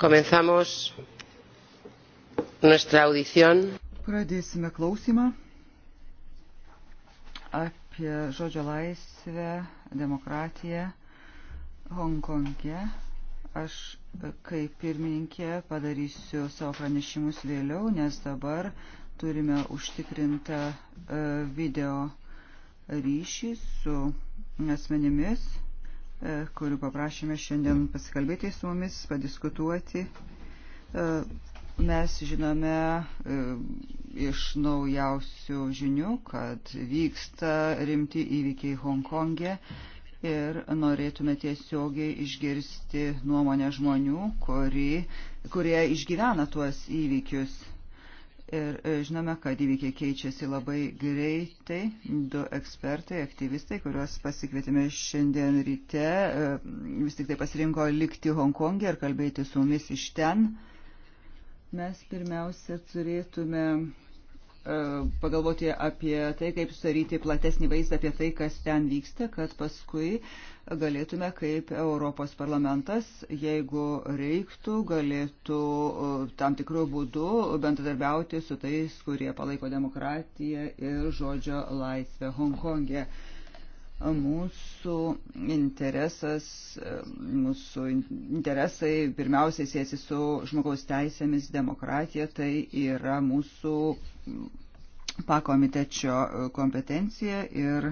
Comenzamos nuestra audición. Pradėsime klausimą apie žodžio laisvę, demokratiją Hongkonge. Aš kaip pirmininkė padarysiu savo pranešimus vėliau, nes dabar turime užtikrintą e, video ryšį su asmenimis E, kurių paprašėme šiandien pasikalbėti su mumis, padiskutuoti. E, mes žinome e, iš naujausių žinių, kad vyksta rimti įvykiai Hongkongė ir norėtume tiesiogiai išgirsti nuomonę žmonių, kuri, kurie išgyvena tuos įvykius. Ir e, žinome, kad įvykiai keičiasi labai greitai. Du ekspertai, aktyvistai, kuriuos pasikvietėme šiandien ryte, e, vis tik tai pasirinko likti Hongkongė ir kalbėti su mumis iš ten. Mes pirmiausia turėtume E, pagalvoti apie tai, kaip sudaryti platesnį vaizdą apie tai, kas ten vyksta, kad paskui galėtume kaip Europos parlamentas, jeigu reiktų, galėtų e, tam tikrų būdų bendradarbiauti su tais, kurie palaiko demokratiją ir žodžio laisvę Hongkongė. E mūsų interesas, mūsų interesai pirmiausiai siejasi su žmogaus teisėmis, demokratija, tai yra mūsų pakomitečio kompetencija ir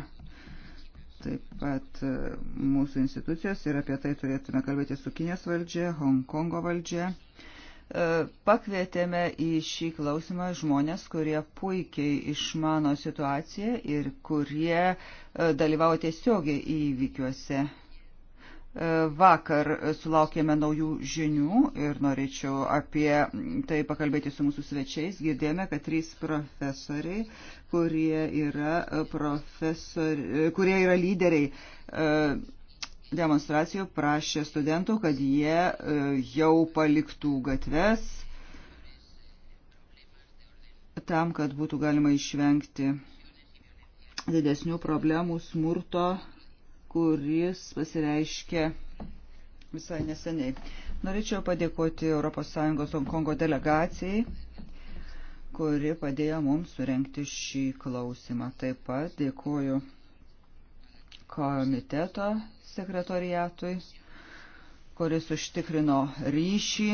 taip pat mūsų institucijos ir apie tai turėtume kalbėti su Kinės valdžia, Hongkongo valdžia. E, pakvietėme į šį klausimą žmonės, kurie puikiai išmano situaciją ir kurie e, dalyvavo tiesiogiai įvykiuose. E, vakar sulaukėme naujų žinių ir norėčiau apie tai pakalbėti su mūsų svečiais. Girdėjome, kad trys profesoriai, kurie yra, profesori, kurie yra lyderiai demonstracijų prašė studentų, kad jie e, jau paliktų gatves tam, kad būtų galima išvengti didesnių problemų smurto, kuris pasireiškia visai neseniai. Norėčiau padėkoti ES Hongkongo delegacijai, kuri padėjo mums surenkti šį klausimą. Taip pat dėkoju komiteto sekretoriatui, kuris užtikrino ryšį,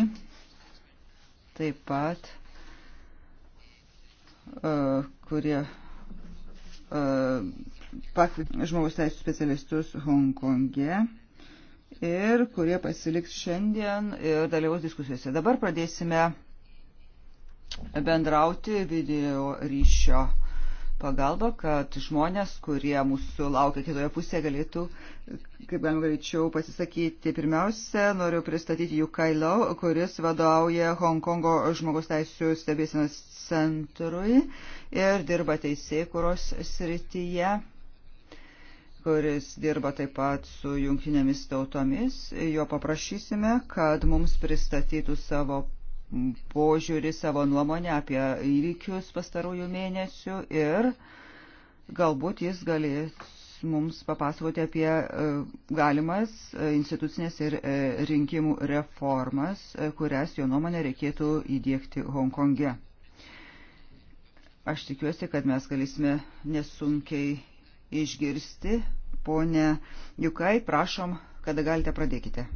taip pat, e, kurie e, pakvietė žmogus teisų specialistus Hongkonge ir kurie pasiliks šiandien ir dalyvaus diskusijose. Dabar pradėsime bendrauti video ryšio pagalbą, kad žmonės, kurie mūsų laukia kitoje pusėje, galėtų, kaip galima greičiau, pasisakyti. Pirmiausia, noriu pristatyti Jukai Lau, kuris vadovauja Hongkongo žmogaus teisų stebėsinos centrui ir dirba teisėkuros srityje kuris dirba taip pat su jungtinėmis tautomis. Jo paprašysime, kad mums pristatytų savo požiūrį, savo nuomonę apie įvykius pastarųjų mėnesių ir galbūt jis galės mums papasakoti apie e, galimas e, institucinės ir e, rinkimų reformas, kurias jo nuomonė reikėtų įdėkti Hongkonge. Aš tikiuosi, kad mes galėsime nesunkiai išgirsti. Pone Jukai, prašom, kada galite pradėkite.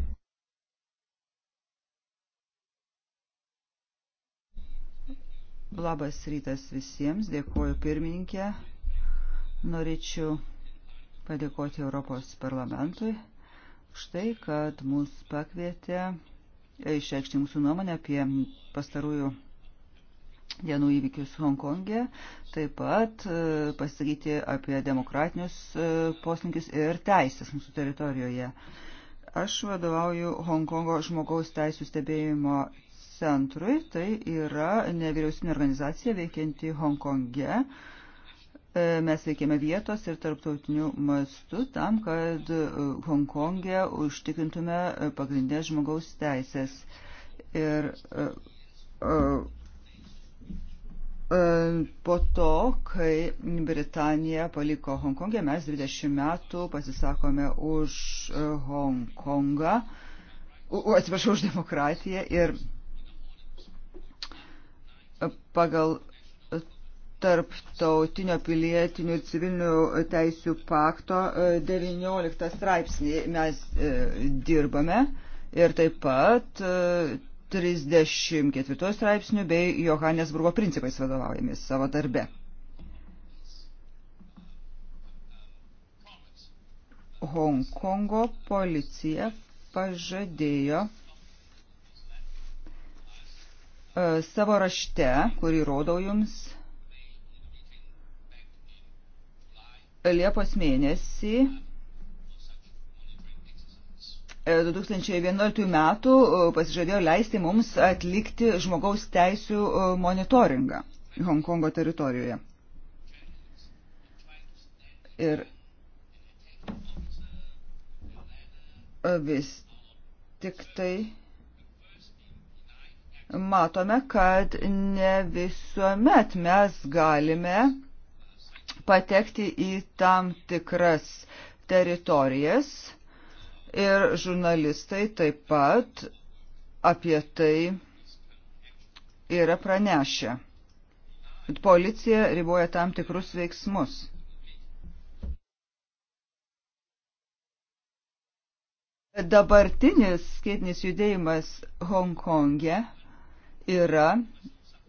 Labas rytas visiems, dėkuoju pirmininkė. Norėčiau padėkoti Europos parlamentui štai, kad mus pakvietė išreikšti mūsų nuomonę apie pastarųjų dienų įvykius Hongkongė, taip pat e, pasakyti apie demokratinius e, poslinkius ir teisės mūsų teritorijoje. Aš vadovauju Hongkongo žmogaus teisų stebėjimo centrui, tai yra nevyriausybinė organizacija veikianti Hongkonge. E, mes veikėme vietos ir tarptautinių mastų tam, kad e, Hongkonge užtikrintume e, pagrindės žmogaus teisės. Ir po to, kai Britanija paliko Hongkongę, mes 20 metų pasisakome už Hongkongą atsiprašau už demokratiją ir pagal tarptautinio pilietinių ir civilinių teisių pakto 19 e, straipsnį mes e, dirbame ir taip pat 34 e, straipsnių bei Johannesburgo principais vadovaujamės savo darbe. Hongkongo policija pažadėjo E, savo rašte, kurį rodau jums, Liepos mėnesį 2011 e, metų e, pasižadėjo leisti mums atlikti žmogaus teisų monitoringą Hongkongo teritorijoje. Ir vis tik tai matome, kad ne visuomet mes galime patekti į tam tikras teritorijas ir žurnalistai taip pat apie tai yra pranešę. Policija riboja tam tikrus veiksmus. Dabartinis skaitinis judėjimas Hongkonge yra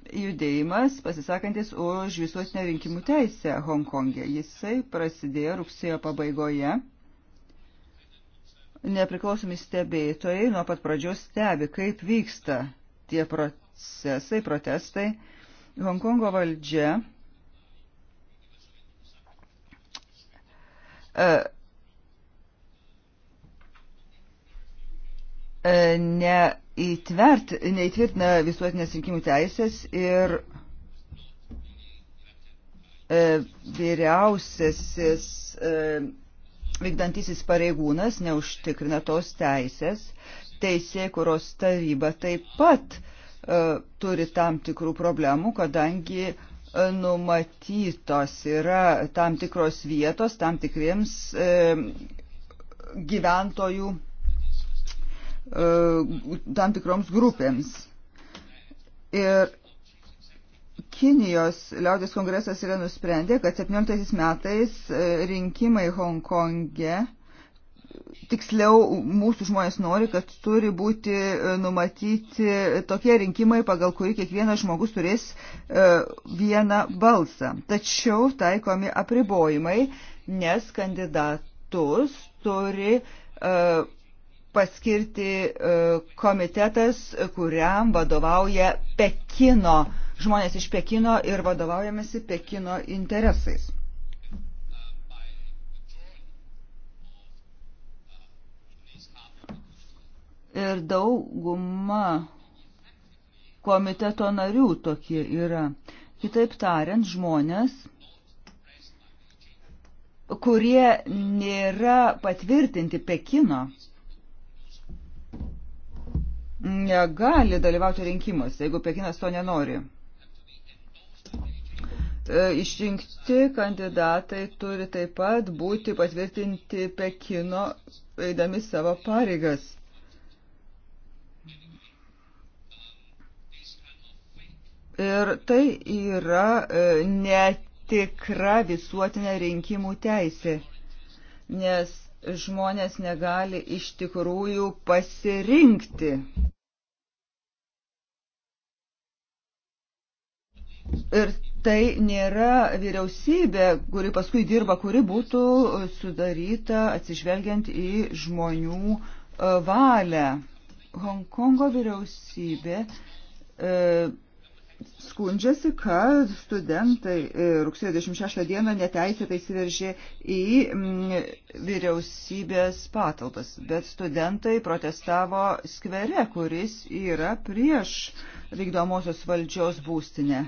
judėjimas pasisakantis už visuotinę rinkimų teisę Hongkongė. E. Jisai prasidėjo rugsėjo pabaigoje. Nepriklausomi stebėtojai nuo pat pradžios stebi, kaip vyksta tie procesai, protestai. Hongkongo valdžia e, E, neįtvert, neįtvirtina visuotinės rinkimų teisės ir e, vyriausiasis e, vykdantysis pareigūnas neužtikrina tos teisės. Teisė, kuros taryba taip pat turi tam tikrų problemų, kadangi numatytos yra tam tikros vietos tam tikriems gyventojų E, tam tikroms grupėms. Ir Kinijos liaudės kongresas yra nusprendę, kad 17 metais e, rinkimai Hongkonge, tiksliau mūsų žmonės nori, kad turi būti e, numatyti tokie rinkimai, pagal kurį kiekvienas žmogus turės vieną balsą. Tačiau taikomi apribojimai, nes kandidatus turi uh, paskirti e, komitetas, kuriam vadovauja Pekino, žmonės iš Pekino ir vadovaujamasi Pekino interesais. Ir dauguma komiteto narių tokie yra. Kitaip tariant, žmonės, kurie nėra patvirtinti Pekino, negali dalyvauti rinkimuose, jeigu Pekinas to nenori. E, išrinkti kandidatai turi taip pat būti patvirtinti Pekino, eidami savo pareigas. Ir tai yra e, netikra visuotinė rinkimų teisė, nes žmonės negali iš tikrųjų pasirinkti. Ir tai nėra vyriausybė, kuri paskui dirba, kuri būtų sudaryta atsižvelgiant į žmonių e, valią. Hongkongo vyriausybė e, skundžiasi, kad studentai e, rugsėjo 26 dieną neteisėtai įsiveržė į vyriausybės patalpas, bet studentai protestavo skvere, kuris yra prieš vykdomosios valdžios būstinę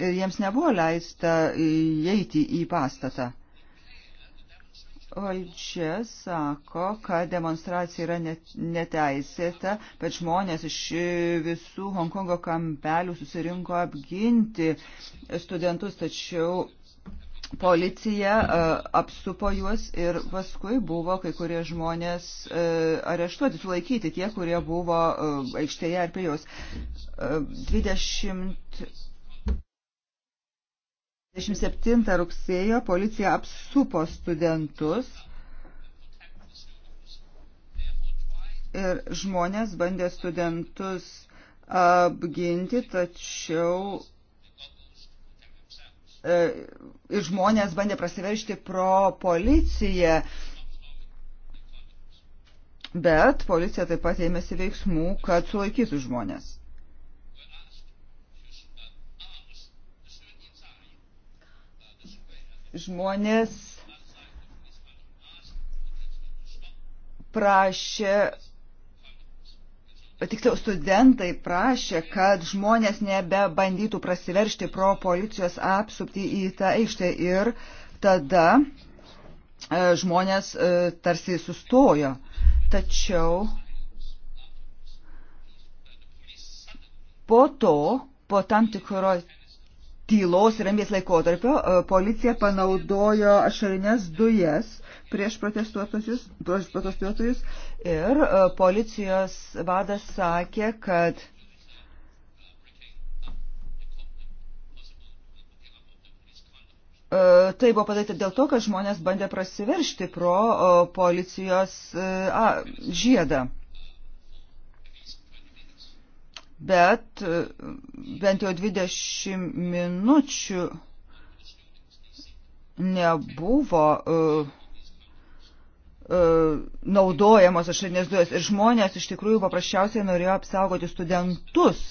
ir jiems nebuvo leista įeiti į pastatą. Valdžia sako, kad demonstracija yra neteisėta, bet žmonės iš visų Hongkongo kampelių susirinko apginti studentus, tačiau policija e, apsupo juos ir paskui buvo kai kurie žmonės e, areštuoti, sulaikyti tie, kurie buvo e, aikštėje ar prie jos. 20 27 rugsėjo policija apsupo studentus ir žmonės bandė studentus apginti, tačiau e, ir žmonės bandė prasiveršti pro policiją, bet policija taip pat ėmėsi veiksmų, kad sulaikytų žmonės. žmonės prašė, tiksliau studentai prašė, kad žmonės nebebandytų prasiveršti pro policijos apsupti į tą aikštę ir tada e, žmonės e, tarsi sustojo. Tačiau po to, po tam tikro tylos ramės laikotarpio e, policija panaudojo ašarinės dujas prieš protestuotojus, prieš protestuotojus ir e, policijos vadas sakė, kad e, Tai buvo padaryta dėl to, kad žmonės bandė prasiveršti pro policijos a, žiedą bet e, bent jau 20 minučių nebuvo uh, uh, naudojamos ašarinės dujos ir žmonės iš tikrųjų paprasčiausiai norėjo apsaugoti studentus.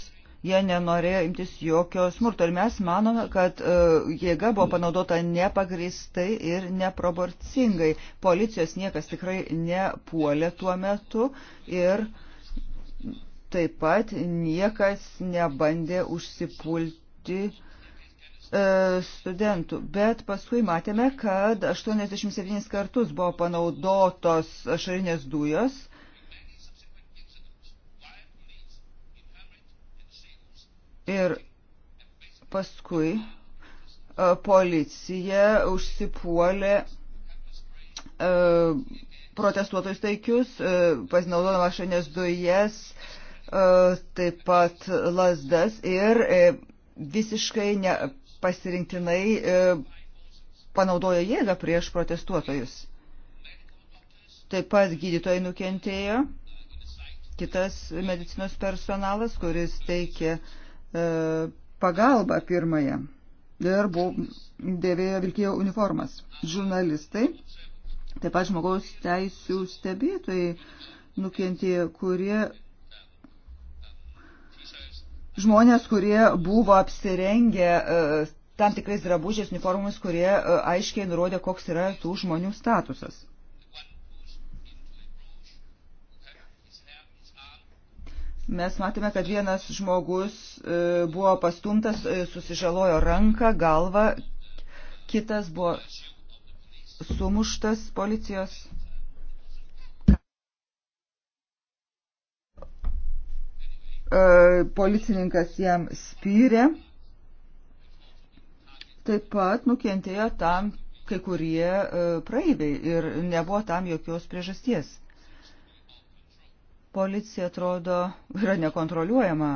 Jie nenorėjo imtis jokio smurto ir mes manome, kad uh, jėga buvo panaudota nepagristai ir neproporcingai. Policijos niekas tikrai nepuolė tuo metu ir uh, Taip pat niekas nebandė užsipulti e, studentų, bet paskui matėme, kad 87 kartus buvo panaudotos ašarinės dujos. Ir paskui e, policija užsipuolė e, protestuotojus taikius, pasinaudodama ašarinės dujas, E, taip pat lasdas ir e, visiškai ne, pasirinktinai e, panaudojo jėgą prieš protestuotojus. Taip pat gydytojai nukentėjo, kitas medicinos personalas, kuris teikė pagalbą pirmąją ir buvo, dėvėjo vilkėjo uniformas. Žurnalistai, taip pat žmogaus teisų stebėtojai nukentėjo, kurie žmonės, kurie buvo apsirengę e, tam tikrais drabužiais, uniformomis, kurie e, aiškiai nurodė, koks yra tų žmonių statusas. Mes matėme, kad vienas žmogus e, buvo pastumtas, susižalojo ranką, galvą, kitas buvo sumuštas policijos. E, policininkas jam spyrė. Taip pat nukentėjo tam kai kurie e, praeiviai ir nebuvo tam jokios priežasties. Policija atrodo yra nekontroliuojama.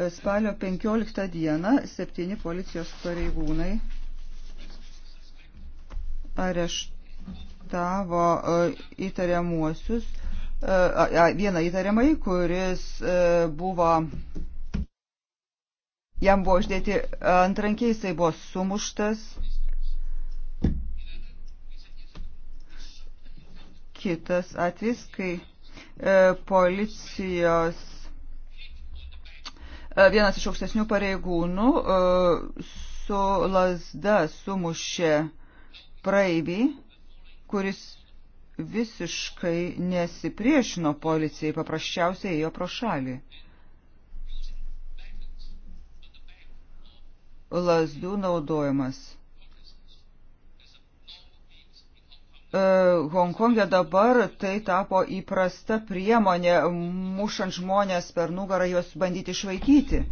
E, spalio 15 dieną septyni policijos pareigūnai areštavo įtariamuosius E, vieną įtariamai, kuris e, buvo, jam buvo uždėti antrankiai, jisai buvo sumuštas. Kitas atvejs, kai e, policijos vienas iš aukštesnių pareigūnų su lasda sumušė praeivį, kuris visiškai nesipriešino policijai, paprasčiausiai ėjo pro šalį. Lazdų naudojimas. E, Hongkongė dabar tai tapo įprasta priemonė, mušant žmonės per nugarą juos bandyti išvaikyti.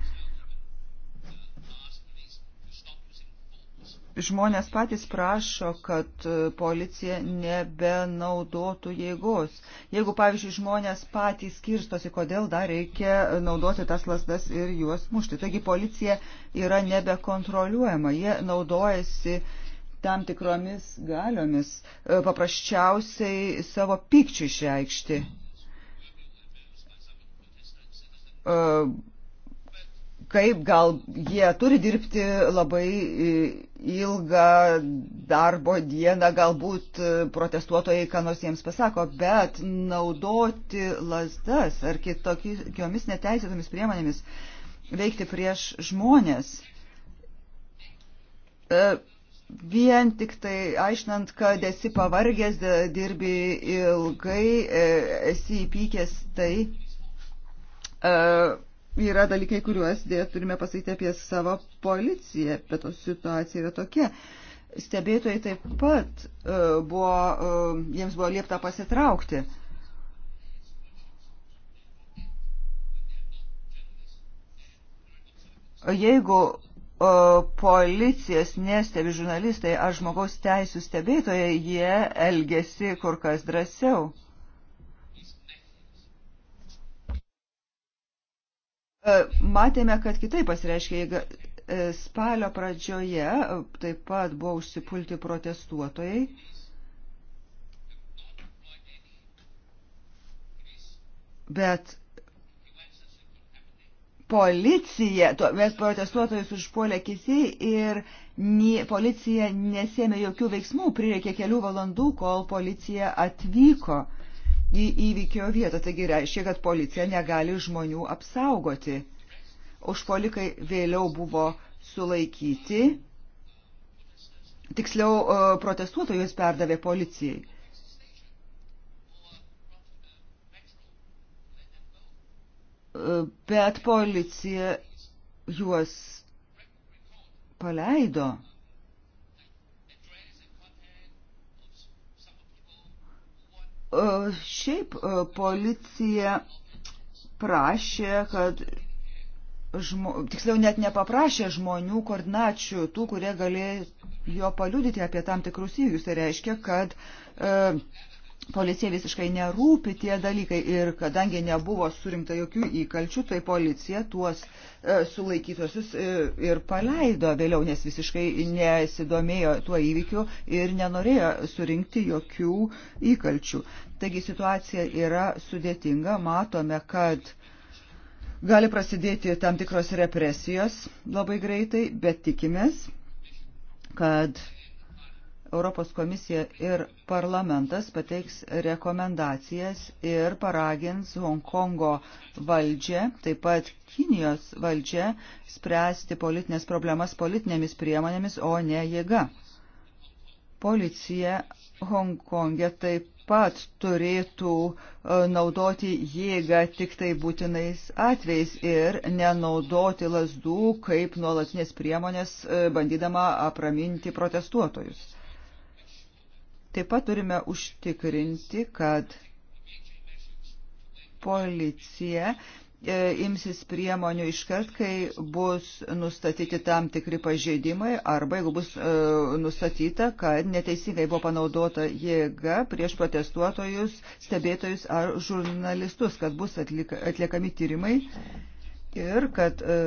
žmonės patys prašo, kad e, policija nebenaudotų jėgos. Jeigu, pavyzdžiui, žmonės patys kirstosi, kodėl dar reikia naudoti tas lasdas ir juos mušti. Taigi policija yra nebekontroliuojama, jie naudojasi tam tikromis galiomis, e, paprasčiausiai savo pykčių išreikšti. E, kaip gal jie turi dirbti labai e, ilgą darbo dieną, galbūt e, protestuotojai, ką nors jiems pasako, bet naudoti lasdas ar kitokiomis neteisėtomis priemonėmis veikti prieš žmonės. E, vien tik tai aišnant, kad esi pavargęs, dirbi ilgai, esi įpykęs, tai yra dalykai, kuriuos dėja turime pasakyti apie savo policiją, bet to situacija yra tokia. Stebėtojai taip pat e, buvo, e, jiems buvo liepta pasitraukti. Jeigu e, policijas nestebi žurnalistai ar žmogaus teisų stebėtojai, jie elgesi kur kas drąsiau. E, matėme, kad kitaip pasireiškia, jeigu e, spalio pradžioje e, taip pat buvo užsipulti protestuotojai. Bet policija, mes protestuotojus užpuolė kiti ir nie, policija nesėmė jokių veiksmų, prireikė kelių valandų, kol policija atvyko. Uh, į įvykio vietą. Taigi reiškia, kad policija negali žmonių apsaugoti. Užpolikai vėliau buvo sulaikyti. Tiksliau, e, protestuotojus perdavė policijai. E, bet policija juos paleido. E, šiaip e, policija prašė, kad žmo, tiksliau net nepaprašė žmonių koordinačių, tų, kurie galėjo paliudyti apie tam tikrus įvykius. Tai reiškia, kad e, policija visiškai nerūpi tie dalykai ir kadangi nebuvo surinkta jokių įkalčių, tai policija tuos e, sulaikytosius e, ir paleido vėliau, nes visiškai nesidomėjo tuo įvykiu ir nenorėjo surinkti jokių įkalčių. Taigi situacija yra sudėtinga, matome, kad gali prasidėti tam tikros represijos labai greitai, bet tikimės, kad Europos komisija ir parlamentas pateiks rekomendacijas ir paragins Hongkongo valdžią, taip pat Kinijos valdžią, spręsti politinės problemas politinėmis priemonėmis, o ne jėga. Policija Hongkonge taip pat turėtų e, naudoti jėgą tik tai būtinais atvejais ir nenaudoti lasdų kaip nuolatinės priemonės e, bandydama apraminti protestuotojus. Taip pat turime užtikrinti, kad policija e, imsis priemonių iškart, kai bus nustatyti tam tikri pažeidimai arba jeigu bus e, nustatyta, kad neteisingai buvo panaudota jėga prieš protestuotojus, stebėtojus ar žurnalistus, kad bus atlika, atliekami tyrimai ir kad e,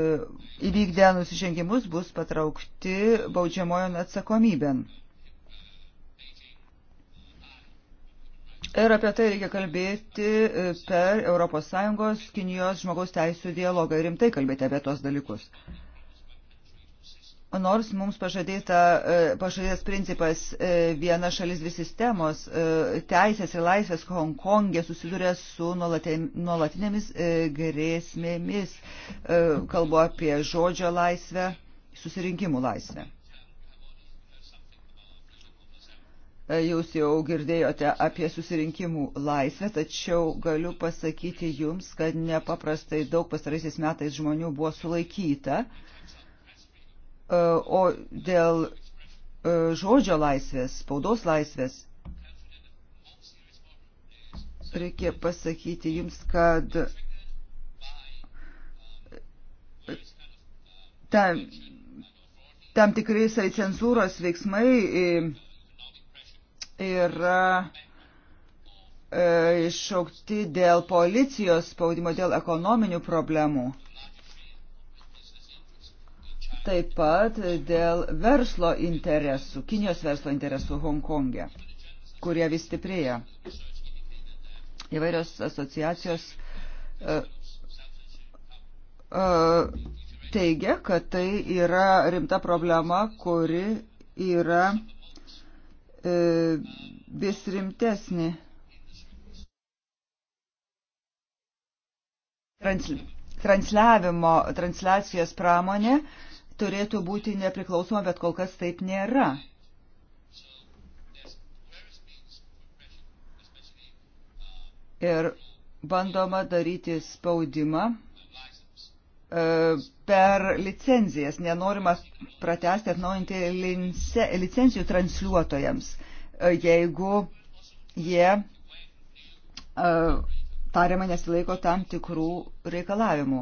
įvykdę nusižengimus bus patraukti baudžiamojon atsakomybėn. Ir apie tai reikia kalbėti e, per ES Kinijos žmogaus teisų dialogą ir rimtai kalbėti apie tos dalykus. Nors mums pažadėta, e, pažadėtas principas e, viena šalis dvi sistemos, teisės ir laisvės Hongkongė susiduria su nuolatinėmis grėsmėmis. Kalbu apie žodžio laisvę, susirinkimų laisvę. E, jūs jau girdėjote apie susirinkimų laisvę, tačiau galiu pasakyti jums, kad nepaprastai daug pastaraisiais metais žmonių buvo sulaikyta. E, o dėl e, žodžio laisvės, spaudos laisvės, reikia pasakyti jums, kad tam, tam tikrai cenzūros veiksmai yra e, iššaukti dėl policijos spaudimo, dėl ekonominių problemų. Taip pat dėl verslo interesų, Kinijos verslo interesų Hongkonge, kurie vis stiprėja. Įvairios asociacijos e, e, teigia, kad tai yra rimta problema, kuri yra E, vis rimtesnį. Transliavimo, transliacijos pramonė turėtų būti nepriklausoma, bet kol kas taip nėra. Ir bandoma daryti spaudimą E, per licenzijas, nenorima pratesti atnaujinti licencijų transliuotojams, e, jeigu jie e, tariamai nesilaiko tam tikrų reikalavimų.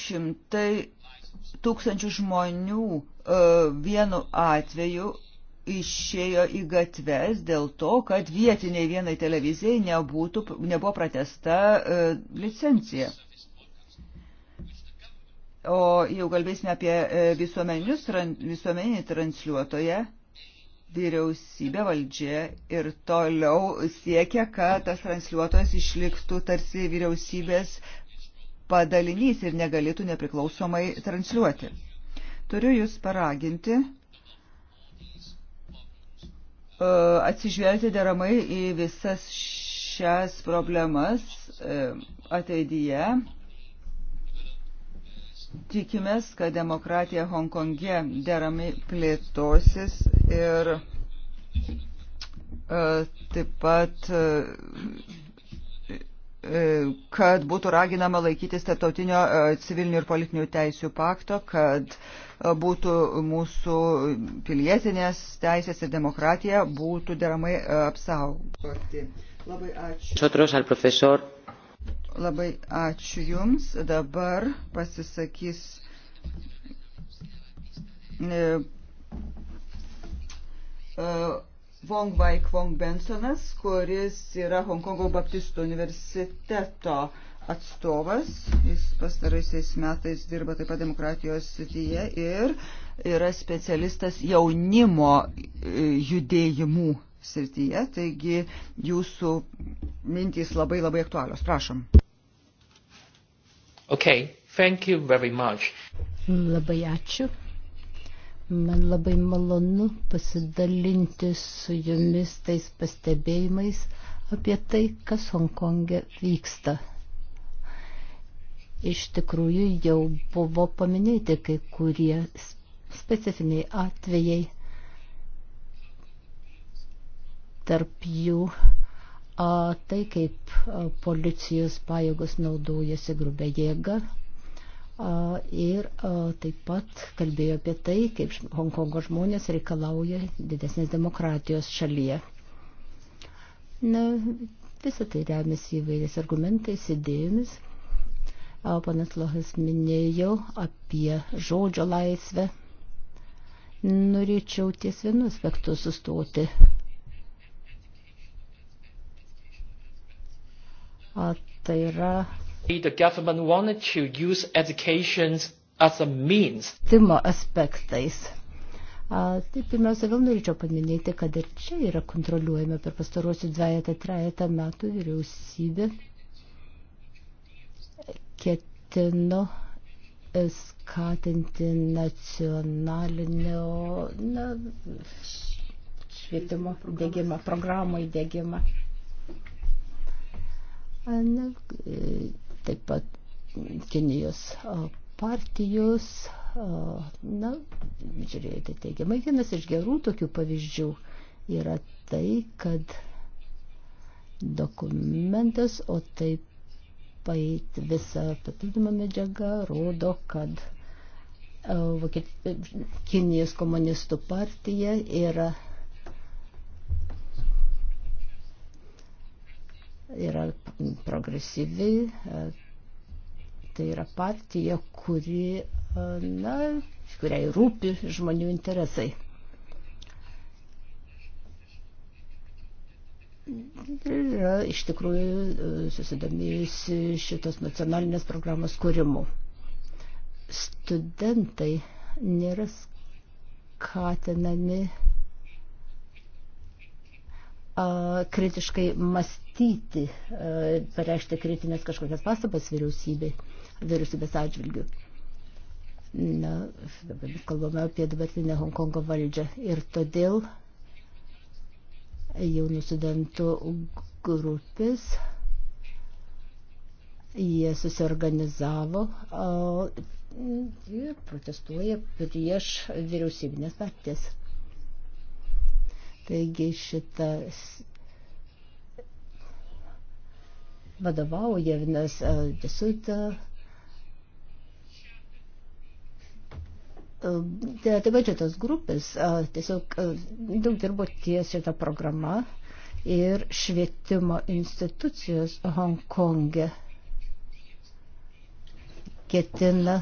Šimtai tūkstančių žmonių vienu atveju išėjo į gatves dėl to, kad vietiniai vienai televizijai nebūtų, nebuvo pratesta e, licencija. O jau kalbėsime apie e, visuomeninį transliuotoją. Vyriausybė valdžia ir toliau siekia, kad tas transliuotojas išliktų tarsi vyriausybės padalinys ir negalėtų nepriklausomai transliuoti. Turiu Jūs paraginti E, atsižvelgti deramai į visas šias problemas e, ateidyje. Tikimės, kad demokratija Hongkonge deramai plėtosis ir e, taip pat E, kad būtų raginama laikytis tarptautinio e, civilinių ir politinių teisių pakto, kad e, būtų mūsų pilietinės teisės ir demokratija būtų deramai apsaugoti. Labai ačiū. Labai ačiū Jums. Dabar pasisakys uh, Wong Vaik Wong Bensonas, kuris yra Hongkongo Baptistų universiteto atstovas. Jis pastaraisiais metais dirba taip pat demokratijos srityje ir yra specialistas jaunimo e, judėjimų srityje. Taigi jūsų mintys labai labai aktualios. Prašom. Okay. Thank you very much. Labai ačiū. Man labai malonu pasidalinti su jumis tais pastebėjimais apie tai, kas Hongkonge vyksta. Iš tikrųjų jau buvo paminėti kai kurie specifiniai atvejai, tarp jų a, tai, kaip a, policijos pajėgos naudojasi grubę jėgą, Ir taip pat kalbėjo apie tai, kaip Hongkongo žmonės reikalauja didesnės demokratijos šalyje. Na, visą tai remiasi įvairiais argumentais, idėjomis. Panas Lohas minėjo apie žodžio laisvę. Norėčiau ties vienu aspektu sustoti. A, tai yra Timo aspektais. A, taip, pirmiausia, vėl norėčiau paminėti, kad ir čia yra kontroliuojama per pastaruosius dviejatą, trejatą metų vyriausybė ketino e, skatinti nacionalinio na, švietimo dėgymą, programų įdėgymą. Na, e, taip pat Kinijos partijos, na, žiūrėjote teigiamai, vienas iš gerų tokių pavyzdžių yra tai, kad dokumentas, o taip pat visa papildoma medžiaga rodo, kad Kinijos komunistų partija yra yra progresyvi, e, tai yra partija, kuri, e, na, kuriai rūpi žmonių interesai. Yra iš tikrųjų e, susidomėjusi šitos nacionalinės programos kūrimu. Studentai nėra skatinami kritiškai mąstyti, pareišti kritinės kažkokias pastabas vyriausybei, vyriausybės atžvilgių. Na, dabar mes kalbame apie dabartinę Hongkongo valdžią ir todėl jaunų studentų grupės jie susiorganizavo ir protestuoja prieš vyriausybinės partijas. Taigi šitas vadovauja vienas e, Desuta. E, taip pat šitos grupės e, tiesiog daug dirbo ties šitą programą ir švietimo institucijos Hongkonge ketina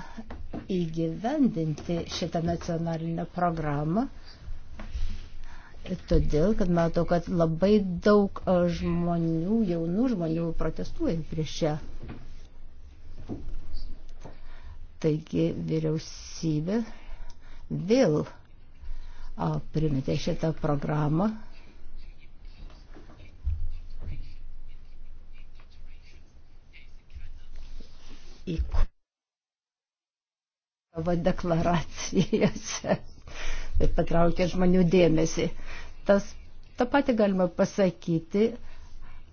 įgyvendinti šitą nacionalinę programą Todėl, kad matau, kad labai daug žmonių, jaunų žmonių protestuoja prieš šią. Taigi vyriausybė vėl a, primetė šitą programą. Į deklaracijose patraukia žmonių dėmesį. Tas, tą patį galima pasakyti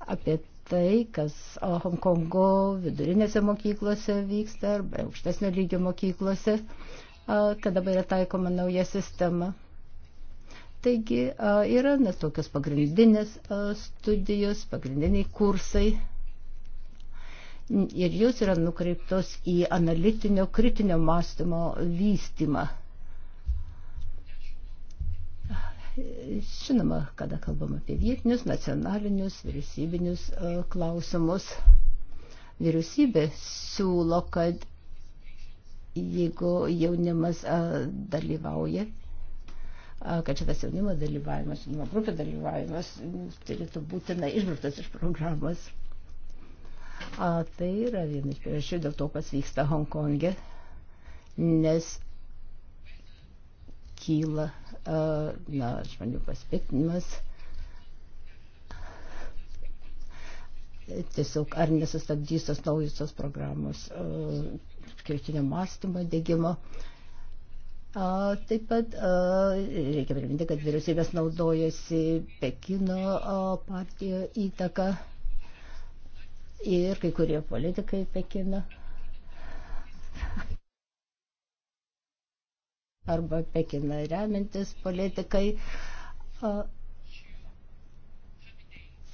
apie tai, kas Hongkongo vidurinėse mokyklose vyksta arba aukštesnio lygio mokyklose, kada dabar yra taikoma nauja sistema. Taigi yra nes tokios pagrindinės studijos, pagrindiniai kursai. Ir jos yra nukreiptos į analitinio, kritinio mąstymo vystimą. Žinoma, kada kalbam apie vietinius, nacionalinius, vyriausybinius e, klausimus, vyriausybė siūlo, kad jeigu jaunimas e, dalyvauja, e, kad šitas jaunimo dalyvavimas, jaunimo grupė dalyvavimas turėtų būtinai išbruktas iš programos. A, tai yra viena iš priežasčių dėl to, kas vyksta Hongkonge, nes kyla na, žmonių pasipiktinimas. Tiesiog ar nesustabdys tos naujusios programos kritinio mąstymo dėgymo. A, taip pat a, reikia priminti, kad vyriausybės naudojasi Pekino a, partijo įtaka ir kai kurie politikai Pekino arba Pekiną remintis politikai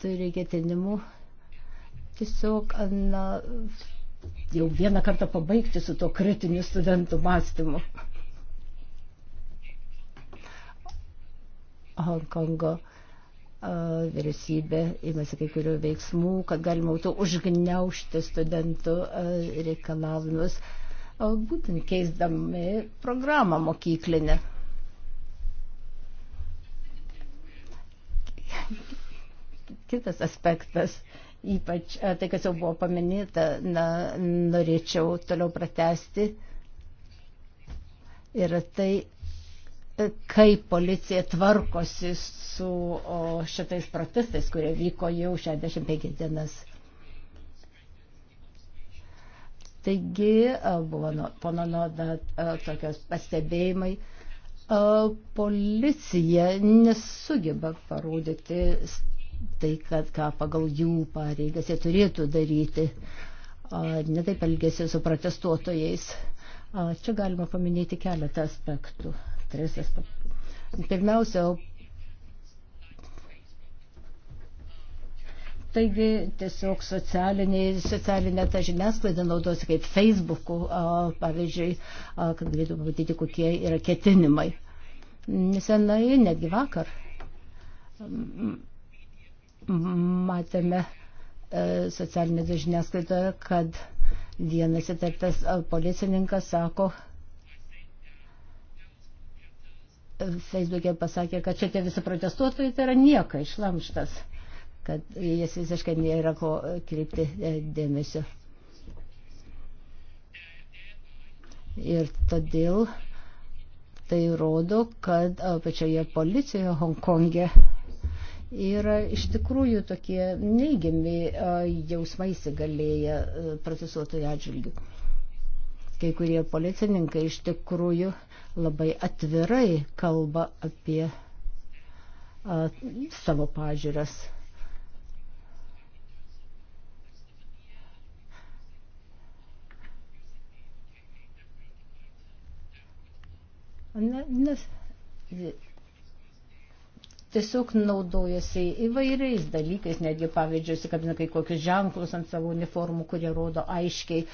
turi ketinimų tiesiog na, jau vieną kartą pabaigti su to kritiniu studentų mąstymu. Hongkongo vyriausybė imasi kai kurių veiksmų, kad galima būtų užgniaušti studentų reikalavimus. Uh, būtent keisdami programą mokyklinę. Kitas aspektas, ypač tai, kas jau buvo paminėta, na, norėčiau toliau pratesti, yra tai, e, kaip policija tvarkosi su o, šitais protestais, kurie vyko jau 65 dienas. Taigi buvo nu, pono Noda tokios pastebėjimai. Policija nesugeba parodyti tai, kad ką pagal jų pareigas jie turėtų daryti. Netaip elgėsi su protestuotojais. Čia galima paminėti keletą aspektų. Tris aspektų. Pirmiausia, Taigi tiesiog socialinė ta žiniasklaida naudosi kaip Facebook'u, pavyzdžiui, kad galėtų pamatyti, kokie yra ketinimai. Nesenai, netgi vakar, matėme e, socialinėje žiniasklaidoje, kad vienas įtartas policininkas sako, Facebook'e pasakė, kad čia tie visi protestuotojai tai yra nieka išlamštas kad jas visiškai nėra ko kreipti e, dėmesio. Ir todėl tai rodo, kad pačioje policijoje Hongkongė yra iš tikrųjų tokie neigiami e, jausmai įsigalėję e, protestuotojų atžvilgių. Kai kurie policininkai iš tikrųjų labai atvirai kalba apie a, savo pažiūras Ne, nes tiesiog naudojasi įvairiais dalykais, netgi pavyzdžiui, sikabina kai kokius ženklus ant savo uniformų, kurie rodo aiškiai,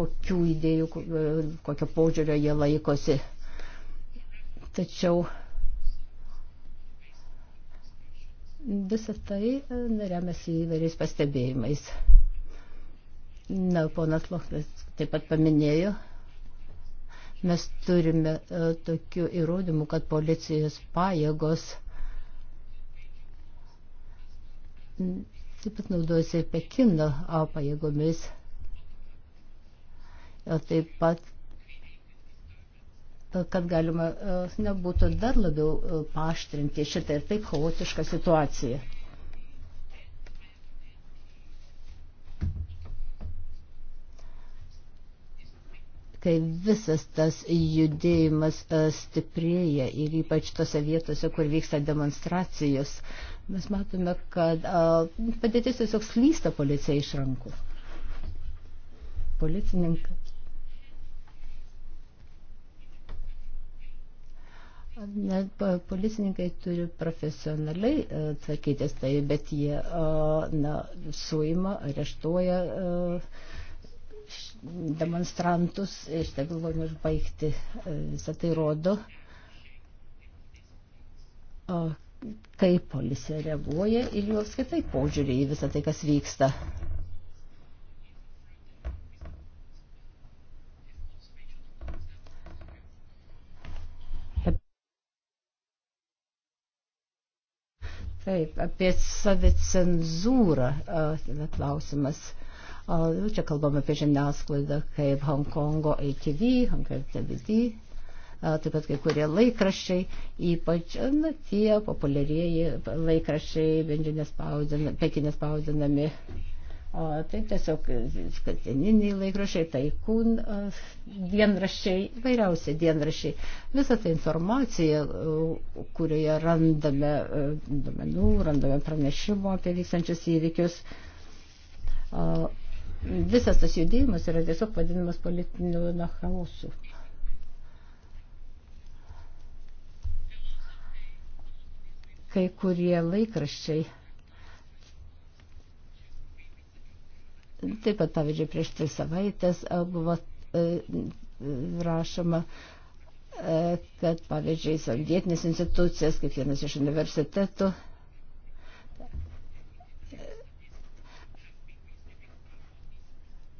kokių idėjų, kokio požiūrio jie laikosi. Tačiau visą tai remiasi įvairiais pastebėjimais. Na, ponas Lochtas taip pat paminėjo Mes turime e, tokių įrodymų, kad policijos pajėgos taip pat naudojasi Pekino pajėgomis. E, taip pat, e, kad galima nebūtų dar labiau paštrinti šitą ir taip chaotišką situaciją. kai visas tas judėjimas e, stiprėja ir ypač tose vietose, kur vyksta demonstracijos, mes matome, kad e, padėtis tiesiog slysta policija iš rankų. Policininkas. Net policininkai turi profesionaliai e, atsakytis tai, bet jie na, suima, areštuoja. Uh, demonstrantus ir taip galvojame užbaigti. E, visą tai rodo, kaip policija reaguoja ir jų apskaitai požiūrį į visą tai, kas vyksta. Taip, apie savicenzūrą e, klausimas. Uh, Čia kalbame apie žiniasklaidą kaip Hongkongo ATV, Hongkongo TVD, taip pat kai kurie laikraščiai, ypač na, tie populiarieji laikraščiai, bendrinės spausdinami, pekinės spausdinami. O, tai tiesiog kasdieniniai laikrašiai, taikūn dienrašiai, vairiausi dienrašiai. Visą tą informaciją, kurioje randame e, duomenų, randame pranešimų apie vykstančius įvykius, visas tas judėjimas yra tiesiog vadinamas politiniu na, chaosu. Kai kurie laikraščiai. Taip pat, pavyzdžiui, prieš tris savaitės e, buvo e, rašoma, e, kad, pavyzdžiui, sovietinės institucijas, kaip vienas iš universitetų,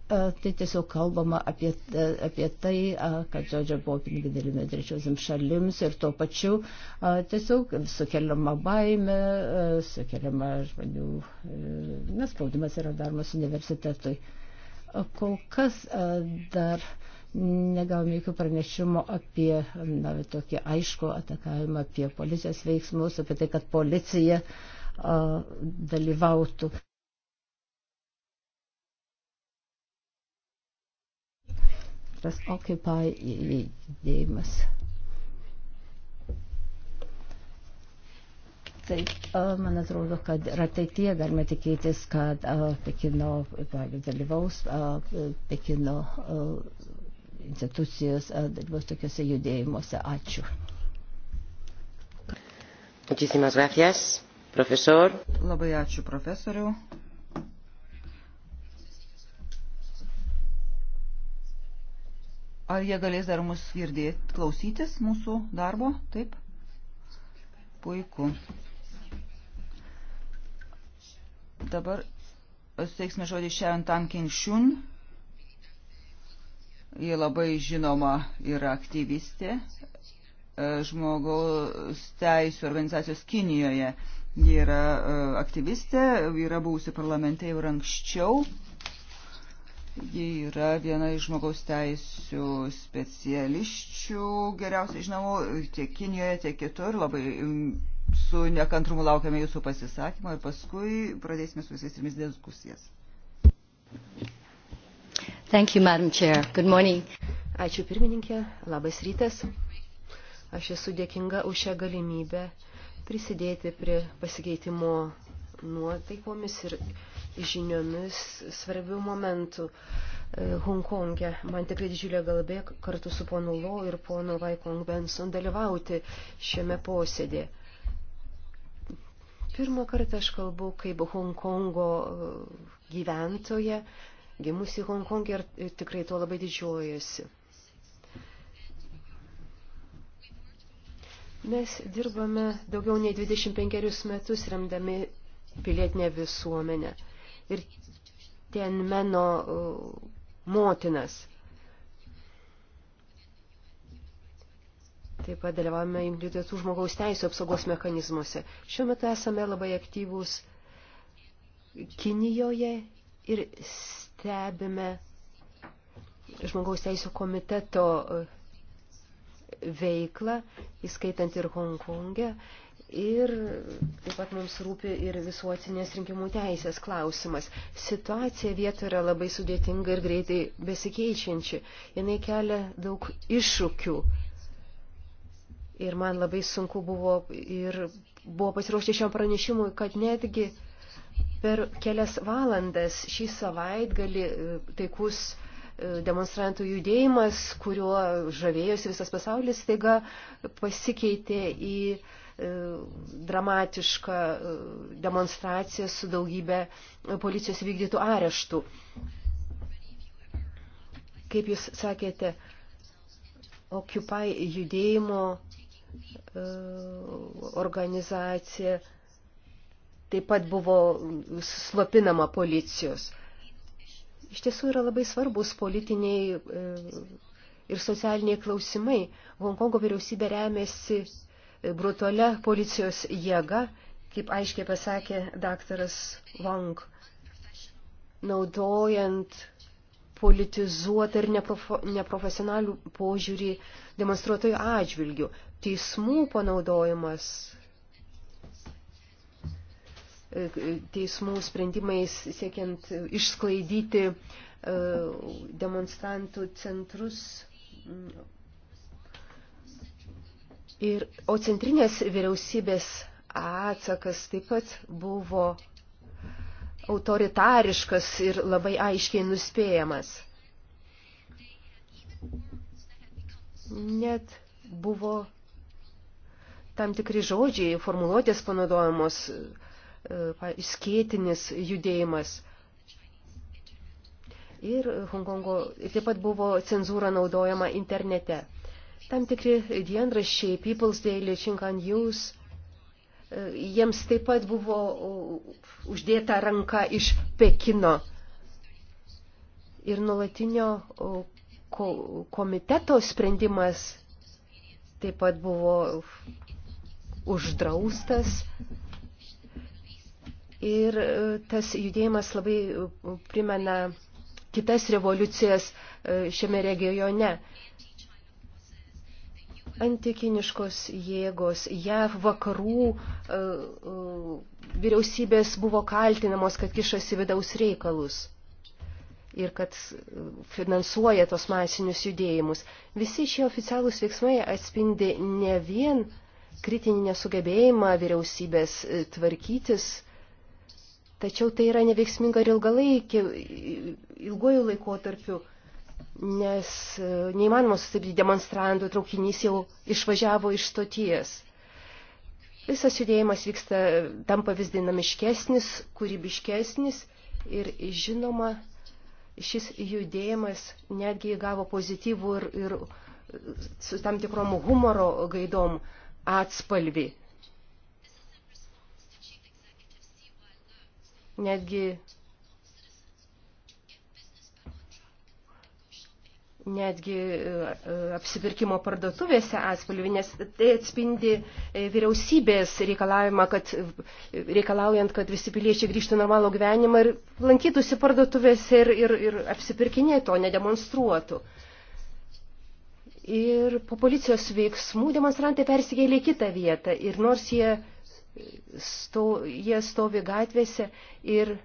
tai tiesiog kalbama apie, apie tai, kad žodžio buvo pinigai dalimi trečiosiam šalims ir tuo pačiu tiesiog sukeliama baime, sukeliama žmonių, e, nes spaudimas yra daromas universitetui. Kol kas dar negavome jokių pranešimų apie na, tokį aišku atakavimą, apie policijos veiksmus, apie tai, kad policija dalyvautų. tas Occupy judėjimas. Taip, man atrodo, kad ir ateitie galime tikėtis, kad Pekino, pavyzdžiui, dalyvaus Pekino institucijos dalyvaus tokiuose judėjimuose. Ačiū. Muchísimas gracias, profesor. Labai ačiū, profesoriu. Ar jie galės dar mus girdėti, klausytis mūsų darbo? Taip? Puiku. Dabar suteiksime žodį Sharon Tanking Shun. Ji labai žinoma yra aktyvistė e, žmogaus teisų organizacijos Kinijoje. Ji yra e, aktyvistė, yra buvusi parlamente ir anksčiau Ji yra viena iš žmogaus teisų speciališčių, geriausiai žinomų, tiek Kinijoje, tiek kitur. Labai mm, su nekantrumu laukiame jūsų pasisakymo ir paskui pradėsime su visais trimis diskusijas. Thank you, Madam Chair. Good morning. Ačiū pirmininkė, labas rytas. Aš esu dėkinga už šią galimybę prisidėti prie pasikeitimo nuotaikomis ir žiniomis svarbių momentų e, Hongkonge. Man tikrai didžiulė galbė kartu su ponu Lo ir ponu Vaikong Benson dalyvauti šiame posėdė. Pirmą kartą aš kalbu kaip Hongkongo e, gyventoja, gimusi Hongkonge ir tikrai tuo labai didžiuojasi. Mes dirbame daugiau nei 25 metus remdami pilietinę visuomenę ir Tienmeno uh, motinas. Taip pat dalyvavome jungtinių tautų žmogaus teisų apsaugos mechanizmuose. Šiuo metu esame labai aktyvūs Kinijoje ir stebime žmogaus teisų komiteto uh, veiklą, įskaitant ir Hongkongę. E Ir taip pat mums rūpi ir visuotinės rinkimų teisės klausimas. Situacija vietoje yra labai sudėtinga ir greitai besikeičianči. Jinai kelia daug iššūkių. Ir man labai sunku buvo ir buvo pasiruošti šiam pranešimui, kad netgi per kelias valandas šį savaitgalį e, taikus e, demonstrantų judėjimas, kuriuo žavėjosi visas pasaulis, taiga pasikeitė į E, dramatišką e, demonstraciją su daugybė policijos vykdytų areštų. Kaip jūs sakėte, Occupy judėjimo e, organizacija taip pat buvo slopinama policijos. Iš tiesų yra labai svarbus politiniai ir socialiniai klausimai. Hongkongo vyriausybė remiasi brutalia policijos jėga, kaip aiškiai pasakė daktaras Wang, naudojant politizuotą ir neprof neprofesionalių požiūrį demonstruotojų atžvilgių. Teismų panaudojimas e, teismų sprendimais siekiant išsklaidyti e, demonstrantų centrus Ir, o centrinės vyriausybės atsakas taip pat buvo autoritariškas ir labai aiškiai nuspėjamas. Net buvo tam tikri žodžiai, formuluotės panaudojamos, e, skėtinis judėjimas. Ir Hongkongo ir taip pat buvo cenzūra naudojama internete. Tam tikri dienraščiai, People's Daily, Chinkan News, e, jiems taip pat buvo uždėta ranka iš Pekino. Ir nuolatinio komiteto sprendimas taip pat buvo uždraustas. Ir e, tas judėjimas labai primena kitas revoliucijas e, šiame regione antikiniškos jėgos, JAV vakarų e, e, vyriausybės buvo kaltinamos, kad kišasi vidaus reikalus ir kad e, finansuoja tos masinius judėjimus. Visi šie oficialūs veiksmai atspindi ne vien kritinį nesugebėjimą vyriausybės tvarkytis, tačiau tai yra neveiksminga ir ilgalaikiu, ilguoju laikotarpiu nes e, neįmanoma sustabdyti demonstrantų, traukinys jau išvažiavo iš stoties. Visas judėjimas vyksta, tampa vis dinamiškesnis, kūrybiškesnis ir žinoma, šis judėjimas netgi gavo pozityvų ir, ir e, su tam tikrom humoro gaidom atspalvį. Netgi netgi e, e, apsipirkimo parduotuvėse atspalvį, nes tai atspindi e, vyriausybės reikalavimą, kad reikalaujant, kad visi piliečiai grįžtų normalų gyvenimą ir lankytųsi parduotuvėse ir, ir, ir apsipirkinėtų, o nedemonstruotų. Ir po policijos veiksmų demonstrantai persikėlė į kitą vietą ir nors jie, sto, jie stovi gatvėse ir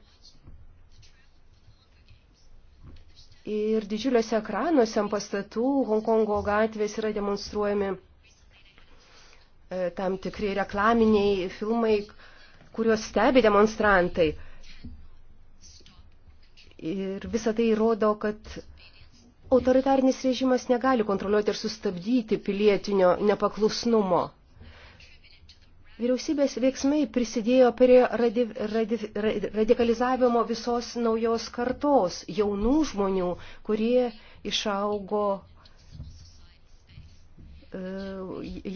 Ir didžiuliuose ekranuose ant pastatų Hongkongo gatvės yra demonstruojami e, tam tikri reklaminiai filmai, kuriuos stebi demonstrantai. Ir visa tai rodo, kad autoritarnis režimas negali kontroliuoti ir sustabdyti pilietinio nepaklusnumo. Vyriausybės veiksmai prisidėjo prie radi, radi, radikalizavimo visos naujos kartos jaunų žmonių, kurie išaugo e,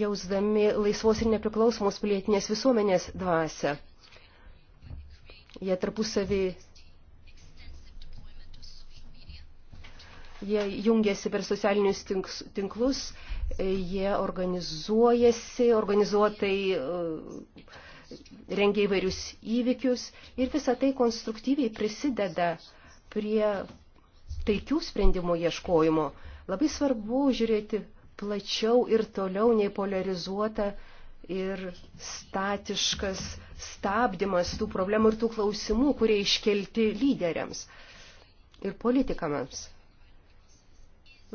jausdami laisvos ir nepriklausomos pilietinės visuomenės dvasę. Jie tarpusavį jie jungėsi per socialinius tinklus, Jie organizuojasi, organizuotai e, rengia įvairius įvykius ir visa tai konstruktyviai prisideda prie taikių sprendimų ieškojimo. Labai svarbu žiūrėti plačiau ir toliau nei polarizuota ir statiškas stabdymas tų problemų ir tų klausimų, kurie iškelti lyderiams ir politikams.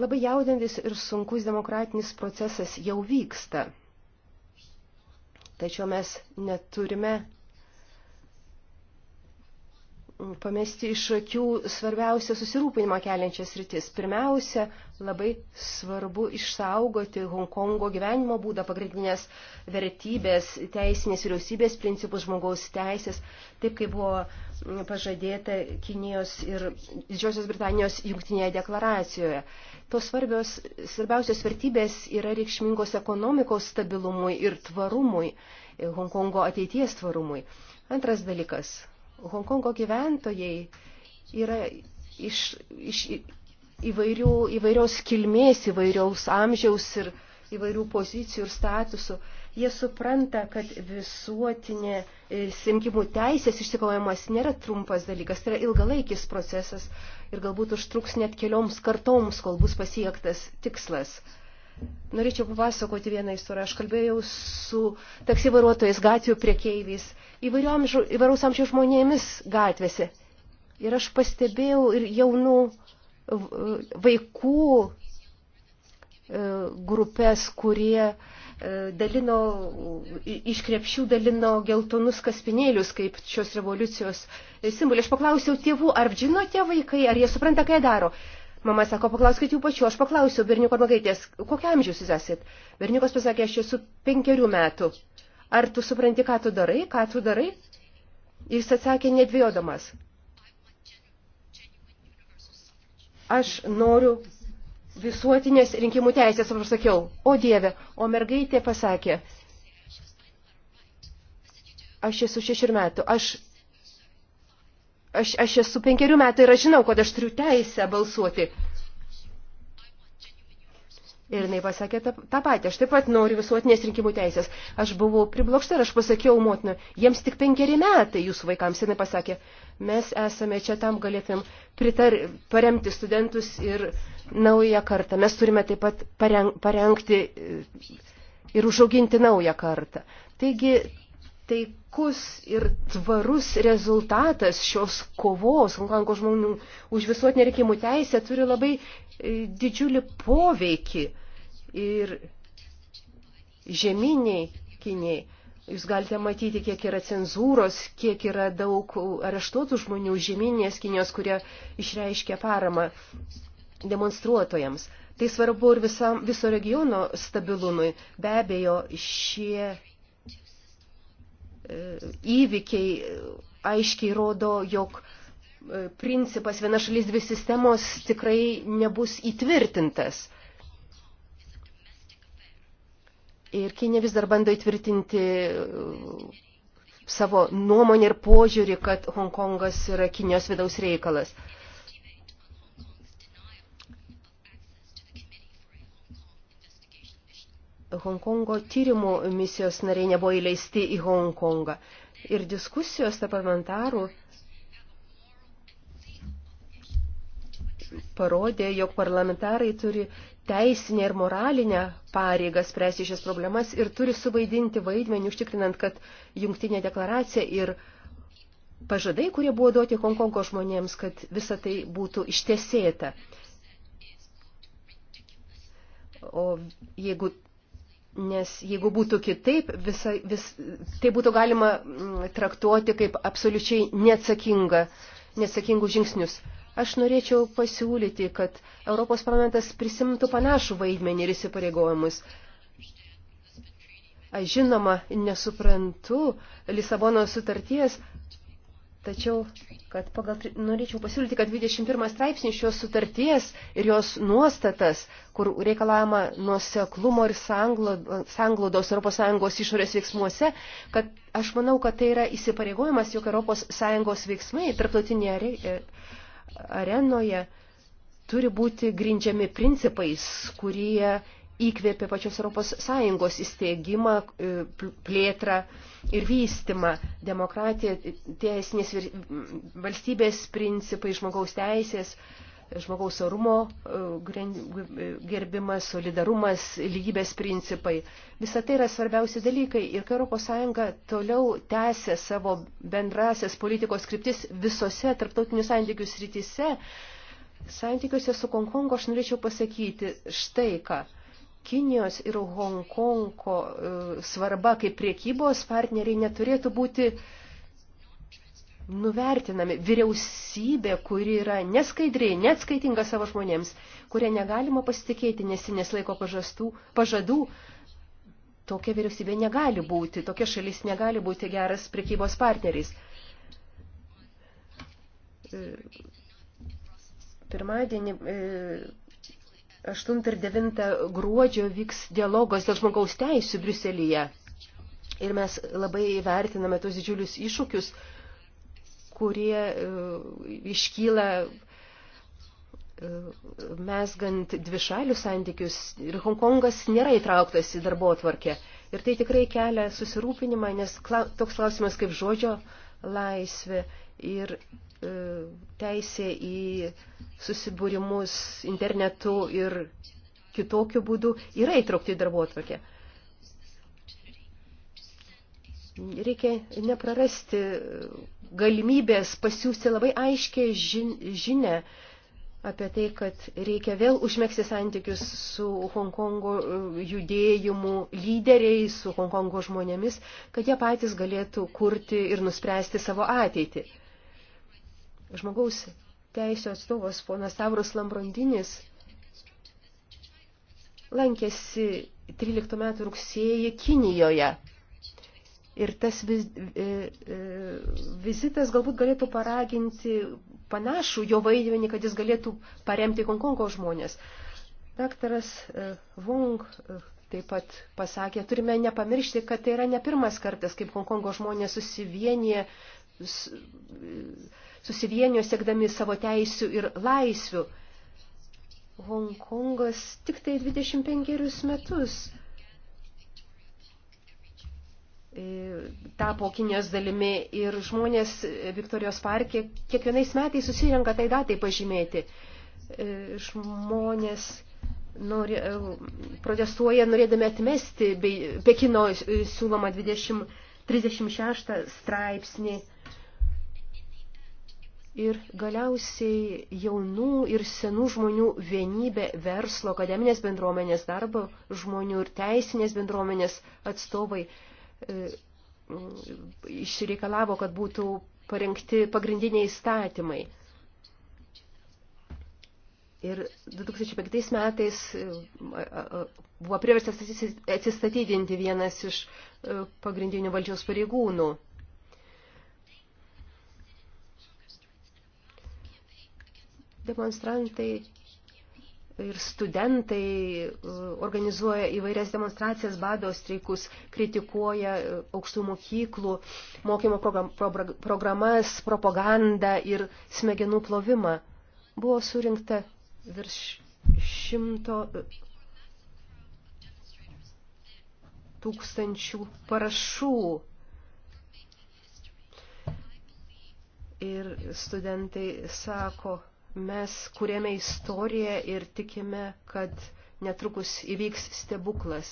Labai jaudintis ir sunkus demokratinis procesas jau vyksta. Tačiau mes neturime pamesti iš akių svarbiausia susirūpinimą keliančias rytis. Pirmiausia, labai svarbu išsaugoti Hongkongo gyvenimo būdą, pagrindinės vertybės, teisinės vyriausybės principus, žmogaus teisės, taip kaip buvo pažadėta Kinijos ir Didžiosios Britanijos jungtinėje deklaracijoje. Tos svarbios, svarbiausios vertybės yra reikšmingos ekonomikos stabilumui ir tvarumui, e, Hongkongo ateities tvarumui. Antras dalykas. Hongkongo gyventojai yra iš, iš įvairių, įvairios kilmės, įvairiaus amžiaus ir įvairių pozicijų ir statusų. Jie supranta, kad visuotinė rinkimų e, teisės išsikovojimas nėra trumpas dalykas, tai yra ilgalaikis procesas ir galbūt užtruks net kelioms kartoms, kol bus pasiektas tikslas. Norėčiau papasakoti vieną istoriją. Aš kalbėjau su taksi vairuotojais, gatvių priekeiviais, įvairiaus amžiaus žmonėmis gatvėse. Ir aš pastebėjau ir jaunų vaikų e, grupės, kurie uh, dalino, iš krepšių dalino geltonus kaspinėlius kaip šios revoliucijos simbolį. Aš paklausiau tėvų, ar žino tie vaikai, ar jie supranta, ką jie daro. Mama sako, paklauskit jų pačių, aš paklausiau berniuko ir magaitės, kokią amžiaus jūs esat? Berniukas pasakė, aš esu penkerių metų. Ar tu supranti, ką tu darai, ką tu darai? Jis atsakė nedvėjodamas. Aš noriu visuotinės rinkimų teisės, aš sakiau, o Dieve, o mergaitė pasakė, aš esu šešių metų, aš, aš, aš esu penkerių metų ir aš žinau, kad aš turiu teisę balsuoti. Ir jinai pasakė tą, tą patį, aš taip pat noriu visuotinės rinkimų teisės. Aš buvau priblokšta ir aš pasakiau motiną, jiems tik penkeri metai jūsų vaikams. Jinai pasakė, mes esame čia tam galėtum pritar, paremti studentus ir naują kartą. Mes turime taip pat parengti e, ir užauginti naują kartą. Taigi taikus ir tvarus rezultatas šios kovos Honkongo žmonių už visuotinę reikimų teisę turi labai e, didžiulį poveikį ir žeminiai kiniai. Jūs galite matyti, kiek yra cenzūros, kiek yra daug areštuotų žmonių žemynės Kinijos, kurie išreiškia paramą demonstruotojams. Tai svarbu ir visam, viso regiono stabilumui. Be abejo, šie e, įvykiai aiškiai rodo, jog e, principas viena šalis dvi sistemos tikrai nebus įtvirtintas. Ir Kinė vis dar bando įtvirtinti e, savo nuomonę ir požiūrį, kad Hongkongas yra Kinijos vidaus reikalas. Hongkongo tyrimų misijos nariai nebuvo įleisti į Hongkongą. Ir diskusijos tarp parlamentarų parodė, jog parlamentarai turi teisinę ir moralinę pareigą spręsti šias problemas ir turi suvaidinti vaidmenį, užtikrinant, kad jungtinė deklaracija ir pažadai, kurie buvo duoti Hongkongo žmonėms, kad visa tai būtų ištesėta. O jeigu Nes jeigu būtų kitaip, visa, vis, tai būtų galima mm, traktuoti kaip absoliučiai neatsakinga, neatsakingus žingsnius. Aš norėčiau pasiūlyti, kad Europos parlamentas prisimtų panašų vaidmenį ir įsipareigojimus. Aš žinoma nesuprantu Lisabono sutarties, Tačiau, kad pagal, norėčiau pasiūlyti, kad 21 straipsnis šios sutarties ir jos nuostatas, kur reikalavama nuoseklumo ir sanglaudos ES išorės veiksmuose, kad aš manau, kad tai yra įsipareigojimas, jog ES veiksmai tarptautinėje e, arenoje turi būti grindžiami principais, kurie įkvėpė pačios ES įsteigimą, e, plėtrą ir vystimą. Demokratija, teisinės valstybės principai, žmogaus teisės, žmogaus orumo e, e, gerbimas, solidarumas, lygybės principai. Visa tai yra svarbiausi dalykai ir kai ES toliau tęsė savo bendrasias politikos kryptis visose tarptautinių santykių srityse, santykiuose su Hongkongu aš norėčiau pasakyti štai ką. Kinijos ir Hongkongo e, svarba kaip priekybos partneriai neturėtų būti nuvertinami. Vyriausybė, kuri yra neskaidriai, neatskaitinga savo žmonėms, kurie negalima pasitikėti, nes ji neslaiko pažastų, pažadų, tokia vyriausybė negali būti, tokia šalis negali būti geras priekybos partneriais. E, pirmadienį e, 8 ir 9 gruodžio vyks dialogas dėl žmogaus teisų Briuselyje. Ir mes labai vertiname tos didžiulius iššūkius, kurie e, iškyla e, mesgant dvišalius santykius. Ir Hongkongas nėra įtrauktas į darbo atvarkę. Ir tai tikrai kelia susirūpinimą, nes toks klausimas kaip žodžio laisvė ir E, teisė į susibūrimus internetu ir kitokiu būdu yra įtraukti į darbo atvarkę. Reikia neprarasti galimybės pasiūsti labai aiškę žinę apie tai, kad reikia vėl užmėgsti santykius su Hongkongo e, judėjimu lyderiais, su Hongkongo žmonėmis, kad jie patys galėtų kurti ir nuspręsti savo ateitį žmogaus teisų atstovas ponas Savros Lambrondinis lankėsi 13 metų rugsėjį Kinijoje. Ir tas viz, e, e, vizitas galbūt galėtų paraginti panašų jo vaidmenį, kad jis galėtų paremti Hongkongo žmonės. Daktaras e, Wong taip pat pasakė, turime nepamiršti, kad tai yra ne pirmas kartas, kaip Hongkongo žmonės susivienyje susivienio siekdami savo teisių ir laisvių. Hongkongas tik tai 25 metus e, tapo Kinijos dalimi ir žmonės Viktorijos parke kiekvienais metais susirenka tai datai pažymėti. E, žmonės nori, e, protestuoja norėdami atmesti Pekino siūloma 20, 36 straipsnį ir galiausiai jaunų ir senų žmonių vienybė verslo, akademinės bendruomenės, darbo žmonių ir teisinės bendruomenės atstovai e, išreikalavo, kad būtų parengti pagrindiniai įstatymai. Ir 2005 metais e, buvo priverstas atsistatydinti vienas iš e, pagrindinių valdžios pareigūnų. Demonstrantai ir studentai e, organizuoja įvairias demonstracijas, bado streikus, kritikuoja e, aukštų mokyklų, mokymo programas, propagandą ir smegenų plovimą. Buvo surinkta virš šimto e, tūkstančių parašų. Ir studentai sako, Mes kuriame istoriją ir tikime, kad netrukus įvyks stebuklas.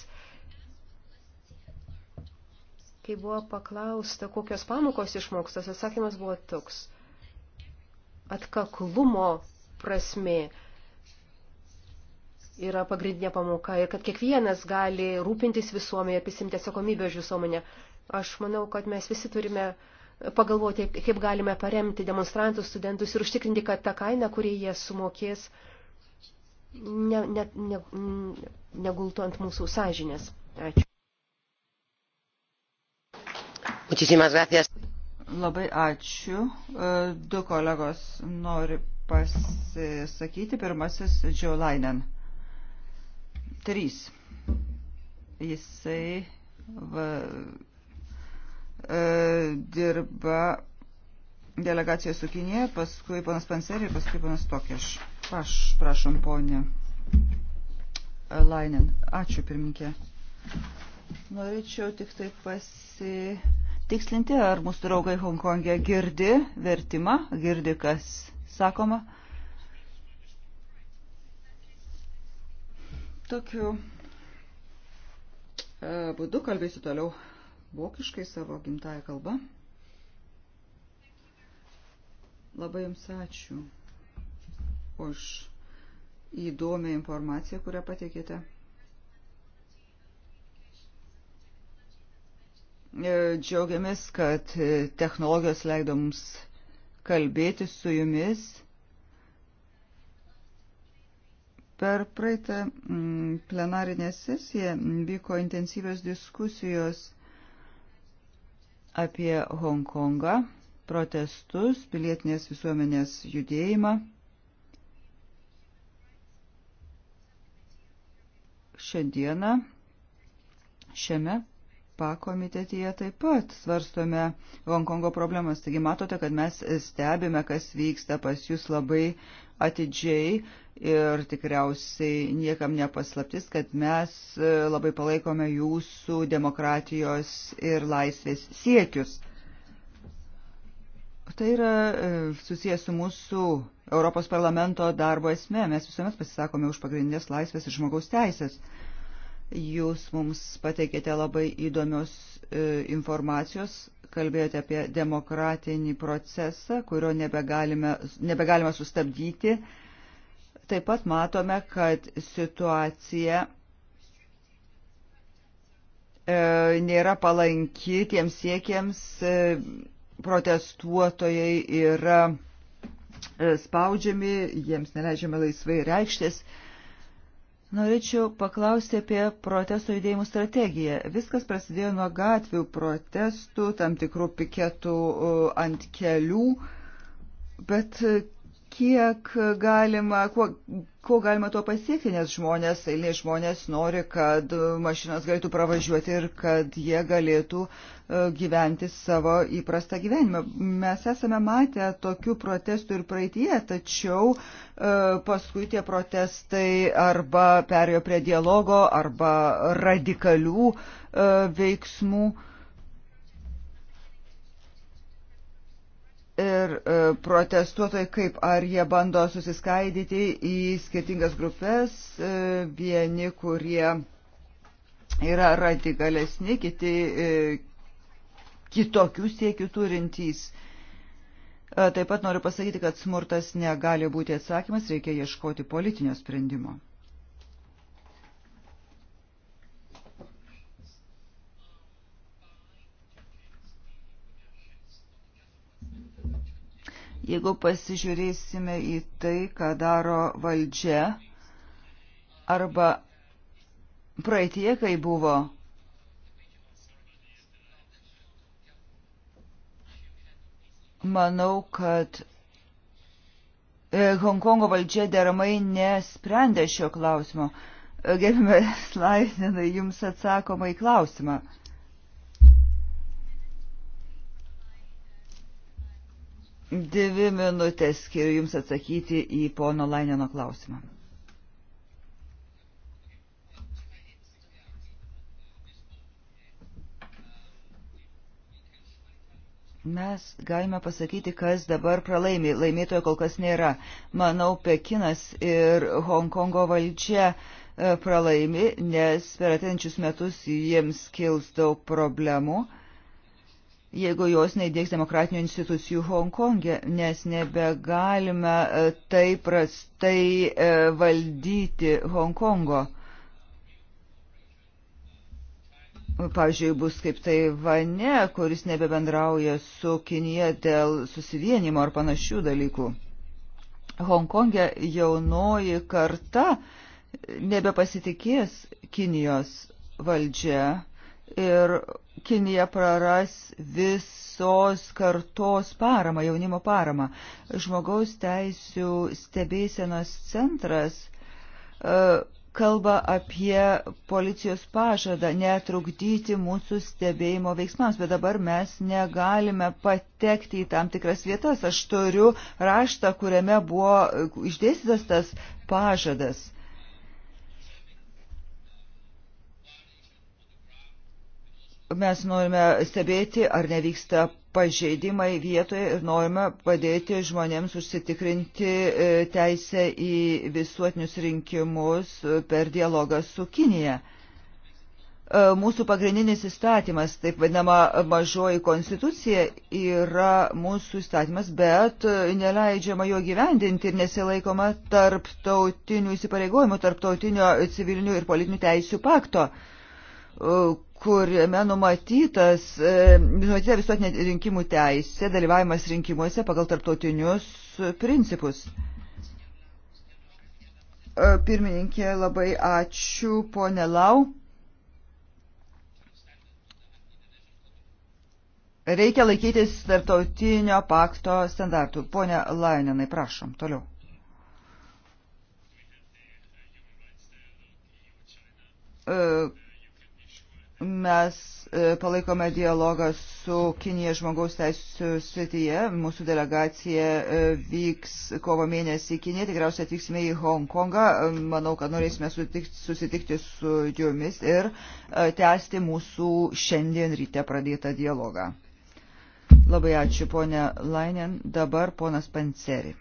Kai buvo paklausta, kokios pamokos išmokstas, atsakymas buvo toks. Atkaklumo prasme yra pagrindinė pamoka ir kad kiekvienas gali rūpintis visuomenė, prisimti atsakomybę už visuomenę. Aš manau, kad mes visi turime uh, pagalvoti, kaip galime paremti demonstrantus, studentus ir užtikrinti, kad ta kaina, kurį jie sumokės, ne, ne, ne, negultų ant mūsų sąžinės. Ačiū. Muchísimas gracias. Labai ačiū. E, du kolegos nori pasisakyti. Pirmasis Joe Lainen. Trys. Jisai va, E, dirba delegacija su Kinėje, paskui ponas Panseri ir paskui ponas Tokieš. Aš prašom, ponė Lainen. Ačiū, pirminkė. Norėčiau tik tai pasitikslinti, ar mūsų draugai Hongkongė e girdi vertimą, girdi, kas sakoma. Tokiu e, būdu kalbėsiu toliau vokiškai savo gimtają kalbą. Labai Jums ačiū už įdomią informaciją, kurią pateikėte. E, džiaugiamės, kad e, technologijos leido mums kalbėti su Jumis. Per praeitą mm, plenarinę sesiją vyko intensyvios diskusijos apie Hongkongą, protestus, pilietinės visuomenės judėjimą. Šiandieną šiame pakomitetyje taip pat svarstome Hongkongo problemas. Taigi matote, kad mes stebime, kas vyksta pas jūs labai atidžiai ir tikriausiai niekam nepaslaptis, kad mes e, labai palaikome jūsų demokratijos ir laisvės siekius. Tai yra e, susijęs su mūsų Europos parlamento darbo esme. Mes visuomet pasisakome už pagrindinės laisvės ir žmogaus teisės. Jūs mums pateikėte labai įdomios e, informacijos, kalbėjote apie demokratinį procesą, kurio nebegalime, nebegalime sustabdyti. Taip pat matome, kad situacija e, nėra palanki tiems siekiams, e, protestuotojai yra spaudžiami, jiems neleidžiama laisvai reikštis. Norėčiau paklausti apie protesto judėjimų strategiją. Viskas prasidėjo nuo gatvių protestų, tam tikrų piketų uh, ant kelių, bet kiek galima, kuo, kuo galima to pasiekti, nes žmonės, eiliniai žmonės nori, kad mašinos galėtų pravažiuoti ir kad jie galėtų e, gyventi savo įprastą gyvenimą. Mes esame matę tokių protestų ir praeitie, tačiau e, paskui tie protestai arba perėjo prie dialogo, arba radikalių e, veiksmų Ir e, protestuotojai kaip, ar jie bando susiskaidyti į skirtingas grupės, e, vieni, kurie yra radikalesni, kiti e, kitokių siekių turintys. Taip pat noriu pasakyti, kad smurtas negali būti atsakymas, reikia ieškoti politinio sprendimo. Jeigu pasižiūrėsime į tai, ką daro valdžia, arba praeitie, kai buvo manau, kad e, Hongkongo valdžia deramai nesprendė šio klausimo. E, Gerbime Laisinai, jums atsakoma į klausimą. Dvi minutės skiriu Jums atsakyti į pono Lainino klausimą. Mes galime pasakyti, kas dabar pralaimi. Laimėtojo kol kas nėra. Manau, Pekinas ir Hongkongo valdžia e, pralaimi, nes per atenčius metus jiems kils daug problemų jeigu jos neįdėks demokratinių institucijų Hongkongė, e, nes nebegalime e, taip prastai e, valdyti Hongkongo. Pavyzdžiui, bus kaip Taivane, kuris nebebendrauja su Kinija dėl susivienimo ar panašių dalykų. Hongkongė e jaunoji karta nebepasitikės Kinijos valdžia ir Kinija praras visos kartos paramą, jaunimo paramą. Žmogaus teisų stebėsenos centras e, kalba apie policijos pažadą netrukdyti mūsų stebėjimo veiksmams, bet dabar mes negalime patekti į tam tikras vietas. Aš turiu raštą, kuriame buvo išdėstytas tas pažadas. Mes norime stebėti, ar nevyksta pažeidimai vietoje ir norime padėti žmonėms užsitikrinti e, teisę į visuotinius rinkimus e, per dialogą su Kinija. E, mūsų pagrindinis įstatymas, taip vadinama mažoji konstitucija, yra mūsų įstatymas, bet neleidžiama jo gyvendinti ir nesilaikoma tarptautinių įsipareigojimų, tarptautinio civilinių ir politinių teisių pakto kuriame numatytas, e, numatyta visuotinė rinkimų teisė, dalyvavimas rinkimuose pagal tarptautinius principus. E, pirmininkė, labai ačiū, ponė Lau. Reikia laikytis tarptautinio pakto standartų. Pone Laininai, prašom, toliau. Uh, Mes e, palaikome dialogą su Kinija žmogaus teisų srityje. Mūsų delegacija e, vyks kovo mėnesį į Kiniją, tikriausiai atvyksime į Hongkongą. E, manau, kad norėsime sutikti, susitikti su jumis ir tęsti mūsų šiandien ryte pradėtą dialogą. Labai ačiū, ponė Lainen. Dabar ponas Panceri.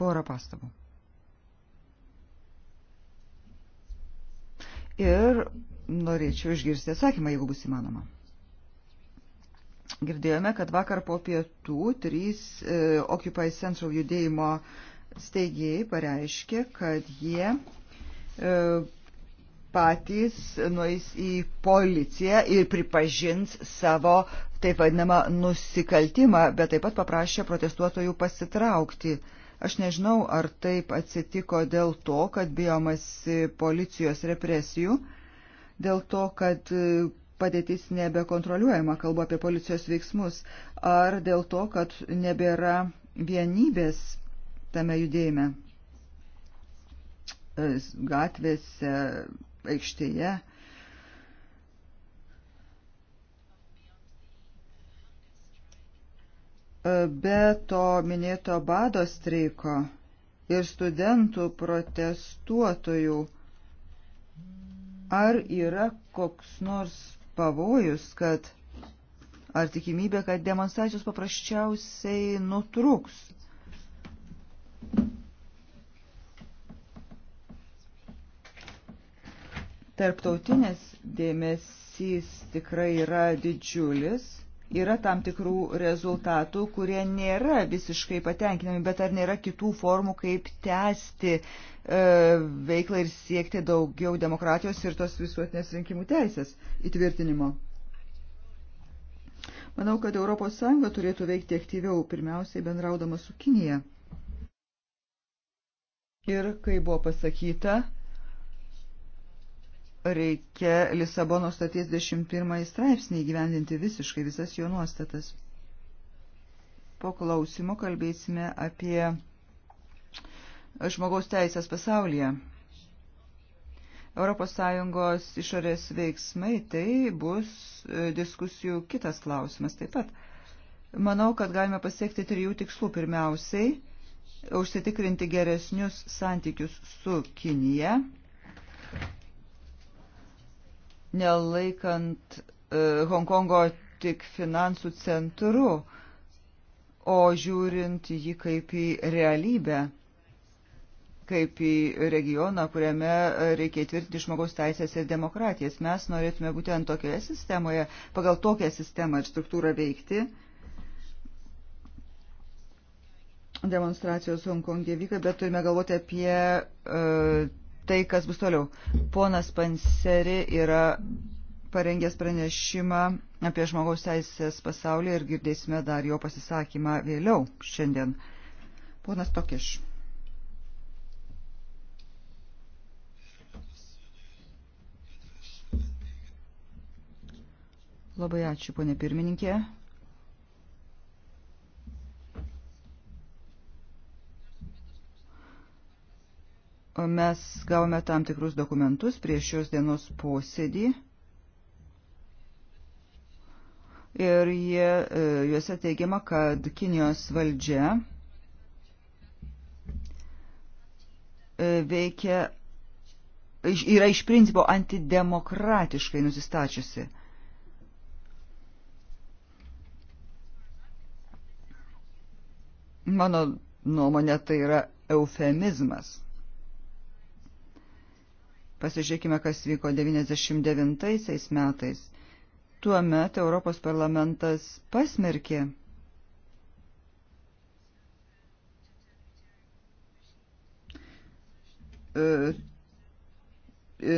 Porą pastabų. Ir norėčiau išgirsti atsakymą, jeigu bus įmanoma. Girdėjome, kad vakar po pietų trys e, Occupy Central judėjimo steigėjai pareiškė, kad jie e, patys nueis į policiją ir pripažins savo taip vadinamą nusikaltimą, bet taip pat paprašė protestuotojų pasitraukti. E, Aš nežinau, ar taip atsitiko dėl to, kad bijomasi policijos represijų, dėl to, kad e, padėtis nebekontroliuojama, kalbu apie policijos veiksmus, ar dėl to, kad nebėra vienybės tame judėjime e, gatvėse, aikštėje. be to minėto bado streiko ir studentų protestuotojų, ar yra koks nors pavojus, kad ar tikimybė, kad demonstracijos paprasčiausiai nutrūks. Tarptautinės dėmesys tikrai yra didžiulis yra tam tikrų rezultatų, kurie nėra visiškai patenkinami, bet ar nėra kitų formų, kaip tęsti e, veiklą ir siekti daugiau demokratijos ir tos visuotinės rinkimų teisės įtvirtinimo. Manau, kad ES turėtų veikti aktyviau, pirmiausiai bendraudama su Kinija. Ir, kai buvo pasakyta, reikia Lisabono staties 21 straipsnį įgyvendinti visiškai visas jo nuostatas. Po klausimo kalbėsime apie žmogaus teisės pasaulyje. ES išorės veiksmai tai bus e, diskusijų kitas klausimas taip pat. Manau, kad galime pasiekti trijų tikslų. Pirmiausiai, užsitikrinti geresnius santykius su Kinija nelaikant e, Hongkongo tik finansų centru, o žiūrint jį kaip į realybę, kaip į regioną, kuriame e, reikia tvirtinti žmogaus teisės ir demokratijas. Mes norėtume būtent tokioje sistemoje, pagal tokią sistemą ir struktūrą veikti. Demonstracijos Hongkongė vyka, bet turime galvoti apie uh, tai, kas bus toliau. Ponas Panseri yra parengęs pranešimą apie žmogaus teisės pasaulį ir girdėsime dar jo pasisakymą vėliau šiandien. Ponas Tokiš. Labai ačiū, ponė pirmininkė. Mes gavome tam tikrus dokumentus prieš šios dienos posėdį ir jie, e, juose teigiama, kad Kinijos valdžia e, veikia, yra iš principo antidemokratiškai nusistačiusi. Mano nuomonė tai yra eufemizmas. Pasižiūrėkime, kas vyko 99 metais. Tuomet Europos parlamentas pasmerkė e,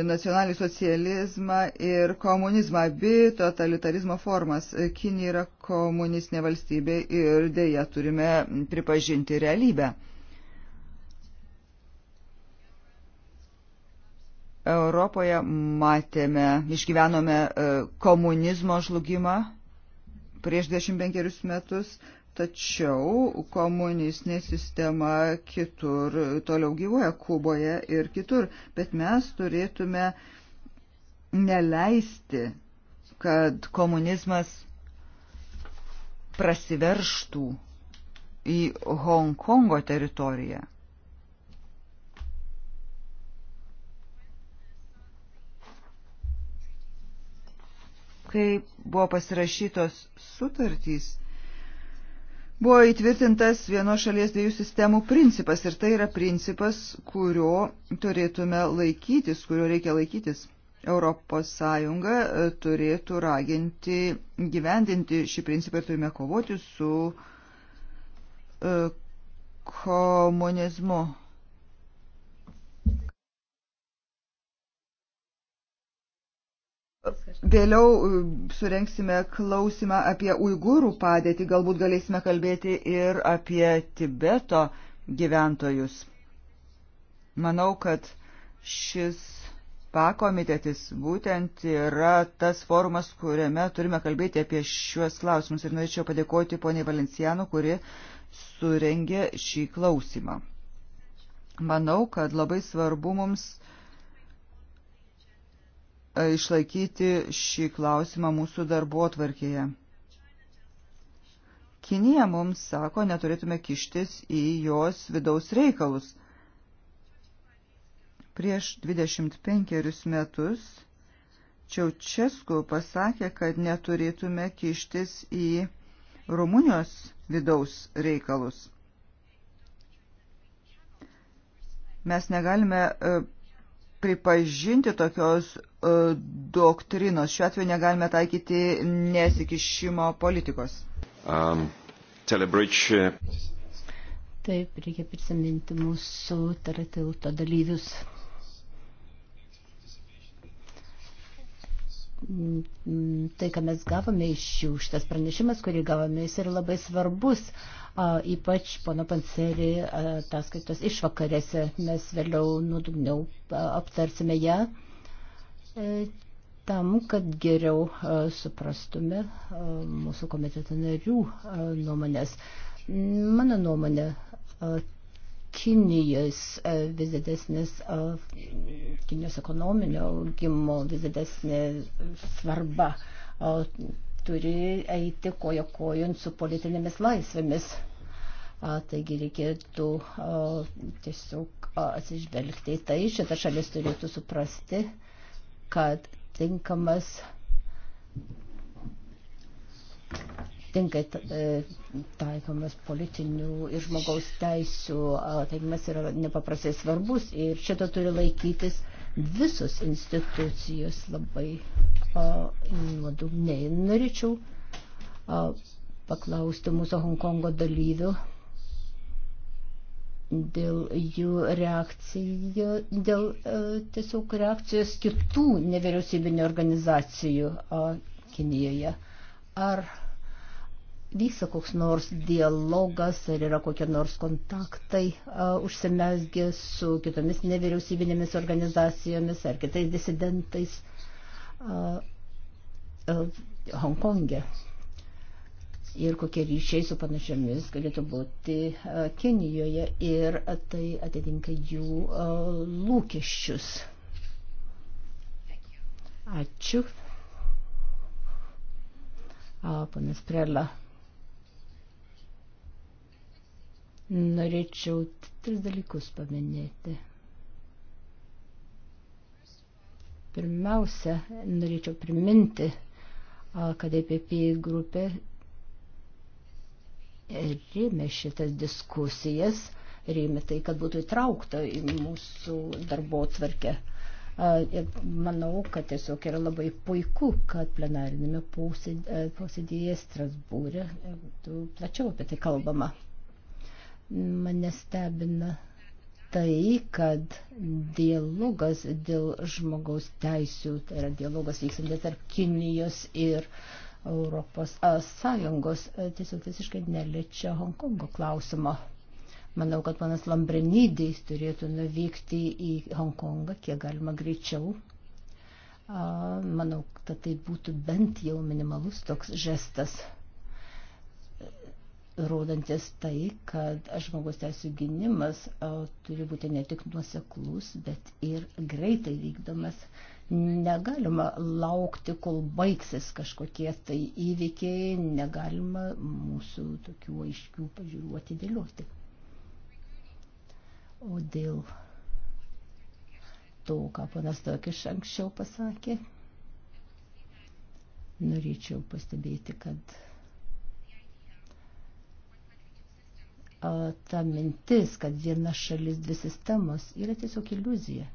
nacionalinį socializmą ir komunizmą, abi totalitarizmo formas. Kinija yra komunistinė valstybė ir dėja turime pripažinti realybę. Europoje matėme, išgyvenome e, komunizmo žlugimą prieš 25 metus, tačiau komunistinė sistema kitur toliau gyvoja, Kuboje ir kitur, bet mes turėtume neleisti, kad komunizmas prasiverštų į Hongkongo teritoriją. kai buvo pasirašytos sutartys, buvo įtvirtintas vienos šalies dviejų sistemų principas ir tai yra principas, kurio turėtume laikytis, kurio reikia laikytis. Europos Sąjunga e, turėtų raginti gyvendinti šį principą ir turime kovoti su e, komunizmu. Vėliau e, surenksime klausimą apie uigūrų padėtį, galbūt galėsime kalbėti ir apie Tibeto gyventojus. Manau, kad šis pakomitetis būtent yra tas forumas, kuriame turime kalbėti apie šiuos klausimus. Ir norėčiau padėkoti poniai Valenciano, kuri surengė šį klausimą. Manau, kad labai svarbu mums išlaikyti šį klausimą mūsų darbo atvarkėje. Kinija mums sako, neturėtume kištis į jos vidaus reikalus. Prieš 25 metus Čiaučesku pasakė, kad neturėtume kištis į Rumunijos vidaus reikalus. Mes negalime e, pripažinti tokios e, doktrinos. Šiuo atveju negalime taikyti nesikišimo politikos. Um, e, Taip, reikia prisiminti mūsų taratilto dalyvius. Mm, tai, ką mes gavome iš jų, šitas pranešimas, kurį gavome, jis yra labai svarbus, ypač pono Pancerį ataskaitos išvakarėse, mes vėliau nuodugniau aptarsime ją, e, tam, kad geriau suprastume mūsų komiteto narių nuomonės. Mano nuomonė, Kinijos e, vis didesnis, e, Kinijos ekonominio augimo vis didesnė svarba e, turi eiti koja kojant su politinėmis laisvėmis. Taigi reikėtų tiesiog atsižvelgti į tai, šitą šalis turėtų suprasti, kad tinkamas tinkai e, taikomas politinių ir žmogaus teisų taikymas yra nepaprastai svarbus ir šito turi laikytis visos institucijos labai nuodugniai. Norėčiau paklausti mūsų Hongkongo dalyvių dėl jų reakcijų, dėl e, tiesiog reakcijos kitų nevyriausybinio organizacijų Kinijoje. Ar vyksta koks nors dialogas ar yra kokie nors kontaktai uh, užsimesgė su kitomis nevyriausybinėmis organizacijomis ar kitais disidentais uh, uh, Hongkonge. Ir kokie ryšiai su panašiamis galėtų būti uh, Kinijoje ir uh, tai atitinka jų uh, lūkesčius. Ačiū. Ponas Prela. Norėčiau tris dalykus paminėti. Pirmiausia, norėčiau priminti, kad EPP grupė rėmė šitas diskusijas, rėmė tai, kad būtų įtraukta į mūsų darbo tvarkę. Ir manau, kad tiesiog yra labai puiku, kad plenarinėme posėdėje Strasbūrė e, plačiau apie tai kalbama mane stebina tai, kad dialogas dėl žmogaus teisių, tai yra dialogas vykstantis tarp Kinijos ir Europos a, Sąjungos, tiesiog visiškai neliečia Hongkongo klausimo. Manau, kad panas Lambrenydys turėtų nuvykti į Hongkongą kiek galima greičiau. A, manau, kad tai būtų bent jau minimalus toks žestas rodantis tai, kad žmogaus teisų gynimas turi būti ne tik nuoseklus, bet ir greitai vykdomas. Negalima laukti, kol baigsis kažkokie tai įvykiai, negalima mūsų tokių aiškių pažiūrų atidėlioti. O dėl to, ką panas Tokiš anksčiau pasakė, norėčiau pastebėti, kad ta mintis, kad viena šalis, dvi sistemos yra tiesiog iliuzija.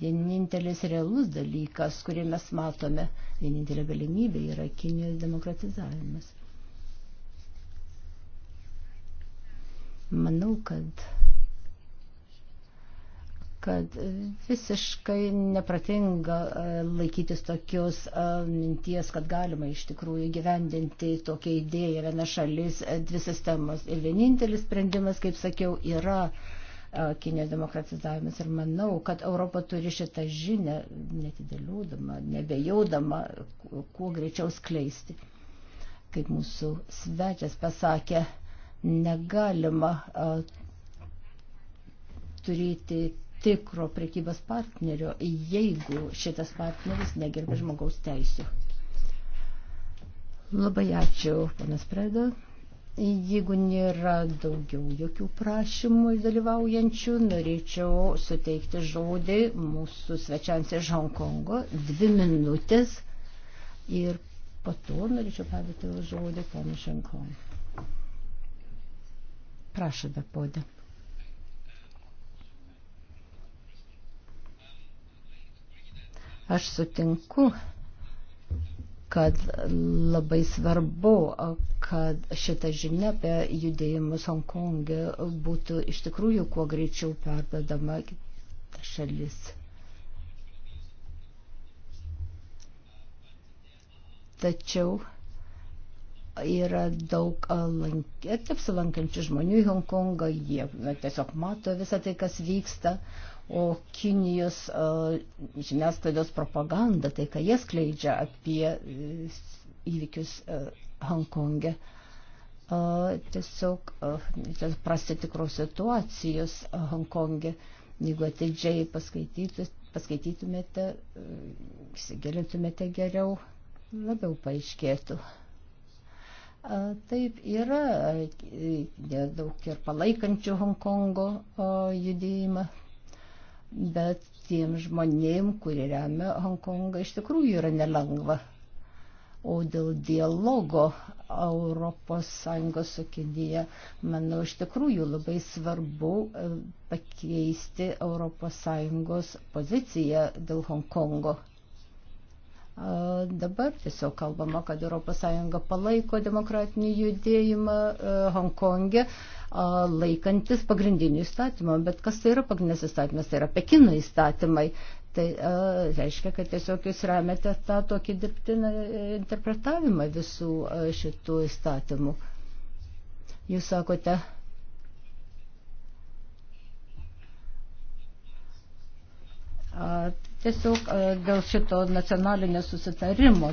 Vienintelis realus dalykas, kurį mes matome, vienintelė galimybė yra Kinijos demokratizavimas. Manau, kad kad visiškai nepratinga e, laikytis tokios e, minties, kad galima iš tikrųjų gyvendinti tokią idėją viena šalis, e, dvi sistemos. Ir vienintelis sprendimas, kaip sakiau, yra Kinijos demokratizavimas. Ir manau, kad Europa turi šitą žinę, netidėliūdama, nebejaudama, kuo greičiau skleisti. Kaip mūsų svečias pasakė, negalima turėti tikro prekybos partnerio, jeigu šitas partneris negerbė žmogaus teisų. Labai ačiū, panas Preda. Jeigu nėra daugiau jokių prašymų dalyvaujančių, norėčiau suteikti žodį mūsų svečiams iš Hongkongo dvi minutės ir po to norėčiau perduoti žodį ponui Šankon. Prašome, podė. Aš sutinku, kad labai svarbu, kad šita žinia apie judėjimus Hongkongė e būtų iš tikrųjų kuo greičiau perdodama šalis. Tačiau yra daug apsilankančių žmonių į Hongkongą, jie na, tiesiog mato visą tai, kas vyksta. Uh, o Kinijos žiniasklaidos propaganda, tai ką jie skleidžia apie e, įvykius e, Hongkonge. Tiesiog prastė tikros situacijos Hongkonge. Jeigu atidžiai paskaitytumėte, e, įsigilintumėte geriau, labiau paaiškėtų. Taip yra daug ir palaikančių Hongkongo judėjimą, bet tiem žmonėm, kurie remia Hongkongą, iš tikrųjų yra nelengva. O dėl dialogo ES su Kinija, manau, iš tikrųjų labai svarbu e, pakeisti ES poziciją dėl Hongkongo. Dabar tiesiog kalbama, kad ES palaiko demokratinį judėjimą Hongkongė, e, laikantis pagrindinių įstatymų. Bet kas tai yra pagrindinis įstatymas? Tai yra Pekino įstatymai. Tai e, reiškia, kad tiesiog jūs remiate tą tokį dirbtinę e, interpretavimą visų e, šitų įstatymų. Jūs sakote, at, Tiesiog e, dėl šito nacionalinio susitarimo.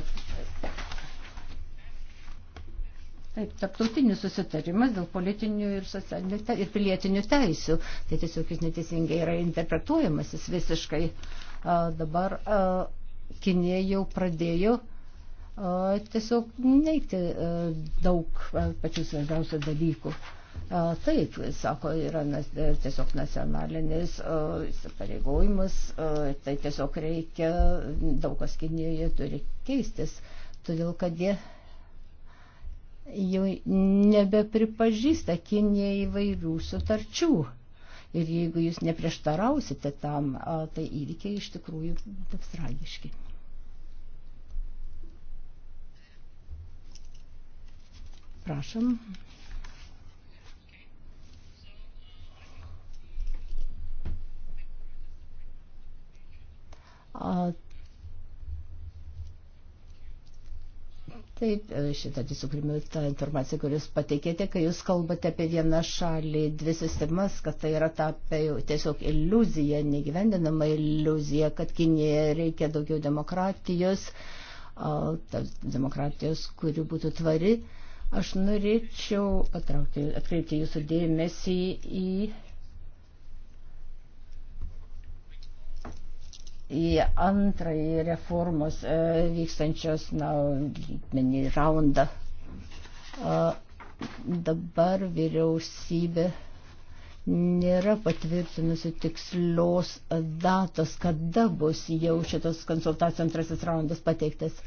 Taip, tarptautinis susitarimas dėl politinių ir, te, ir pilietinių teisių. Tai tiesiog jis neteisingai yra interpretuojamas jis visiškai. A, e, dabar a, e, Kinė jau pradėjo a, tiesiog neikti a, daug a, pačių svarbiausių dalykų. Taip, sako, yra tiesiog nacionalinis pareigojimas, tai tiesiog reikia, daug kas Kinijoje turi keistis, todėl kad jie jau nebepripažįsta Kinija įvairių sutarčių. Ir jeigu jūs neprieštarausite tam, tai įvykiai iš tikrųjų taps tragiški. Prašom. Taip, e, šitą discipliną, tą informaciją, kurią jūs pateikėte, kai jūs kalbate apie vieną šalį, dvi sistemas, kad tai yra tapę tiesiog iliuzija, negyvendinama iliuzija, kad Kinėje reikia daugiau demokratijos, demokratijos, kuri būtų tvari. Aš norėčiau patraukti, atkreipti jūsų dėmesį į į antrąjį reformos e, vykstančios na, lygmenį raundą. Dabar vyriausybė nėra patvirtinusi tikslios datos, kada bus jau šitos konsultacijų antrasis raundas pateiktas.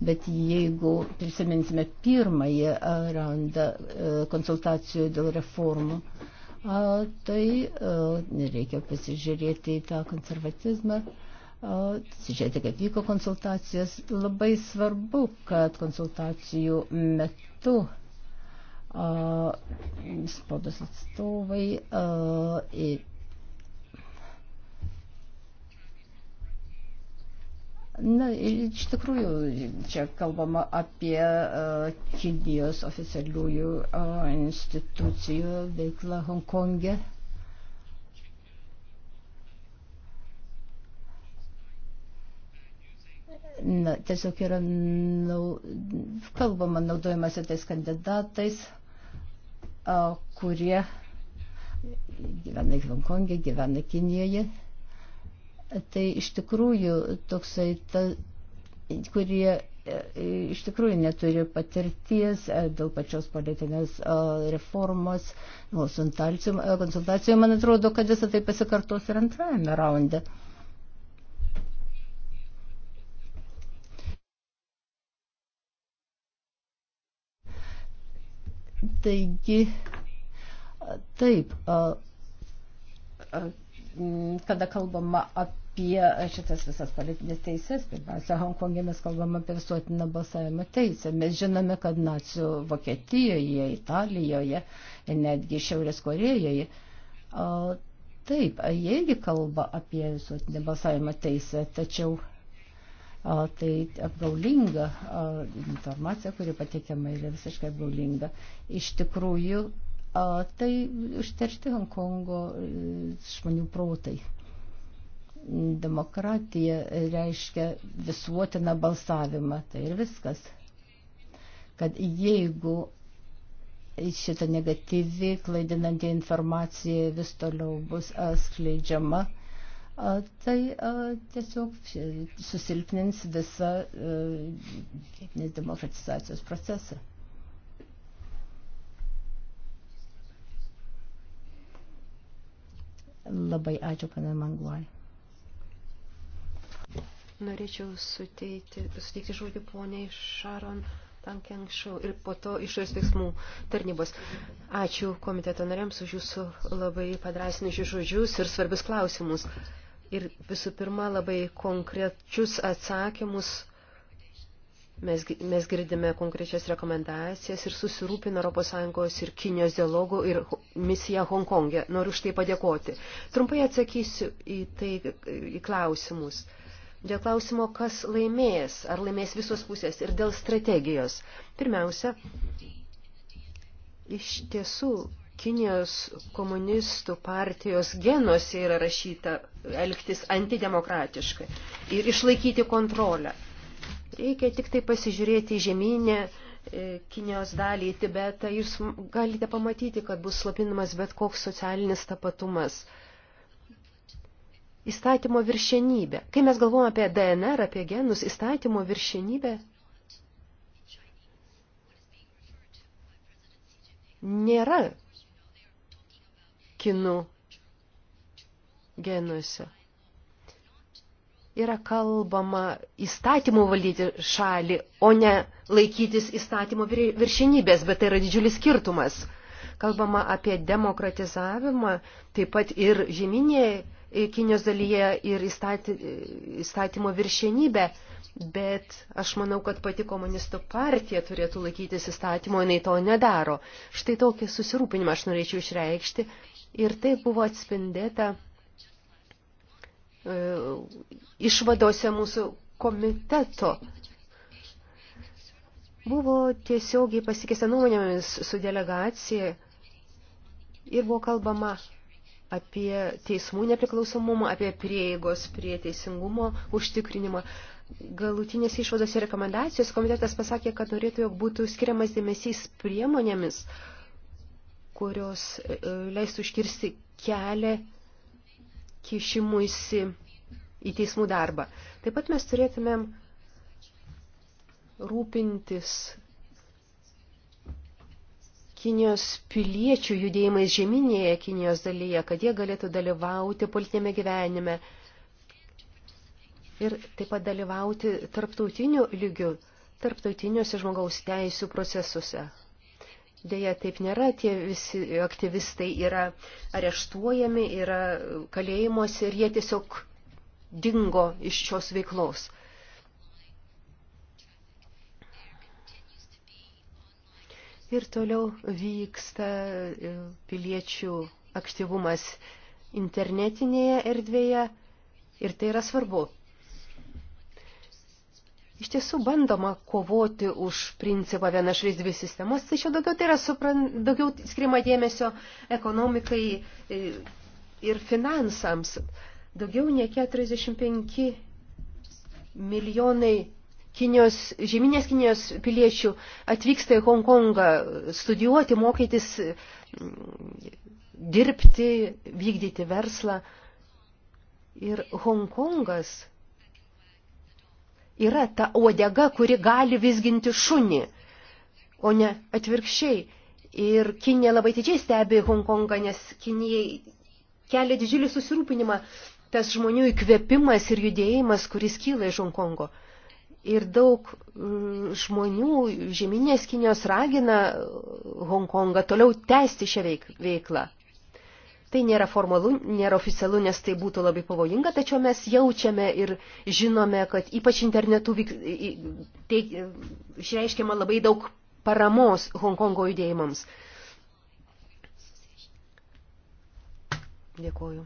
Bet jeigu prisiminsime pirmąjį raundą e, konsultacijų dėl reformų, uh, tai reikia pasižiūrėti į tą konservatizmą žiūrėti, kaip vyko konsultacijos. Labai svarbu, kad konsultacijų metu a, spaudos atstovai a, ir Na, iš tikrųjų, čia kalbama apie uh, Kinijos oficialiųjų uh, institucijų veiklą Hongkonge. Na, tiesiog yra nau, kalbama naudojamasi tais kandidatais, uh, kurie gyvena Hongkonge, gyvena Kinijoje. Uh, tai iš tikrųjų toksai, ta, kurie e, iš tikrųjų neturi patirties e, dėl pačios politinės e, reformos, konsultacijų, man atrodo, kad visą tai pasikartos ir antrajame raunde. Taigi, taip, a, a, kada kalbama apie šitas visas politinės teisės, pirmiausia, Hongkongė mes kalbame apie visuotiną balsavimo teisę. Mes žinome, kad nacijų Vokietijoje, Italijoje ir netgi Šiaurės Korejoje. Taip, jie irgi kalba apie visuotinę balsavimo teisę, tačiau a, tai apgaulinga a, informacija, kuri pateikiama yra visiškai apgaulinga. Iš tikrųjų, tai užteršti Hongkongo e, žmonių protai. Demokratija reiškia visuotiną balsavimą, tai ir viskas. Kad jeigu šita negatyvi, klaidinanti informacija vis toliau bus skleidžiama, tai tiesiog susilpnins visą e, demokratizacijos procesą. Labai ačiū, pana Mangluai. Norėčiau suteikti, suteikti žodį poniai Šaron tankė anksčiau ir po to išorės veiksmų tarnybos. Ačiū komiteto nariams už jūsų labai padrasinius žodžius ir svarbius klausimus. Ir visų pirma, labai konkrečius atsakymus Mes, mes girdime konkrečias rekomendacijas ir susirūpina ES ir Kinijos dialogų ir misija Hongkonge. Noriu už tai padėkoti. Trumpai atsakysiu į tai, į klausimus. Dėl klausimo, kas laimės, ar laimės visos pusės ir dėl strategijos. Pirmiausia, iš tiesų Kinijos komunistų partijos genuose yra rašyta elgtis antidemokratiškai ir išlaikyti kontrolę. Reikia tik tai pasižiūrėti žemynę e, Kinijos dalį į Tibetą. Jūs galite pamatyti, kad bus slapinamas bet koks socialinis tapatumas. Įstatymo viršenybė. Kai mes galvojame apie DNR, apie genus, įstatymo viršenybė nėra kinų genuose yra kalbama įstatymų valdyti šalį, o ne laikytis įstatymų viršinybės, bet tai yra didžiulis skirtumas. Kalbama apie demokratizavimą, taip pat ir žeminėje e, Kinijos dalyje ir įstatymo viršenybė, bet aš manau, kad pati komunistų partija turėtų laikytis įstatymo, jinai to nedaro. Štai tokį susirūpinimą aš norėčiau išreikšti ir tai buvo atspindėta E, išvadose mūsų komiteto. Buvo tiesiogiai pasikėsta nuomonėmis su delegacija ir buvo kalbama apie teismų nepriklausomumą, apie prieigos prie teisingumo užtikrinimą. Galutinės išvados ir rekomendacijos komitetas pasakė, kad norėtų, jog būtų skiriamas dėmesys priemonėmis, kurios e, leistų užkirsti kelią kišimuisi į teismų darbą. Taip pat mes turėtumėm rūpintis Kinijos piliečių judėjimais žemynėje Kinijos dalyje, kad jie galėtų dalyvauti politinėme gyvenime ir taip pat dalyvauti tarptautiniu lygiu, tarptautiniuose žmogaus teisų procesuose. Deja, taip nėra, tie visi aktyvistai yra areštuojami, yra kalėjimuose ir jie tiesiog dingo iš šios veiklos. Ir toliau vyksta e, piliečių aktyvumas internetinėje erdvėje ir tai yra svarbu. Iš tiesų bandoma kovoti už principą viena šalis dvi sistemas, tačiau daugiau tai yra supran, daugiau skirima dėmesio ekonomikai e, ir finansams. Daugiau nei 45 milijonai Kinijos, žeminės Kinijos piliečių atvyksta į Hongkongą studijuoti, mokytis, dirbti, vykdyti verslą. Ir Hongkongas yra ta uodega, kuri gali visginti šunį, o ne atvirkščiai. Ir Kinė labai didžiai stebi Hongkongą, nes Kinijai kelia didžiulį susirūpinimą tas žmonių įkvėpimas ir judėjimas, kuris kyla iš Hongkongo. Ir daug mm, žmonių žeminės Kinijos ragina Hongkongą toliau tęsti šią veiklą. Tai nėra formalu, nėra oficialu, nes tai būtų labai pavojinga, tačiau mes jaučiame ir žinome, kad ypač internetu vyk, tai, išreiškiama labai daug paramos Hongkongo judėjimams. Dėkuoju.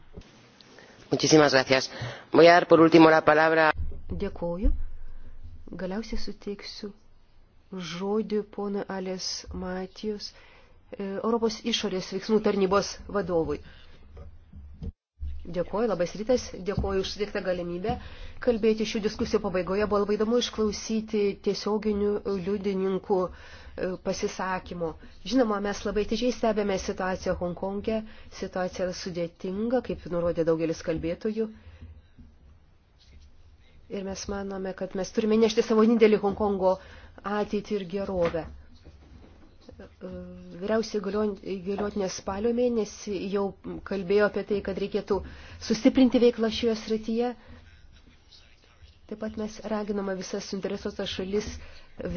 Muchísimas gracias. Voy a dar por último la palabra. Dėkuoju. Galiausiai suteiksiu žodį ponui Alės Matijos E, Europos išorės veiksmų tarnybos vadovui. Dėkuoju, labas rytas, dėkuoju už sudėktą galimybę kalbėti šių diskusijų pabaigoje. Buvo labai įdomu išklausyti tiesioginių liudininkų e, pasisakymų. Žinoma, mes labai atidžiai stebėme situaciją Hongkonge, situacija yra sudėtinga, kaip nurodė daugelis kalbėtojų. Ir mes manome, kad mes turime nešti savo didelį Hongkongo ateitį ir gerovę. Vyriausiai galiotinė spalio mėnesį jau kalbėjo apie tai, kad reikėtų sustiprinti veiklą šioje srityje. Taip pat mes raginame visas suinteresuotas šalis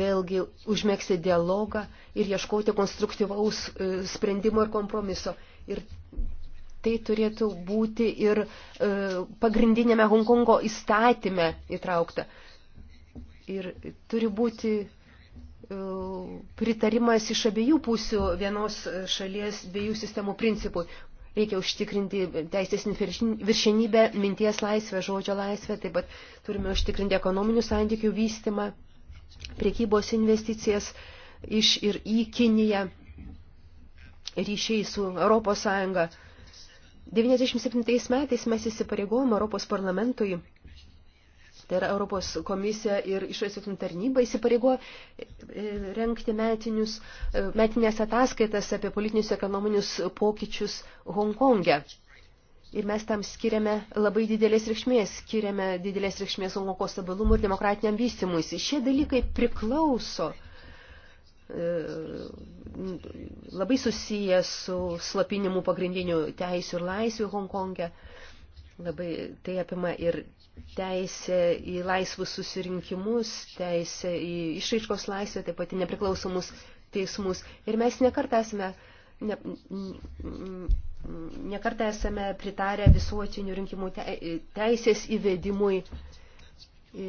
vėlgi užmėgsti dialogą ir ieškoti konstruktyvaus e, sprendimo ir kompromiso. Ir tai turėtų būti ir e, pagrindinėme Hongkongo įstatyme įtraukta. Ir turi būti E, pritarimas iš abiejų pusių vienos šalies dviejų sistemų principui. Reikia užtikrinti teisės viršenybę, minties laisvę, žodžio laisvę, taip pat turime užtikrinti ekonominių santykių vystimą, priekybos investicijas iš ir į Kiniją, ryšiai su Europos Sąjunga. 97 metais mes įsipareigojom Europos parlamentui tai yra Europos komisija ir išorės veiksmų tarnyba įsipareigo e, renkti metinius, e, metinės ataskaitas apie politinius ekonominius pokyčius Hongkonge. Ir mes tam skiriame labai didelės reikšmės, skiriame didelės reikšmės Honkongo stabilumų ir demokratiniam vystimuisi. Šie dalykai priklauso e, labai susiję su slapinimu pagrindinių teisių ir laisvių Hongkonge. Labai tai apima ir teisė į laisvus susirinkimus, teisė į išraiškos laisvę, taip pat į nepriklausomus teismus. Ir mes nekartą esame, ne, nekartą esame pritarę visuotinių rinkimų teisės įvedimui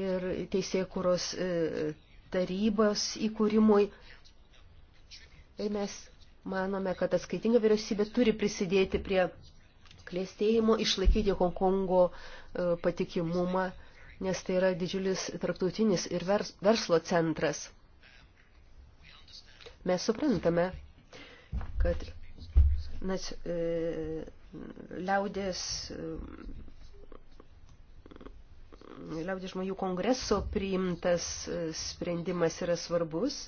ir teisėkuros e, tarybos įkūrimui. Ir mes manome, kad atskaitinga vyriausybė turi prisidėti prie klėstėjimo, išlaikyti Hongkongo e, patikimumą, nes tai yra didžiulis tarptautinis ir verslo centras. Mes suprantame, kad nes, e, liaudės, e, liaudės žmonių kongreso priimtas e, sprendimas yra svarbus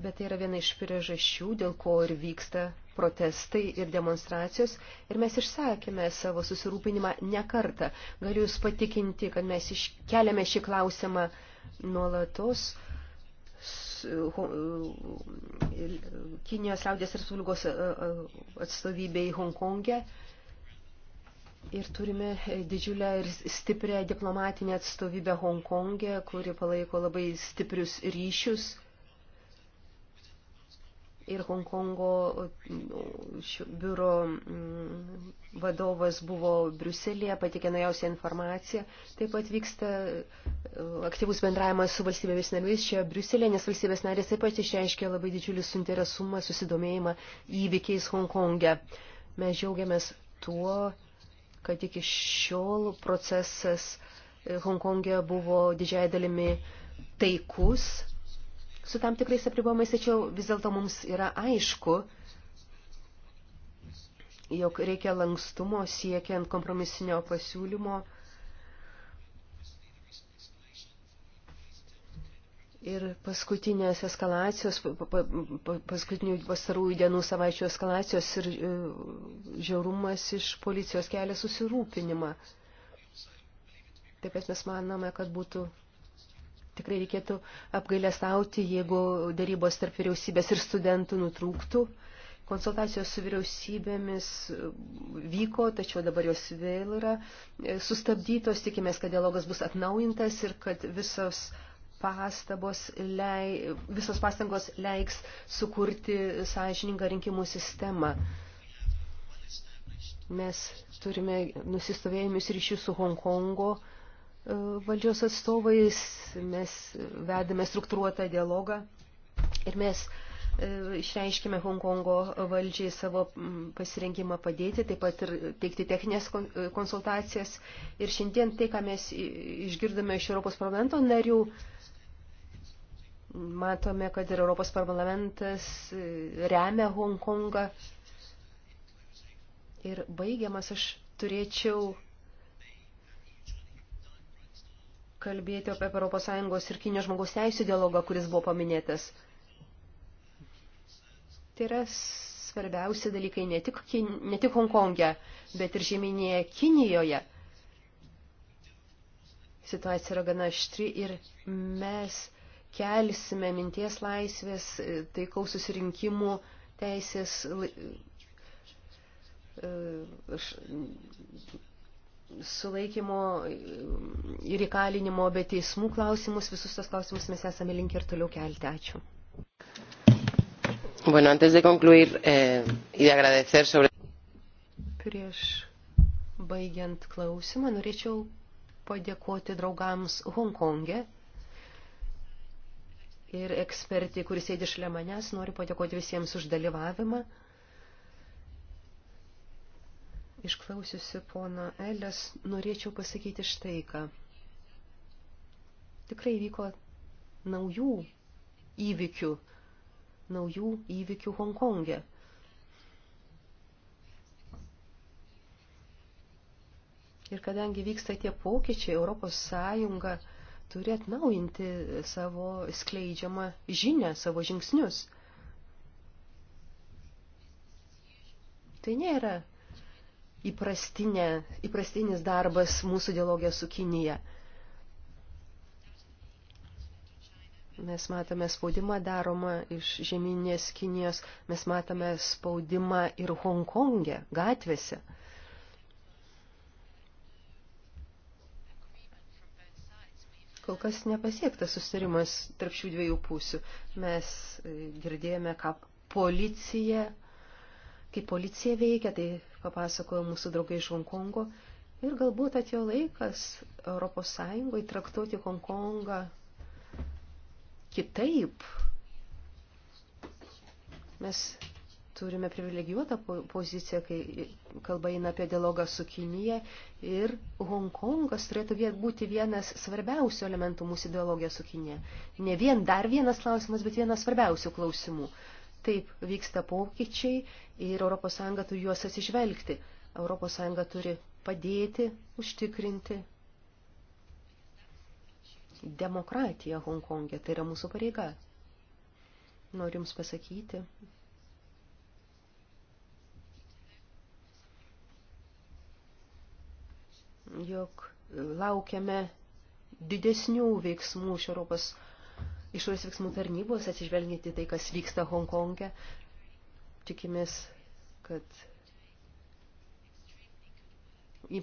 Bet tai yra viena iš priežasčių, dėl ko ir vyksta protestai ir demonstracijos. Ir mes išsakėme savo susirūpinimą ne kartą. Galiu Jūs patikinti, kad mes iškeliame šį klausimą nuolatos. Kinijos liaudės Respublikos e, e, atstovybei Hongkonge. Ir turime didžiulę ir stiprią diplomatinę atstovybę Hongkonge, kuri palaiko labai stiprius ryšius ir Hongkongo mm, biuro mm, vadovas buvo Briuselėje, patikė naujausią informaciją. Taip pat vyksta e, aktyvus bendravimas su valstybėmis narėmis čia Briuselėje, nes valstybės narės taip pat išreiškė labai didžiulį suinteresumą, susidomėjimą įvykiais Hongkonge. Mes džiaugiamės tuo, kad iki šiol procesas e, Hongkonge buvo didžiai dalimi taikus su tam tikrais apribomais, tačiau vis dėlto mums yra aišku, jog reikia lankstumo siekiant kompromisinio pasiūlymo. Ir paskutinės eskalacijos, paskutinių pastarųjų dienų savaičių eskalacijos ir e, žiaurumas iš policijos kelia susirūpinimą. Taip pat mes manome, kad būtų tikrai reikėtų apgailestauti, jeigu darybos tarp vyriausybės ir studentų nutrūktų. Konsultacijos su vyriausybėmis vyko, tačiau dabar jos vėl yra e, sustabdytos. Tikimės, kad dialogas bus atnaujintas ir kad visos pastabos, lei, visos pastangos leiks sukurti sąžiningą rinkimų sistemą. Mes turime nusistovėjimus ryšius su Hongkongo, Kongo E, valdžios atstovais, mes vedame struktūruotą dialogą ir mes e, išreiškime Hongkongo valdžiai savo pasirinkimą padėti, taip pat ir teikti techninės e, konsultacijas. Ir šiandien tai, ką mes išgirdome iš Europos parlamento narių, matome, kad ir Europos parlamentas remia Hongkongą. Ir baigiamas aš turėčiau kalbėti apie ES ir Kinijos žmogaus teisų dialogą, kuris buvo paminėtas. Tai yra svarbiausi dalykai ne tik, Kin, ne tik Hongkonge, bet ir žemynėje Kinijoje. Situacija yra gana aštri ir mes kelsime minties laisvės, taikaus susirinkimų teisės e, sulaikymo ir įkalinimo, bet teismų klausimus, visus tos klausimus mes esame linkę ir toliau kelti. Ačiū. Bueno, antes de concluir eh, y de agradecer sobre. Prieš baigiant klausimą, norėčiau padėkoti draugams Hongkonge. Ir ekspertai, kuris sėdi šalia manęs, noriu padėkoti visiems už dalyvavimą. Išklausiusi pono Elės, norėčiau pasakyti štai ką. Tikrai vyko naujų įvykių, naujų įvykių Hongkonge. Ir kadangi vyksta tie pokyčiai, Europos Sąjunga turi atnaujinti savo skleidžiamą žinę, savo žingsnius. Tai nėra įprastinė, įprastinis darbas mūsų dialogė su Kinija. Mes matome spaudimą daromą iš žemynės Kinijos, mes matome spaudimą ir Hongkonge, gatvėse. Kol kas nepasiektas sustarimas tarp šių dviejų pusių. Mes e, girdėjome, ką policija kaip policija veikia, tai papasakojo mūsų draugai iš Hongkongo. Ir galbūt atėjo laikas Europos Sąjungoje traktuoti Hongkongą kitaip. Mes turime privilegijuotą poziciją, kai kalba eina apie dialogą su Kinija ir Hongkongas turėtų būti vienas svarbiausių elementų mūsų dialogė su Kinija. Ne vien dar vienas klausimas, bet vienas svarbiausių klausimų. Taip vyksta pokyčiai ir ES turi juos atsižvelgti. ES turi padėti užtikrinti demokratiją Hongkongė. Tai yra mūsų pareiga. Noriu Jums pasakyti. jog laukiame didesnių veiksmų iš Europos išorės veiksmų tarnybos, atsižvelginti tai, kas vyksta Hongkonge. Tikimės, kad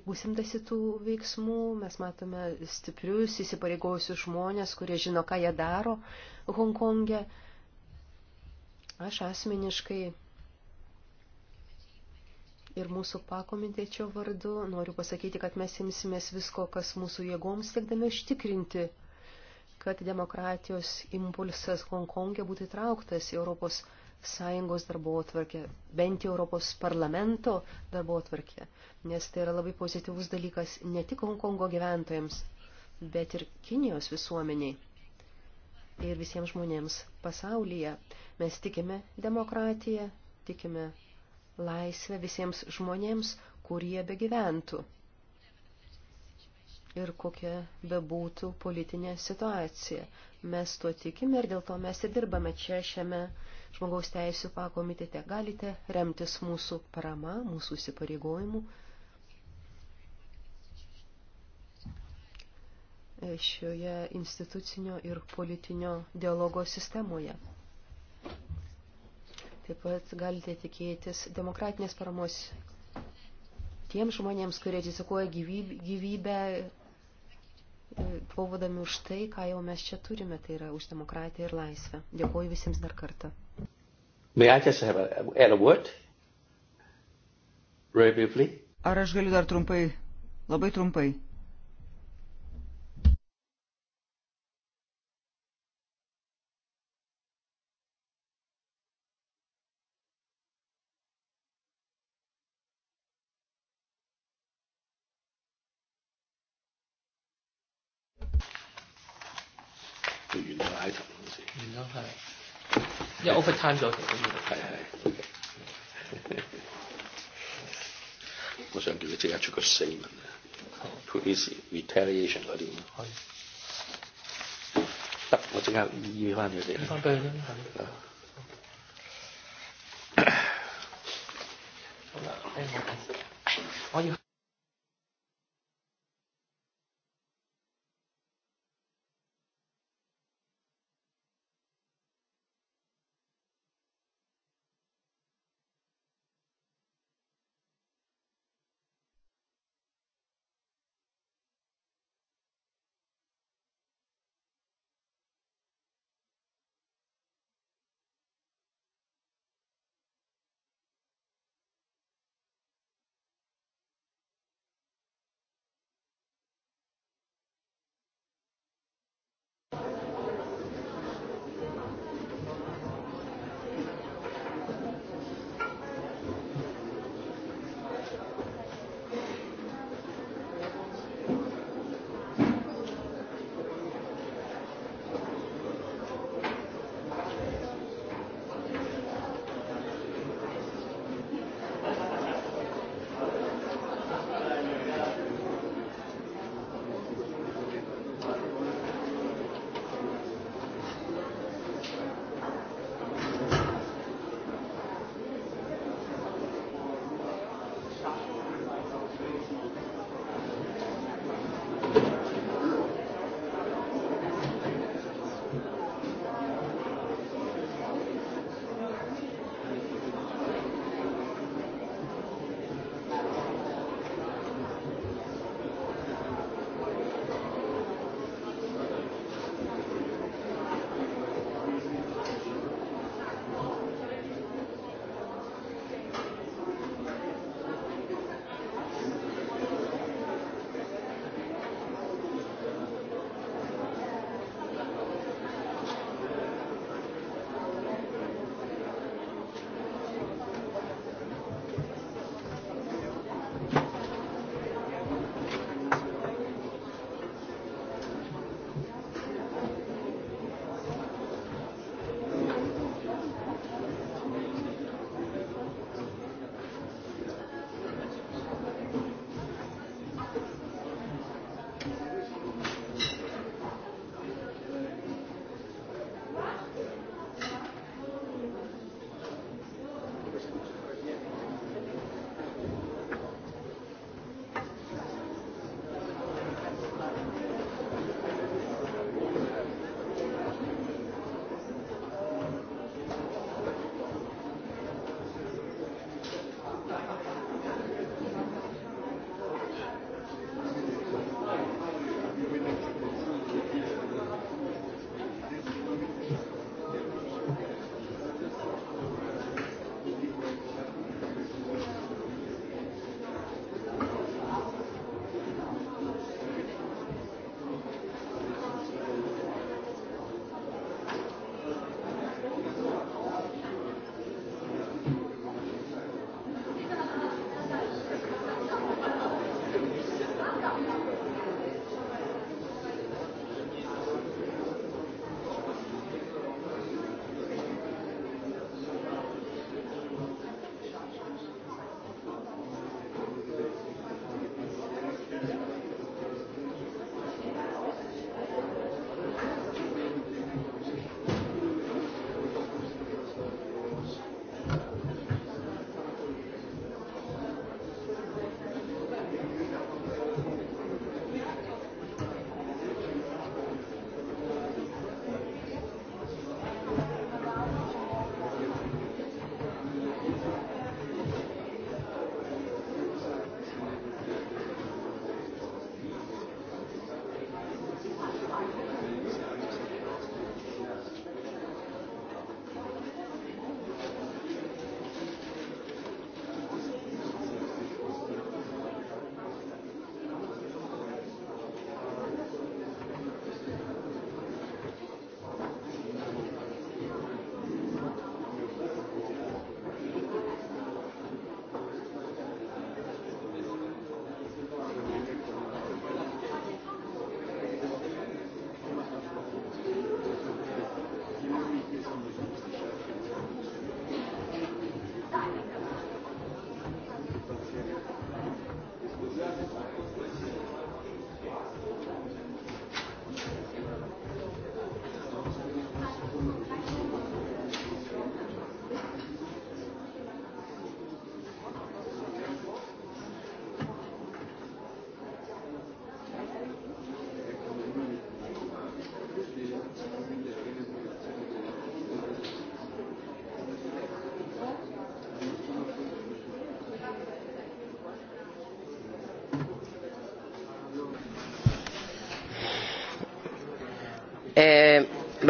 bus imtasi tų veiksmų, mes matome stiprius, įsipareigojusius žmonės, kurie žino, ką jie daro Hongkonge. Aš asmeniškai ir mūsų pakomitečio vardu noriu pasakyti, kad mes imsimės visko, kas mūsų jėgoms, siekdami užtikrinti, kad demokratijos impulsas Hongkonge būtų įtrauktas į Europos Sąjungą Sąjungos darbo atvarkė, bent jau Europos parlamento darbo atvarkė, nes tai yra labai pozityvus dalykas ne tik Hongkongo gyventojams, bet ir Kinijos visuomeniai ir visiems žmonėms pasaulyje. Mes tikime demokratiją, tikime laisvę visiems žmonėms, kurie begyventų ir kokia bebūtų politinė situacija. Mes tuo tikime ir dėl to mes ir dirbame čia šiame žmogaus teisų pakomitete. Galite remtis mūsų parama, mūsų įsipareigojimu. šioje institucinio ir politinio dialogo sistemoje. Taip pat galite tikėtis demokratinės paramos tiems žmonėms, kurie rizikuoja gyvybę, gyvybę kovodami už tai, ką jau mes čia turime, tai yra už demokratiją ir laisvę. Dėkuoju visiems dar kartą. Ar aš galiu dar trumpai, labai trumpai? over time though. 我想叫佢即刻出個 statement，to this retaliation 嗰啲。得，我即刻醫翻佢哋。醫翻俾佢啦，係。好啦，誒我我要。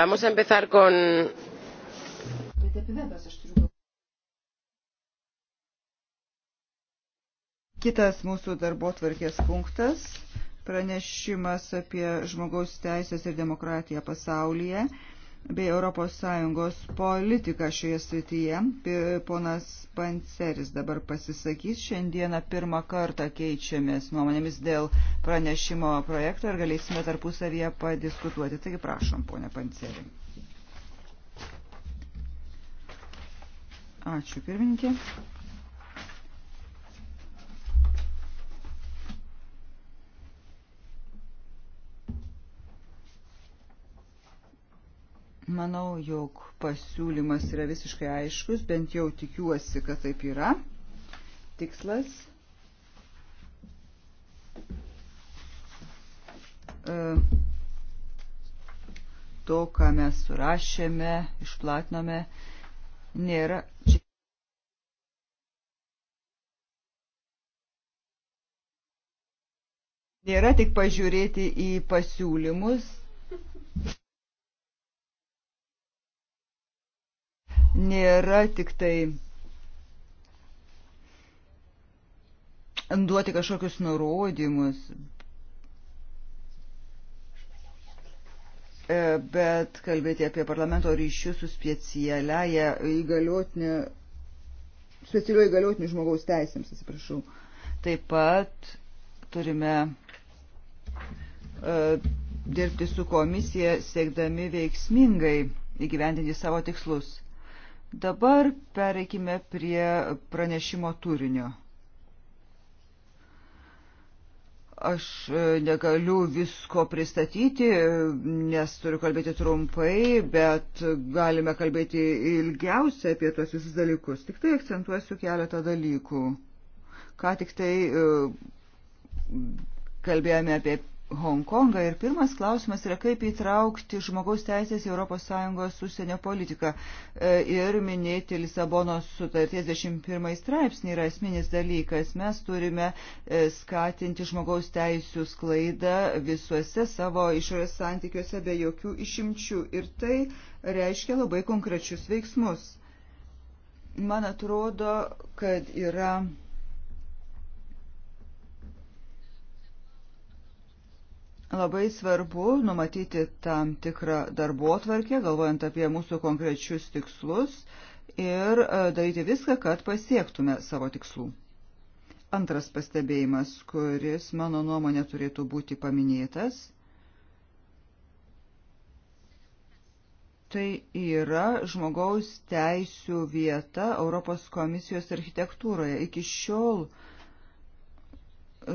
Vamos a empezar con. Kitas mūsų darbo tvarkės punktas - pranešimas apie žmogaus teisės ir demokratiją pasaulyje bei ES politiką šioje srityje. Ponas Panceris dabar pasisakys. Šiandieną pirmą kartą keičiamės nuomonėmis dėl uh, pranešimo projekto ir galėsime tarpusavyje padiskutuoti. Taigi prašom, ponia Pancerį. Ačiū, pirmininkė. Manau, jog pasiūlymas yra visiškai aiškus, bent jau tikiuosi, kad taip yra. Tikslas to, ką mes surašėme, išplatinome, nėra. Nėra tik pažiūrėti į pasiūlymus. Nėra tik tai duoti kažkokius nurodymus, E, bet kalbėti apie parlamento ryšius su specialiaja įgaliotinė, specialiu įgaliotiniu žmogaus teisėms, atsiprašau. Taip pat turime e, dirbti su komisija, siekdami veiksmingai įgyvendinti savo tikslus. Dabar pereikime prie pranešimo turinio. Aš e, negaliu visko pristatyti, nes turiu kalbėti trumpai, bet galime kalbėti ilgiausiai apie tuos visus dalykus. Tik tai akcentuosiu keletą dalykų. Ką tik tai e, kalbėjome apie Honkongą ir pirmas klausimas yra, kaip įtraukti žmogaus teisės į ES užsienio politiką e, ir minėti Lisabonos sutarties 21 straipsnį yra esminis dalykas. Mes turime e, skatinti žmogaus teisų sklaidą visuose savo išorės santykiuose be jokių išimčių ir tai reiškia labai konkrečius veiksmus. Man atrodo, kad yra Labai svarbu numatyti tam tikrą darbo tvarkę, galvojant apie mūsų konkrečius tikslus ir e, daryti viską, kad pasiektume savo tikslų. Antras pastebėjimas, kuris mano nuomonė turėtų būti paminėtas, tai yra žmogaus teisų vieta Europos komisijos architektūroje. Iki šiol uh,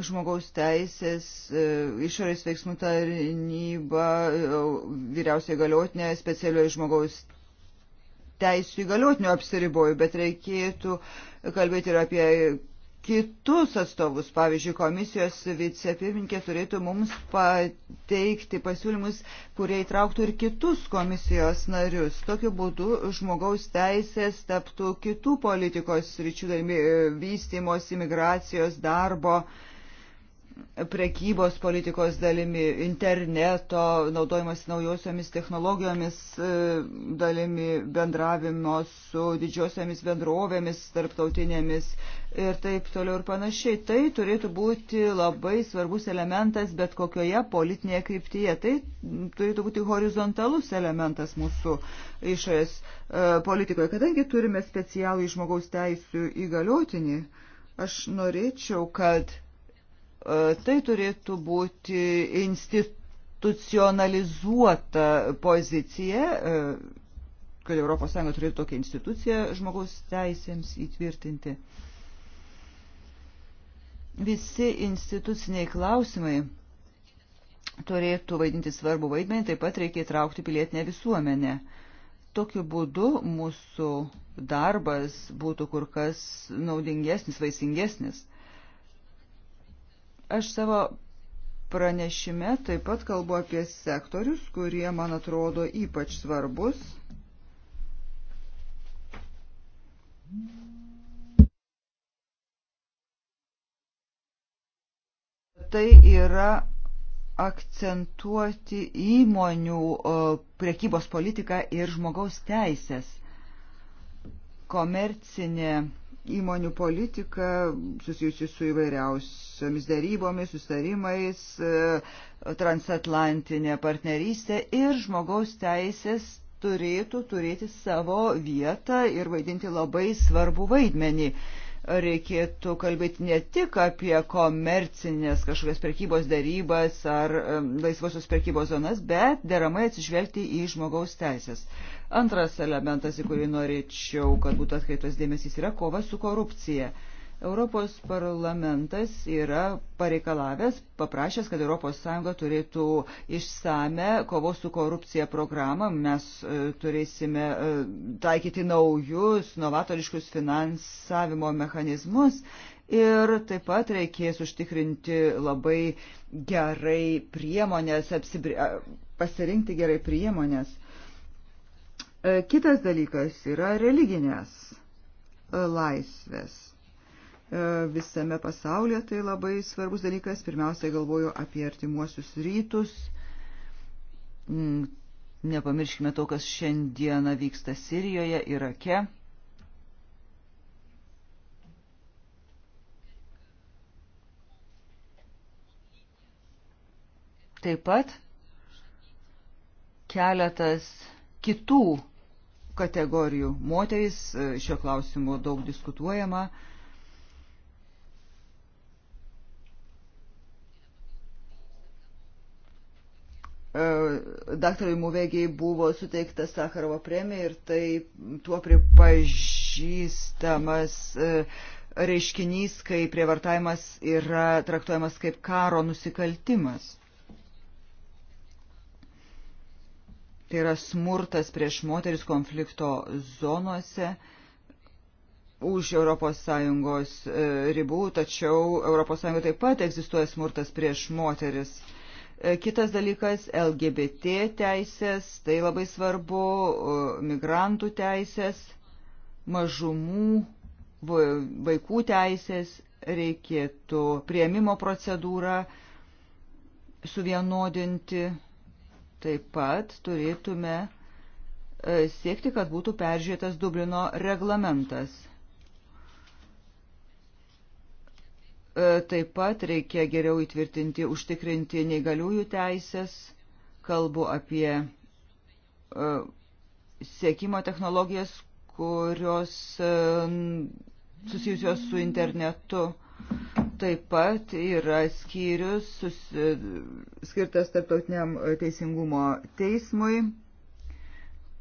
žmogaus teisės, e, išorės veiksmų tarnyba, e, vyriausiai galiotinė, specialioji žmogaus teisų įgaliotinių apsiriboju, bet reikėtų kalbėti ir apie kitus atstovus. Pavyzdžiui, komisijos vicepirminkė turėtų mums pateikti pasiūlymus, kurie įtrauktų ir kitus komisijos narius. Tokiu būdu žmogaus teisės taptų kitų politikos ryčių dalimi e, vystimos, imigracijos, darbo. Uh, prekybos politikos dalimi, interneto, naudojimas naujosiomis technologijomis e, dalimi, bendravimo su didžiosiamis bendrovėmis, tarptautinėmis ir taip toliau ir panašiai. Tai turėtų būti labai svarbus elementas bet kokioje politinėje kryptyje. Tai turėtų būti horizontalus elementas mūsų išorės e, politikoje, kadangi turime specialų žmogaus teisų įgaliotinį. Aš norėčiau, kad E, tai turėtų būti institucionalizuota pozicija, e, kad ES turėtų tokią instituciją žmogaus teisėms įtvirtinti. Visi instituciniai klausimai turėtų vaidinti svarbu vaidmenį, taip pat reikia įtraukti pilietinę visuomenę. Tokiu būdu mūsų darbas būtų kur kas naudingesnis, vaisingesnis. Aš savo pranešime taip pat kalbu apie sektorius, kurie, man atrodo, ypač svarbus. Tai yra akcentuoti įmonių priekybos politiką ir žmogaus teisės. Komercinė įmonių politika susijusi su įvairiausiomis darybomis, sustarimais, e, transatlantinė partnerystė ir žmogaus teisės turėtų turėti savo vietą ir vaidinti labai svarbų vaidmenį reikėtų kalbėti ne tik apie komercinės kažkokias prekybos darybas ar laisvosios prekybos zonas, bet deramai atsižvelgti į žmogaus teisės. Antras elementas, į kurį norėčiau, kad būtų atkreiptas dėmesys, yra kova su korupcija. Europos parlamentas yra pareikalavęs, paprašęs, kad ES turėtų išsame kovos su korupcija programą. Mes e, turėsime e, taikyti naujus, novatoriškus finansavimo mechanizmus. Ir taip pat reikės užtikrinti labai gerai priemonės, apsibri... pasirinkti gerai priemonės. E, kitas dalykas yra religinės laisvės E, visame pasaulyje tai labai svarbus dalykas. Pirmiausia, galvoju apie artimuosius rytus. Mm, nepamirškime to, kas šiandieną vyksta Sirijoje, Irake. Taip pat keletas kitų kategorijų. Moterys e, šio klausimu daug diskutuojama. E, daktarui Muvegijai buvo suteikta Sakarovo premija ir tai tuo pripažįstamas e, reiškinys, kai prievartavimas yra traktuojamas kaip karo nusikaltimas. Tai yra smurtas prieš moteris konflikto zonuose už ES e, ribų, tačiau ES taip pat egzistuoja smurtas prieš moteris. E, Kitas dalykas - LGBT teisės, tai labai svarbu, migrantų teisės, mažumų, vaikų teisės, reikėtų prieimimo procedūrą suvienodinti. Taip pat turėtume e, siekti, kad būtų peržiūrėtas Dublino reglamentas. E, taip pat reikia geriau įtvirtinti, užtikrinti neįgaliųjų teisės, kalbu apie uh, e, sėkimo technologijas, kurios uh, susijusios su internetu. Taip pat yra skyrius sus, uh, skirtas tarptautiniam teisingumo teismui,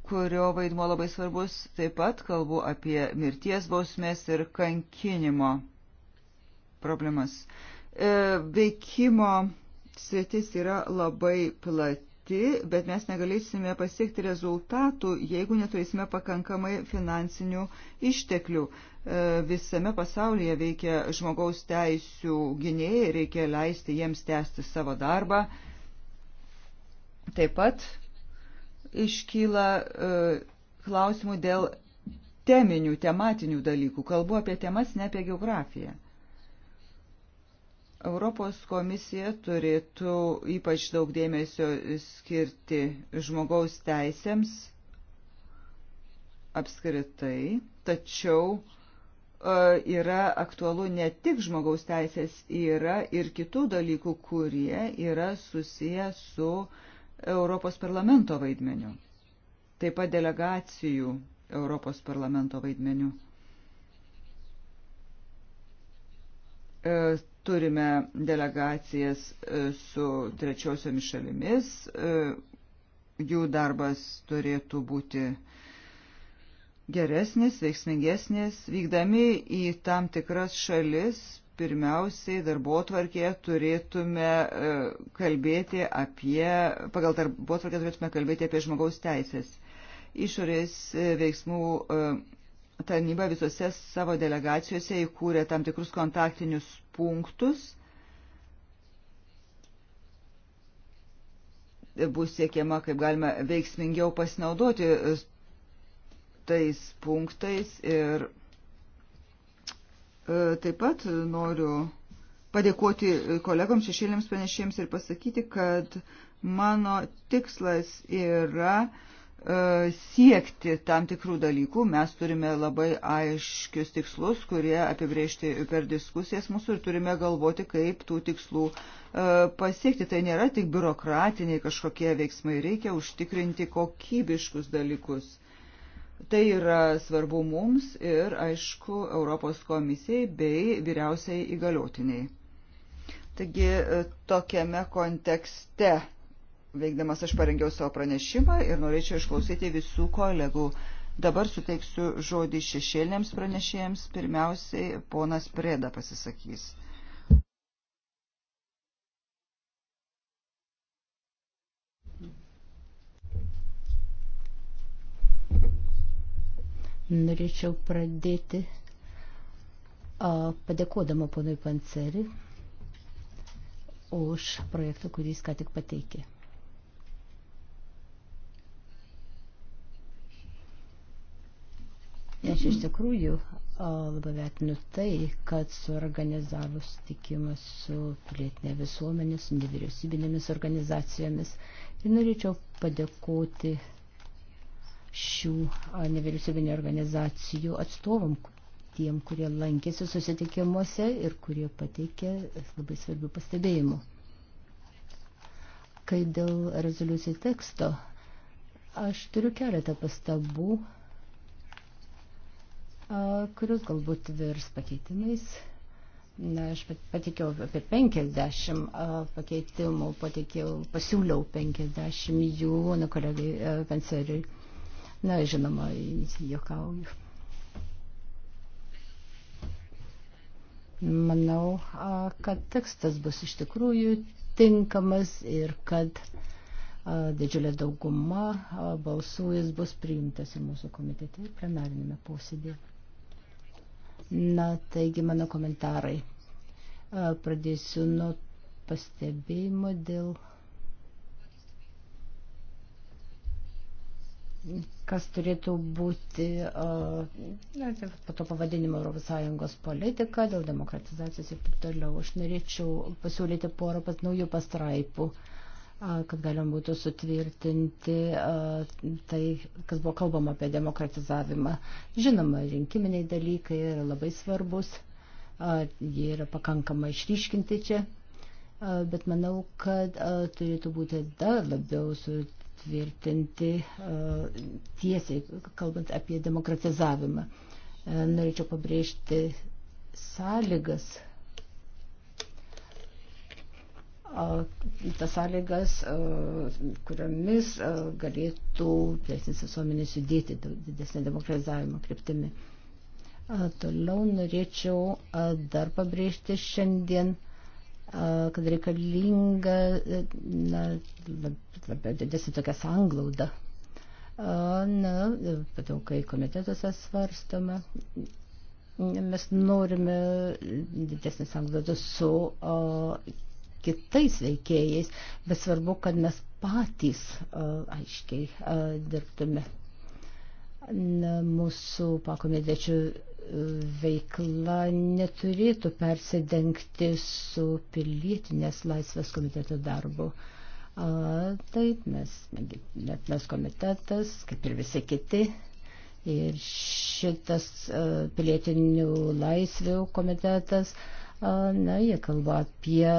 kurio vaidmo labai svarbus. Taip pat kalbu apie mirties bausmės ir kankinimo problemas. E, veikimo sritis yra labai plati, bet mes negalėsime pasiekti rezultatų, jeigu neturėsime pakankamai finansinių išteklių. E, visame pasaulyje veikia žmogaus teisų gynėjai, reikia leisti jiems tęsti savo darbą. Taip pat iškyla e, klausimų dėl teminių, tematinių dalykų. Kalbu apie temas, ne apie geografiją. Europos komisija turėtų ypač daug dėmesio skirti žmogaus teisėms apskritai, tačiau e, yra aktualu ne tik žmogaus teisės, yra ir kitų dalykų, kurie yra susiję su Europos parlamento vaidmeniu, taip pat delegacijų Europos parlamento vaidmeniu e, Turime delegacijas e, su trečiosiomis šalimis. E, jų darbas turėtų būti geresnis, veiksmingesnis. Vykdami į tam tikras šalis, pirmiausiai darbo tvarkėje turėtume e, kalbėti apie, pagal darbo tvarkę turėtume kalbėti apie žmogaus teisės. Išorės veiksmų tarnyba visose savo delegacijose įkūrė tam tikrus kontaktinius punktus. Bus siekiama, kaip galima veiksmingiau pasinaudoti e, tais punktais ir e, taip pat noriu padėkoti kolegoms šešėlėms pranešėjams ir pasakyti, kad mano tikslas yra uh, E, siekti tam tikrų dalykų. Mes turime labai aiškius tikslus, kurie apibriežti per diskusijas mūsų ir turime galvoti, kaip tų tikslų e, pasiekti. Tai nėra tik biurokratiniai kažkokie veiksmai, reikia užtikrinti kokybiškus dalykus. Tai yra svarbu mums ir, aišku, Europos komisijai bei vyriausiai įgaliotiniai. Taigi e, tokiame kontekste veikdamas aš parengiau savo pranešimą ir norėčiau išklausyti visų kolegų. Dabar suteiksiu žodį šešėlėms pranešėjams. Pirmiausiai ponas Preda pasisakys. Norėčiau pradėti padėkodama ponui Panceri už projektą, kurį jis ką tik pateikė. Nes iš tikrųjų labai vertinu tai, kad suorganizavus tikimas su pilietinė visuomenė, su nevyriausybinėmis organizacijomis. Ir tai norėčiau padėkoti šių nevyriausybinio organizacijų atstovam, tiem, kurie lankėsi susitikimuose ir kurie pateikė labai svarbių pastebėjimų. Kai dėl rezoliucijų teksto, aš turiu keletą pastabų kurios galbūt virs pakeitimais. Na, aš patikėjau apie 50 pakeitimų, patikėjau, pasiūliau 50 jų, na, kolegai Penseriui. Na, žinoma, juokauju. Manau, kad tekstas bus iš tikrųjų tinkamas ir kad didžiulė dauguma balsų jis bus priimtas ir mūsų komitete ir plenarinėme posėdėje. Na, taigi mano komentarai. Pradėsiu nuo pastebėjimo dėl. kas turėtų būti na, tai po to pavadinimo ES politika dėl demokratizacijos ir taip toliau. Aš norėčiau pasiūlyti porą pas naujų pastraipų. Uh, kad galim būtų sutvirtinti tai, kas buvo kalbama apie demokratizavimą. Žinoma, rinkiminiai dalykai yra labai svarbus, jie yra pakankamai išryškinti čia, bet manau, kad turėtų būti dar labiau sutvirtinti tiesiai, kalbant apie demokratizavimą. Norėčiau pabrėžti sąlygas tas sąlygas, kuriomis galėtų plėsnis visuomenės judėti didesnė demokratizavimo kryptimi. Toliau norėčiau dar pabrėžti šiandien, kad reikalinga e, na, labiau didesnė tokia sanglauda. Na, patau, kai komitetuose svarstama, mes norime didesnį sanglaudą su kitais veikėjais, bet svarbu, kad mes patys e, aiškiai e, dirbtume. Mūsų pakomitečių e, veikla neturėtų persidengti su pilietinės laisvės komiteto darbu. A, taip, mes, net mes komitetas, kaip ir visi kiti, ir šitas a, pilietinių laisvių komitetas a, Na, jie kalba apie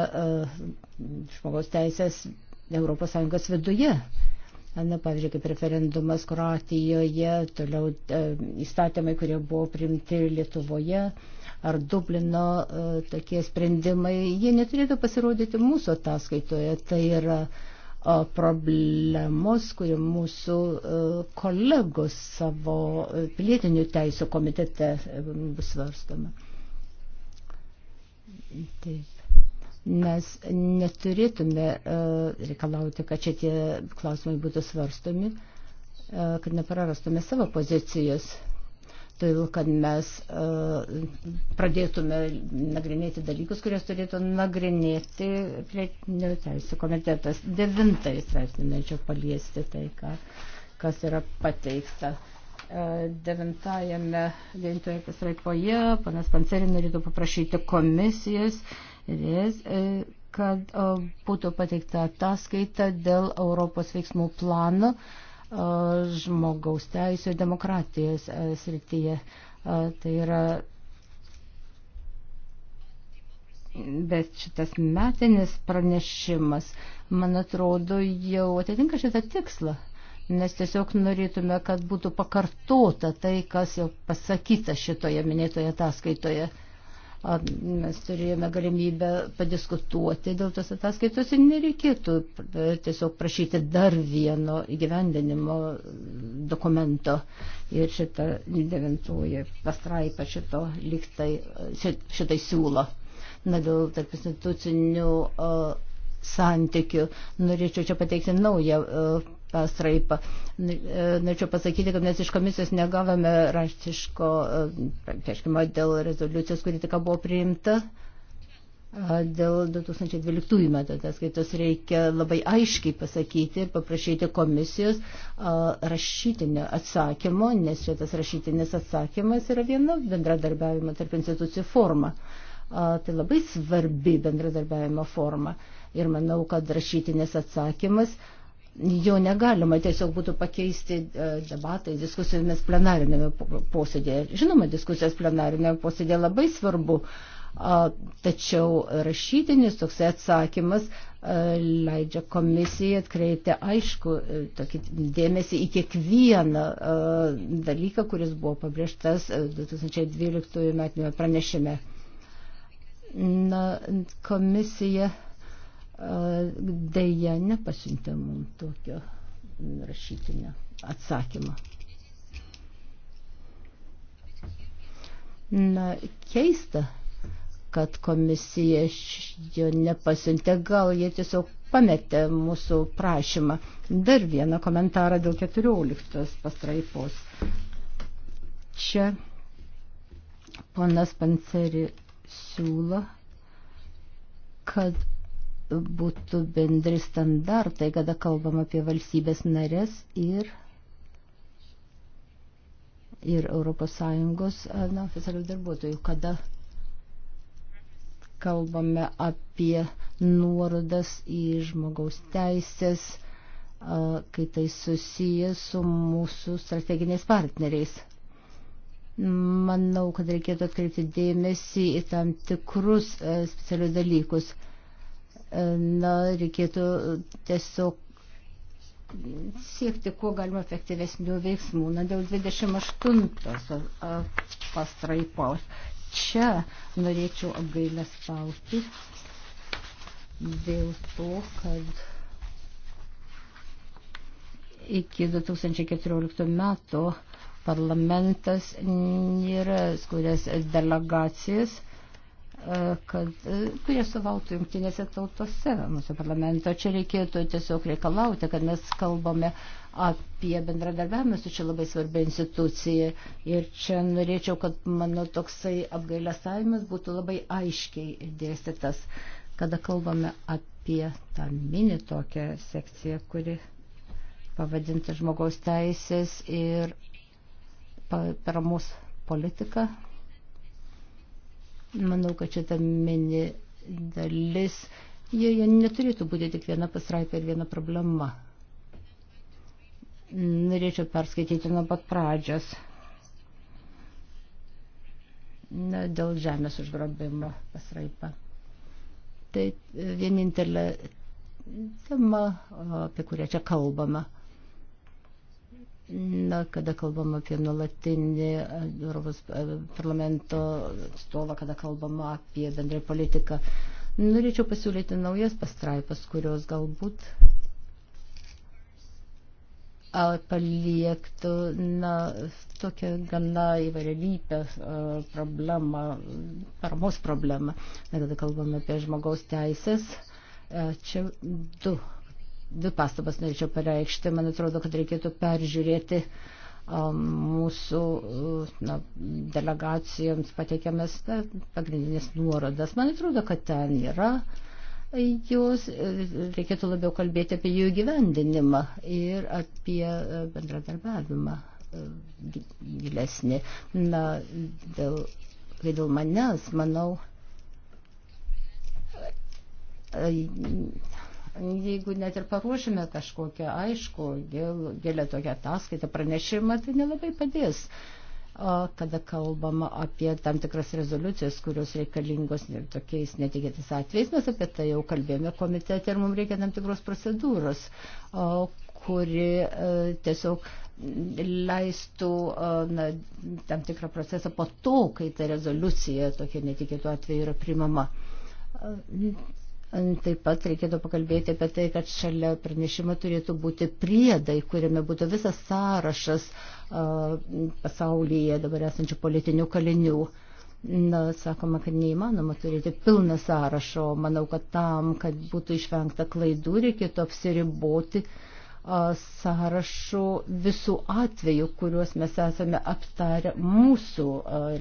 žmogaus teisės ES viduje. Na, pavyzdžiui, kaip referendumas Kroatijoje, toliau įstatymai, kurie buvo priimti Lietuvoje ar Dublino tokie sprendimai, jie neturėtų pasirodyti mūsų ataskaitoje. Tai yra problemos, kuri mūsų kolegos savo pilietinių teisų komitete bus svarstama. Taip. Mes neturėtume uh, reikalauti, kad čia tie klausimai būtų svarstomi, uh, kad neprarastume savo pozicijos. Todėl, kad mes uh, pradėtume nagrinėti dalykus, kurias turėtų nagrinėti plėtinių teisų komitetas. Devintąjį straipsnį norėčiau paliesti tai, ką, kas yra pateikta. Uh, devintajame devintoje pasraipoje panas Pancerin norėtų paprašyti komisijas, e, kad e, būtų pateikta ataskaita dėl Europos veiksmų plano e, žmogaus teisų ir demokratijos srityje. Tai yra bet šitas metinis pranešimas, man atrodo, jau atitinka šitą tikslą nes tiesiog norėtume, kad būtų pakartota tai, kas jau pasakyta šitoje minėtoje ataskaitoje. Mes turėjome galimybę padiskutuoti dėl tos ataskaitos ir nereikėtų e, tiesiog prašyti dar vieno įgyvendinimo e, dokumento ir šitą devintoji pastraipą šito liktai, e, šitai siūlo. Na, dėl tarp institucinių uh, santykių norėčiau čia pateikti naują uh, pastraipą. E, norėčiau pasakyti, kad mes iš komisijos negavome raštiško, e, aiškimo, dėl rezoliucijos, kuri tik buvo priimta. Dėl 2012 metų ataskaitos reikia labai aiškiai pasakyti ir paprašyti komisijos rašytinio atsakymo, nes šitas rašytinis atsakymas yra viena bendradarbiavimo tarp institucijų forma. Tai labai svarbi bendradarbiavimo forma. Ir manau, kad rašytinis atsakymas jo negalima tiesiog būtų pakeisti e, debatai diskusijomis plenarinėme posėdėje. Žinoma, diskusijos plenarinėme posėdėje labai svarbu, tačiau rašytinis toksai atsakymas e, leidžia komisijai atkreipti aišku e, tokį dėmesį į kiekvieną dalyką, kuris buvo pabrėžtas 2012 metinėme pranešime. Na, komisija dėja nepasiuntė mums tokio rašytinio atsakymą. Na, keista, kad komisija jo nepasiuntė, gal jie tiesiog pametė mūsų prašymą. Dar vieną komentarą dėl 14 pastraipos. Čia ponas Panceri siūlo, kad būtų bendri standartai, kada kalbam apie valstybės narės ir, ir ES neoficialių darbuotojų, kada kalbame apie nuorodas į žmogaus teisės, kai tai susiję su mūsų strateginiais partneriais. Manau, kad reikėtų atkreipti dėmesį į tam tikrus specialius dalykus na, reikėtų tiesiog siekti kuo galima efektyvesnių veiksmų. Na, dėl 28 pastraipos. Čia norėčiau apgailę spausti dėl to, kad iki 2014 metų parlamentas nėra skūręs delegacijas kad e, kurie savautų jungtinėse tautose mūsų parlamento. Čia reikėtų tiesiog reikalauti, kad mes kalbame apie bendradarbiavimą su čia labai svarbia institucija. Ir čia norėčiau, kad mano toksai apgailestavimas būtų labai aiškiai dėstytas, kada kalbame apie tą mini tokią sekciją, kuri pavadinta žmogaus teisės ir paramos politika Manau, kad šita mini dalis, joje neturėtų būti tik viena pasraipa ir viena problema. Norėčiau perskaityti nuo pat pradžios. Na, dėl žemės užgrobimo pasraipa. Tai vienintelė tema, apie kurią čia kalbama. Na, kada kalbam apie nuolatinį e, Europos e, parlamento atstovą, kada kalbam apie bendrą politiką, norėčiau pasiūlyti naujas pastraipas, kurios galbūt paliektų na, tokią gana įvairialypę e, problemą, paramos problemą. Na, kada kalbame apie žmogaus teisės, čia du dvi pastabas norėčiau pareikšti. Man atrodo, kad reikėtų peržiūrėti um, mūsų uh, na, delegacijoms pateikiamas na, pagrindinės nuorodas. Man atrodo, kad ten yra jos, reikėtų labiau kalbėti apie jų gyvendinimą ir apie uh, bendradarbiavimą uh, gilesnį. Na, dėl, dėl manęs, manau, jeigu net ir paruošime kažkokią aišku, gėlę tokią ataskaitą, pranešimą, tai nelabai padės kada kalbama apie tam tikras rezoliucijas, kurios reikalingos ir tokiais netikėtais atvejais. Mes apie tai jau kalbėjome komitete ir mums reikia tam tikros procedūros, kuri e, tiesiog leistų e, na, tam tikrą procesą po to, kai ta rezoliucija tokia netikėtų atveju yra primama. E, Taip pat reikėtų pakalbėti apie tai, kad šalia pranešimo turėtų būti priedai, kuriame būtų visas sąrašas pasaulyje dabar esančių politinių kalinių. Na, sakoma, kad neįmanoma turėti pilną sąrašą. Manau, kad tam, kad būtų išvengta klaidų, reikėtų apsiriboti sąrašu visų atvejų, kuriuos mes esame aptarę mūsų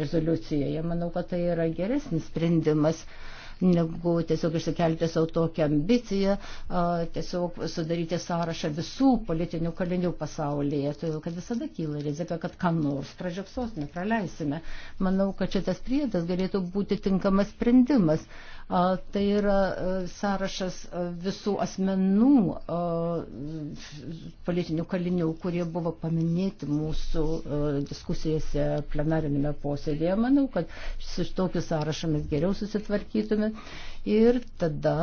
rezoliucijoje. Manau, kad tai yra geresnis sprendimas. Uh, negu tiesiog išsikelti savo tokią ambiciją, tiesiog sudaryti sąrašą visų politinių kalinių pasaulyje, todėl kad visada kyla rizika, kad kam nors pražiopsosime, praleisime. Manau, kad šitas priedas galėtų būti tinkamas sprendimas. Tai yra sąrašas visų asmenų politinių kalinių, kurie buvo paminėti mūsų diskusijose plenarinėme posėdėje. Manau, kad su tokiu sąrašu mes geriau susitvarkytume ir tada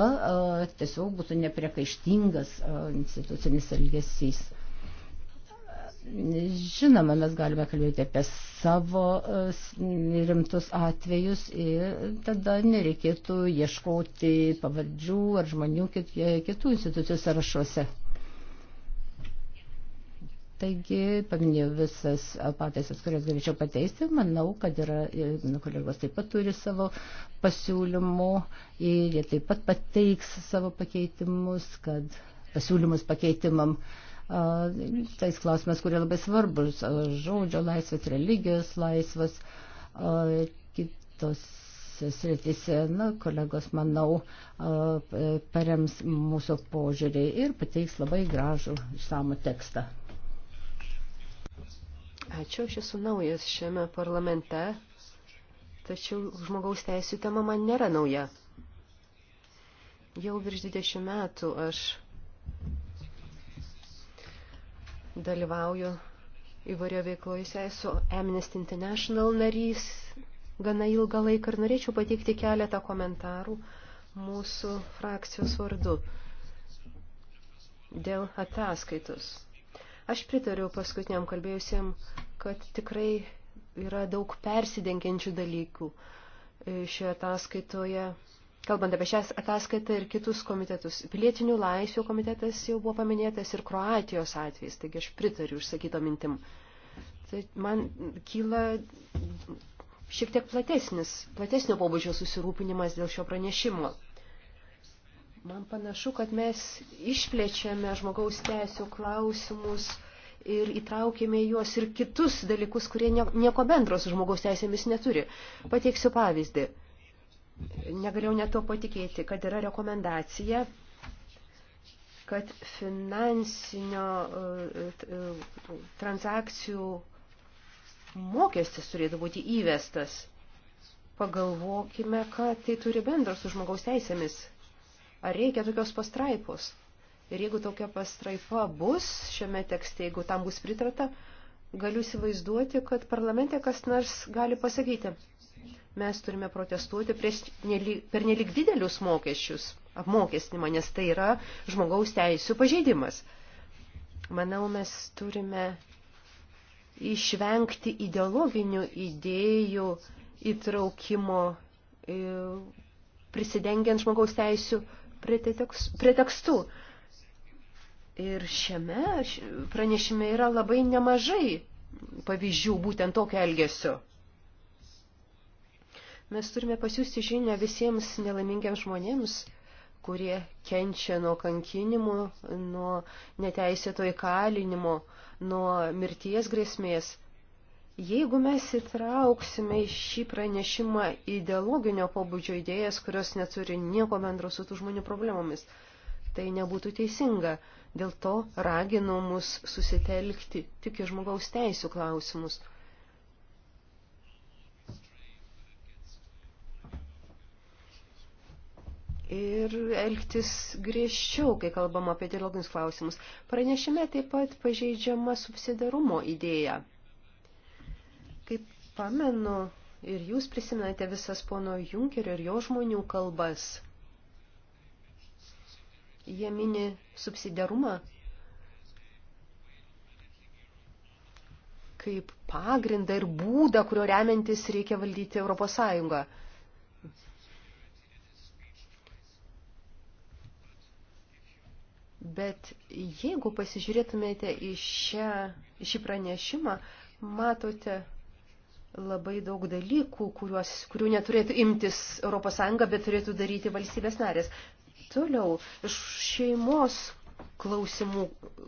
tiesiog būtų nepriekaištingas institucinis elgesys. Žinoma, mes galime kalbėti apie savo rimtus atvejus ir tada nereikėtų ieškoti pavardžių ar žmonių kitų institucijų sąrašuose. Taigi, paminėjau visas pataisas, kurias galėčiau pateisti. Manau, kad yra, e, nu, kolegos taip pat turi savo pasiūlymų ir jie taip pat pateiks savo pakeitimus, kad pasiūlymus pakeitimam. Tais klausimas, kurie labai svarbus - žodžio laisvės, religijos laisvės, kitos sritise, na, kolegos, manau, e, parems mūsų požiūrį ir pateiks labai gražų išsamų tekstą. Ačiū, aš esu naujas šiame parlamente, tačiau žmogaus teisų tema man nėra nauja. Jau virš 20 metų aš dalyvauju įvairioje veikloje, esu Amnesty International narys gana ilgą laiką ir norėčiau pateikti keletą komentarų mūsų frakcijos vardu dėl ataskaitos. Aš pritariu paskutiniam kalbėjusiam, kad tikrai yra daug persidengiančių dalykų e, šioje ataskaitoje. Kalbant apie šią ataskaitą ir kitus komitetus, pilietinių laisvių komitetas jau buvo paminėtas ir Kroatijos atvejais, taigi aš pritariu užsakyto mintim. Tai man kyla šiek tiek platesnis, platesnio pobūdžio susirūpinimas dėl šio pranešimo. Man panašu, kad mes išplečiame žmogaus teisų klausimus ir įtraukėme juos ir kitus dalykus, kurie nieko bendro su žmogaus teisėmis neturi. Pateiksiu pavyzdį. Negalėjau net to patikėti, kad yra rekomendacija, kad finansinio e, e, transakcijų mokestis turėtų būti įvestas. Pagalvokime, ką tai turi bendro su žmogaus teisėmis. Ar reikia tokios pastraipos? Ir jeigu tokia pastraipa bus šiame tekste, jeigu tam bus pritarta, galiu įsivaizduoti, kad parlamente kas nors gali pasakyti, mes turime protestuoti prieš nelik, per nelik didelius mokesčius, apmokestinimą, nes tai yra žmogaus teisų pažeidimas. Manau, mes turime išvengti ideologinių idėjų įtraukimo e, prisidengiant žmogaus teisų pretekstu. Ir šiame pranešime yra labai nemažai pavyzdžių būtent tokio elgesio. Mes turime pasiūsti žinę visiems nelaimingiams žmonėms, kurie kenčia nuo kankinimų, nuo neteisėto įkalinimo, nuo mirties grėsmės. Jeigu mes įtrauksime šį pranešimą ideologinio pobūdžio idėjas, kurios neturi nieko bendro su tų žmonių problemomis, tai nebūtų teisinga. Dėl to raginu mus susitelkti tik į žmogaus teisų klausimus. ir elgtis griežčiau, kai kalbam apie ideologinius klausimus. Pranešime taip pat pažeidžiama subsidarumo idėja pamenu ir jūs prisimenate visas pono Junkerio ir jo žmonių kalbas. Jie mini subsidiarumą kaip pagrindą ir būdą, kurio remiantis reikia valdyti Europos Sąjungą. Bet jeigu pasižiūrėtumėte į šią, šį pranešimą, matote, labai daug dalykų, kuriuos, kurių neturėtų imtis ES, bet turėtų daryti valstybės narės. Toliau, šeimos klausimų,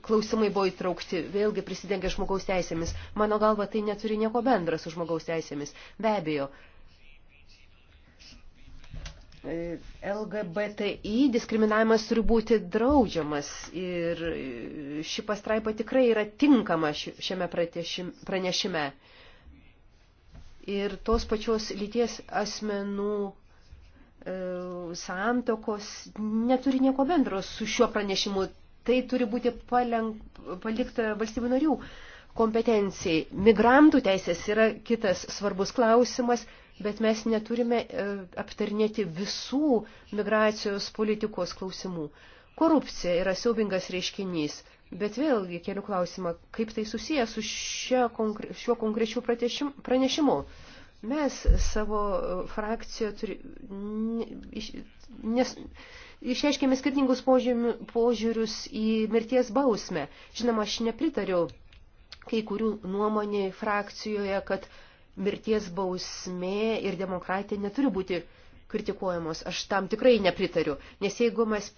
klausimai buvo įtraukti, vėlgi prisidengia žmogaus teisėmis. Mano galva, tai neturi nieko bendra su žmogaus teisėmis. Be abejo, e, LGBTI diskriminavimas turi būti draudžiamas ir ši pastraipa tikrai yra tinkama šiame pranešime ir tos pačios lyties asmenų e, santokos neturi nieko bendro su šiuo pranešimu. Tai turi būti palenk, palikta valstybių narių kompetencijai. Migrantų teisės yra kitas svarbus klausimas, bet mes neturime e, aptarnėti visų migracijos politikos klausimų. Korupcija yra siaubingas reiškinys. Bet vėlgi keliu klausimą, kaip tai susiję su šia, šiuo konkrečiu pranešimu. Mes savo e, frakciją turi, nes, išreiškėme skirtingus požiūrius į mirties bausmę. Žinoma, aš nepritariu kai kurių nuomonė frakcijoje, kad mirties bausmė ir demokratija neturi būti uh, kritikuojamos. Aš tam tikrai nepritariu, nes jeigu mes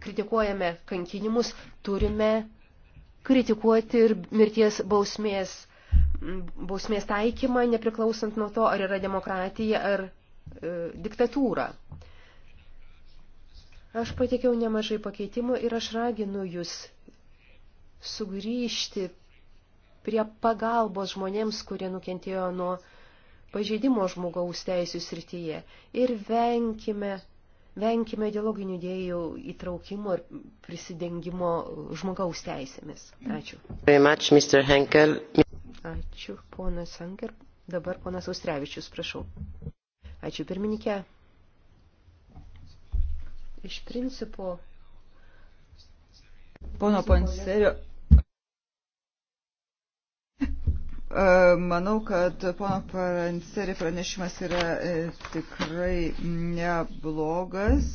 kritikuojame kankinimus, turime kritikuoti ir mirties bausmės, bausmės taikymą, nepriklausant nuo to, ar yra demokratija ar e, diktatūra. Aš pateikiau nemažai pakeitimų ir aš raginu jūs sugrįžti prie pagalbos žmonėms, kurie nukentėjo nuo pažeidimo žmogaus teisų srityje ir venkime, venkime dialoginių dėjų įtraukimo ir prisidengimo žmogaus teisėmis. Ačiū. Much, Ačiū, ponas Henkel. Dabar ponas Austrevičius, prašau. Ačiū, pirmininkė. Iš principo. Pono Ponserio E, manau, kad pono Paranseri pranešimas yra e, tikrai neblogas.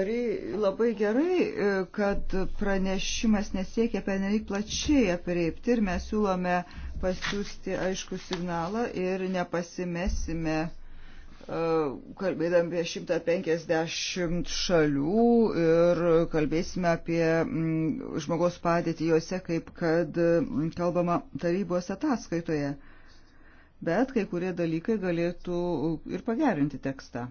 Ar labai gerai, e, kad pranešimas nesiekia pernelyg plačiai apreipti ir mes siūlome pasiūsti aišku signalą ir nepasimesime kalbėdami apie 150 šalių ir kalbėsime apie mm, žmogaus padėtį juose, kaip kad mm, kalbama tarybos ataskaitoje. Bet kai kurie dalykai galėtų ir pagerinti tekstą.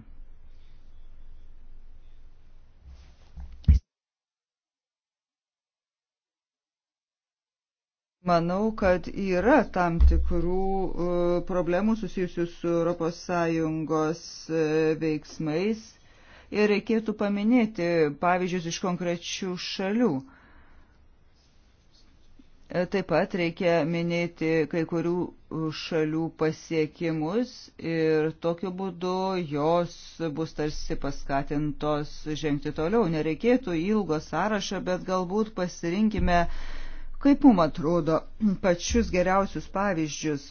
Manau, kad yra tam tikrų e, problemų susijusių su ES e, veiksmais ir reikėtų paminėti pavyzdžius iš konkrečių šalių. E, taip pat reikia minėti kai kurių šalių pasiekimus ir tokiu būdu jos bus tarsi paskatintos žengti toliau. Nereikėtų ilgo sąrašo, bet galbūt pasirinkime uh, Kaip mums atrodo pačius geriausius pavyzdžius,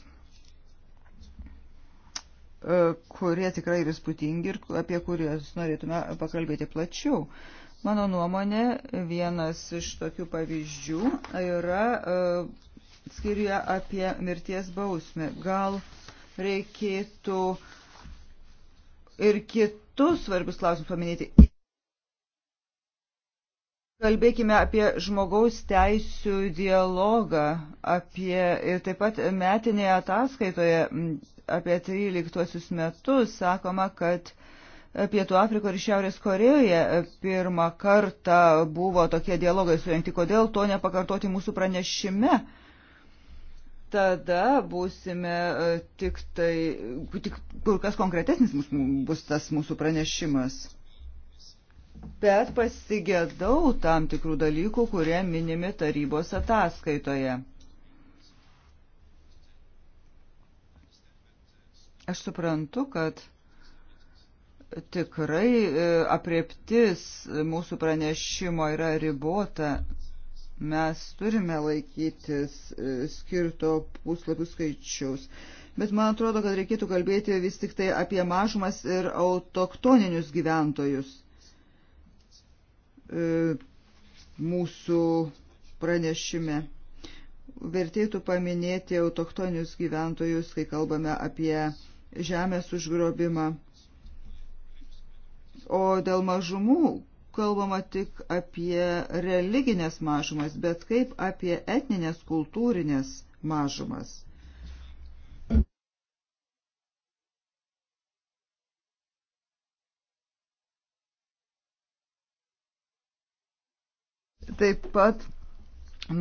e, kurie tikrai yra spūdingi ir apie kuriuos norėtume pakalbėti plačiau. Mano nuomonė, vienas iš tokių pavyzdžių yra e, skiriuje apie mirties bausmę. Gal reikėtų ir kitus svarbius klausimus paminėti. Kalbėkime apie žmogaus teisų dialogą, apie ir taip pat metinėje ataskaitoje apie 13 metus sakoma, kad Pietų Afrikoje ir Šiaurės Korejoje e, pirmą kartą buvo tokie dialogai surinkti. Kodėl to nepakartoti mūsų pranešime? Tada būsime e, tik tai, tik kur kas konkretesnis bus tas mūsų pranešimas bet pasigėdau tam tikrų dalykų, kurie minimi tarybos ataskaitoje. Aš suprantu, kad tikrai e, apriptis mūsų pranešimo yra ribota. Mes turime laikytis e, skirto puslapių skaičiaus. Bet man atrodo, kad reikėtų kalbėti vis tik tai apie mažumas ir autoktoninius gyventojus. E, mūsų pranešime. Vertėtų paminėti autoktonius gyventojus, kai kalbame apie žemės užgrobimą. O dėl mažumų kalbama tik apie religinės mažumas, bet kaip apie etninės kultūrinės mažumas. Taip pat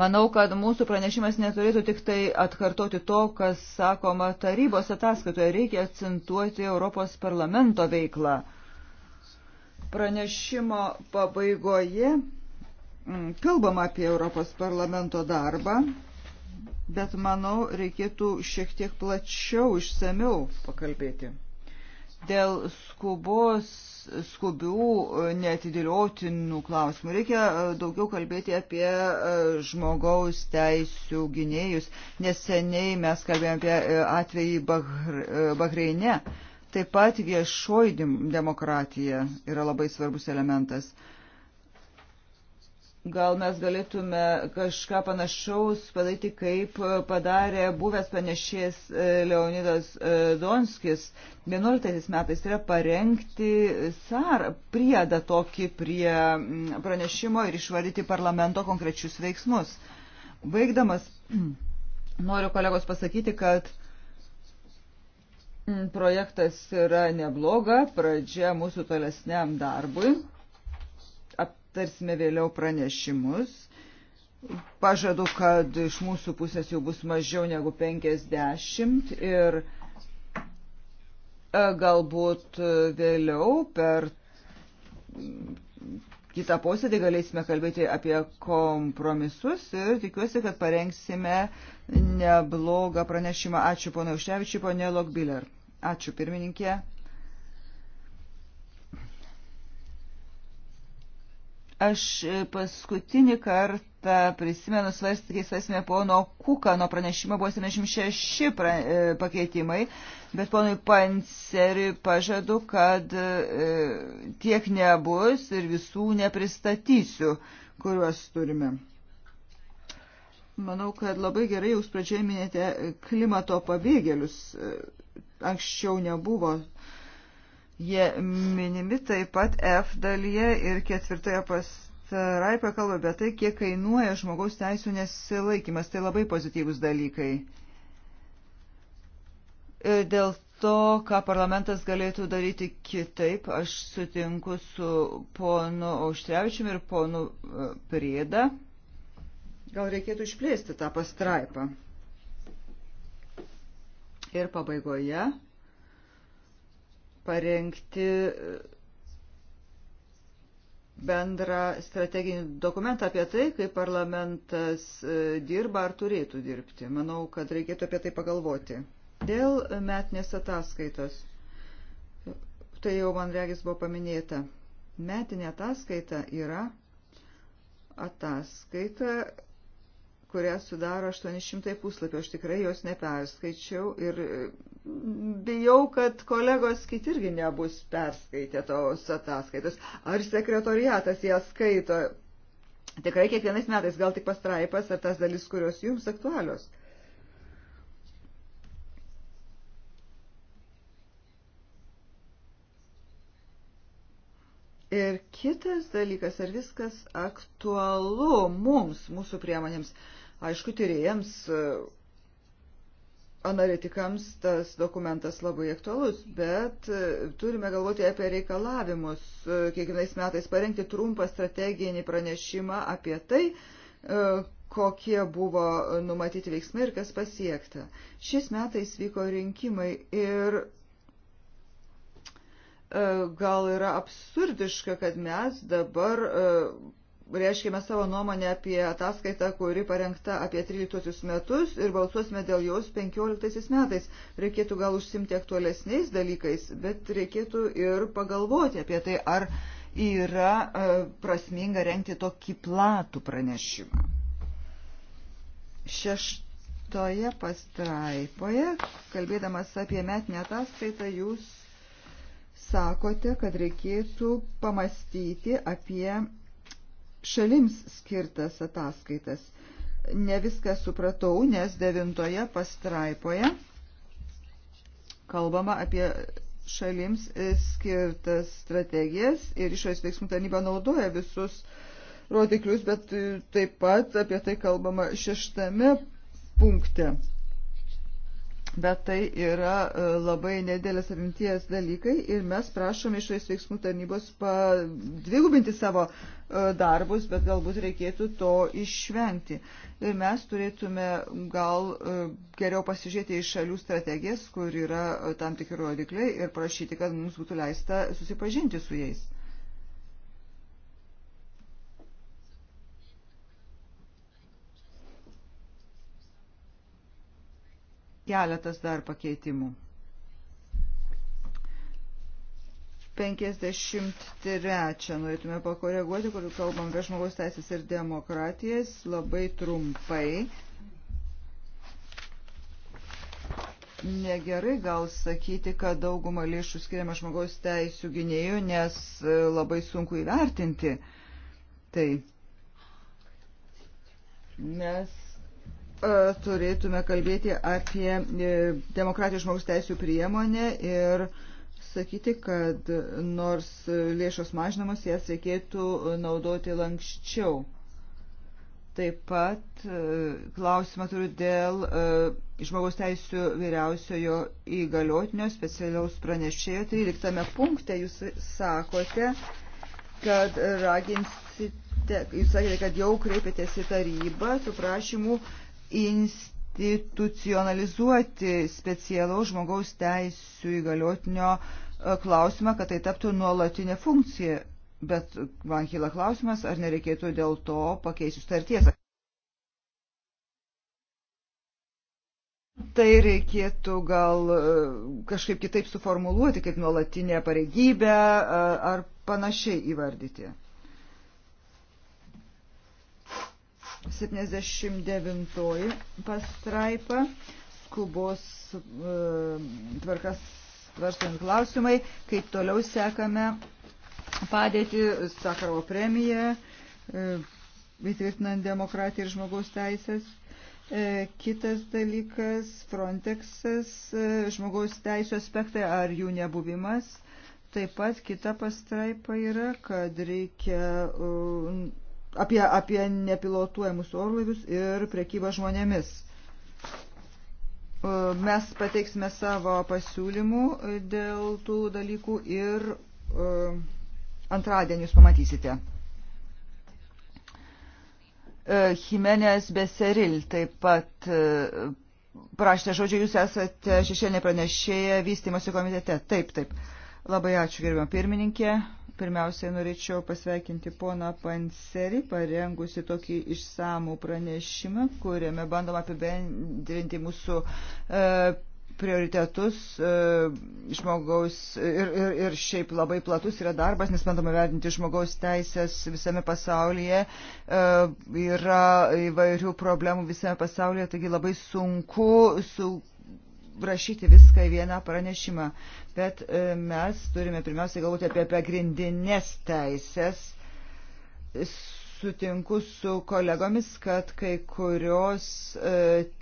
manau, kad mūsų pranešimas neturėtų tik tai atkartoti to, kas sakoma tarybos ataskaitoje. Reikia akcentuoti Europos parlamento veiklą. Pranešimo pabaigoje mm, kalbam apie Europos parlamento darbą, bet manau, reikėtų šiek tiek plačiau, išsameu pakalbėti dėl skubos, skubių, netidėliotinų klausimų. Reikia e, daugiau kalbėti apie e, žmogaus teisų gynėjus. Neseniai mes kalbėjome apie e, atvejį Bahreine. Taip pat viešoji demokratija yra labai svarbus elementas. Gal mes galėtume kažką panašaus padaryti, kaip padarė buvęs panešės e, Leonidas e, Donskis 11 metais, tai yra parengti sar, priedą tokį prie mm, pranešimo ir išvaryti parlamento konkrečius veiksmus. Baigdamas, noriu kolegos pasakyti, kad mm, projektas yra nebloga pradžia mūsų tolesniam darbui aptarsime vėliau pranešimus. Pažadu, kad iš mūsų pusės jau bus mažiau negu 50 ir e, galbūt e, vėliau per kitą posėdį galėsime kalbėti apie kompromisus ir tikiuosi, kad parengsime neblogą pranešimą. Ačiū pono Užtevičiu, ponė Lokbiller. Ačiū pirmininkė. Aš e, paskutinį kartą prisimenu svarstį, kai svarstėme pono Kukano pranešimą, buvo 76 pra, e, pakeitimai, bet ponui Panceriui pažadu, kad e, tiek nebus ir visų nepristatysiu, kuriuos turime. Manau, kad labai gerai jūs pradžioje minėte klimato pabėgėlius. E, anksčiau nebuvo. E, Jie minimi taip pat F dalyje ir ketvirtoje pastraipoje kalba apie tai, kiek kainuoja žmogaus teisų nesilaikimas. Tai labai pozityvus dalykai. Ir dėl to, ką parlamentas galėtų daryti kitaip, aš sutinku su ponu Auštrevičiumi ir ponu e, Prieda. Gal reikėtų išplėsti tą pastraipą. Ir pabaigoje parengti e, bendrą strateginį dokumentą apie tai, kaip parlamentas e, dirba ar turėtų dirbti. Manau, kad reikėtų apie tai pagalvoti. Dėl metinės ataskaitos. Tai jau man regis buvo paminėta. Metinė ataskaita yra ataskaita, kurią sudaro 800 puslapio. Aš tikrai jos neperskaičiau ir mm, bijau, kad kolegos kiti irgi nebus perskaitę tos ataskaitos. Ar sekretoriatas ją skaito? Tikrai kiekvienais metais, gal tik pastraipas ar tas dalis, kurios jums aktualios. Ir kitas dalykas, ar viskas aktualu mums, mūsų priemonėms. Uh, Aišku, tyrėjams, e, analitikams tas dokumentas labai aktualus, bet e, turime galvoti apie reikalavimus. E, kiekvienais metais parengti trumpą strateginį pranešimą apie tai, kokie buvo numatyti veiksmai ir kas pasiekta. Šiais metais vyko rinkimai ir gal yra absurdiška, kad mes dabar reiškėme savo nuomonę apie ataskaitą, kuri parengta apie 13 metus ir balsuosime dėl jos 15 metais. Reikėtų gal užsimti aktualesniais dalykais, bet reikėtų ir pagalvoti apie tai, ar yra e, prasminga renkti tokį platų pranešimą. Šeštoje pastraipoje, kalbėdamas apie metinę ataskaitą, jūs sakote, kad reikėtų pamastyti apie šalims skirtas ataskaitas. Ne viską supratau, nes devintoje pastraipoje kalbama apie šalims skirtas strategijas ir išorės veiksmų tarnyba naudoja visus rodiklius, bet taip pat apie tai kalbama šeštame punkte bet tai yra e, labai nedėlės apimties dalykai ir mes prašome išorės veiksmų tarnybos dvigubinti savo e, darbus, bet galbūt reikėtų to išvengti. Ir mes turėtume gal e, geriau pasižiūrėti į šalių strategijas, kur yra tam tikri rodikliai ir prašyti, kad mums būtų leista susipažinti su jais. keletas dar pakeitimų. 53 norėtume pakoreguoti, kur kalbam apie žmogaus teisės ir demokratijas, labai trumpai. Negerai gal sakyti, kad daugumą lėšų skiriama žmogaus teisų gynėjų, nes e, labai sunku įvertinti. Tai mes E, turėtume kalbėti apie e, demokratijos žmogaus teisų priemonę ir sakyti, kad nors lėšos mažinamos, jas reikėtų naudoti lankščiau. Taip pat e, klausimą turiu dėl žmogaus teisų vyriausiojo įgaliotinio specialiaus pranešėjo 13 punkte. Jūs sakote, kad raginsite, jūs sakėte, kad jau kreipėtės į tarybą su prašymu institucionalizuoti specialaus žmogaus teisų įgaliotinio e, klausimą, kad tai taptų nuolatinė funkcija. Bet man kyla klausimas, ar nereikėtų dėl to pakeisti sutarties. Tai reikėtų gal e, kažkaip kitaip suformuluoti, kaip nuolatinė pareigybė e, ar panašiai įvardyti. 79 pastraipa, skubos e, tvarkas svarstant klausimai, kaip toliau sekame padėti Sakarovo premiją, e, įtvirtinant demokratiją ir žmogaus teisės. E, kitas dalykas - Frontexas, žmogaus teisų aspektai ar jų nebuvimas. Taip pat kita pastraipa yra, kad reikia apie, apie nepilotuojamus orlaivius ir prekybą žmonėmis. E, mes pateiksime savo pasiūlymų dėl tų dalykų ir e, antradienį jūs pamatysite. E, Jimenez Beseril taip pat prašė žodžio, jūs esate šešėlinė pranešėja vystimosi komitete. Taip, taip. Labai ačiū, gerbiam pirmininkė. Pirmiausiai norėčiau pasveikinti poną Panserį, parengusi tokį išsamų pranešimą, kuriame bandom apibendrinti mūsų e, prioritetus e, žmogaus ir, ir, ir šiaip labai platus yra darbas, nes bandome vertinti žmogaus teisės visame pasaulyje. E, yra įvairių problemų visame pasaulyje, taigi labai sunku su rašyti viską į vieną pranešimą, bet e, mes turime pirmiausiai galvoti apie pagrindinės teisės. Sutinku su kolegomis, kad kai kurios e,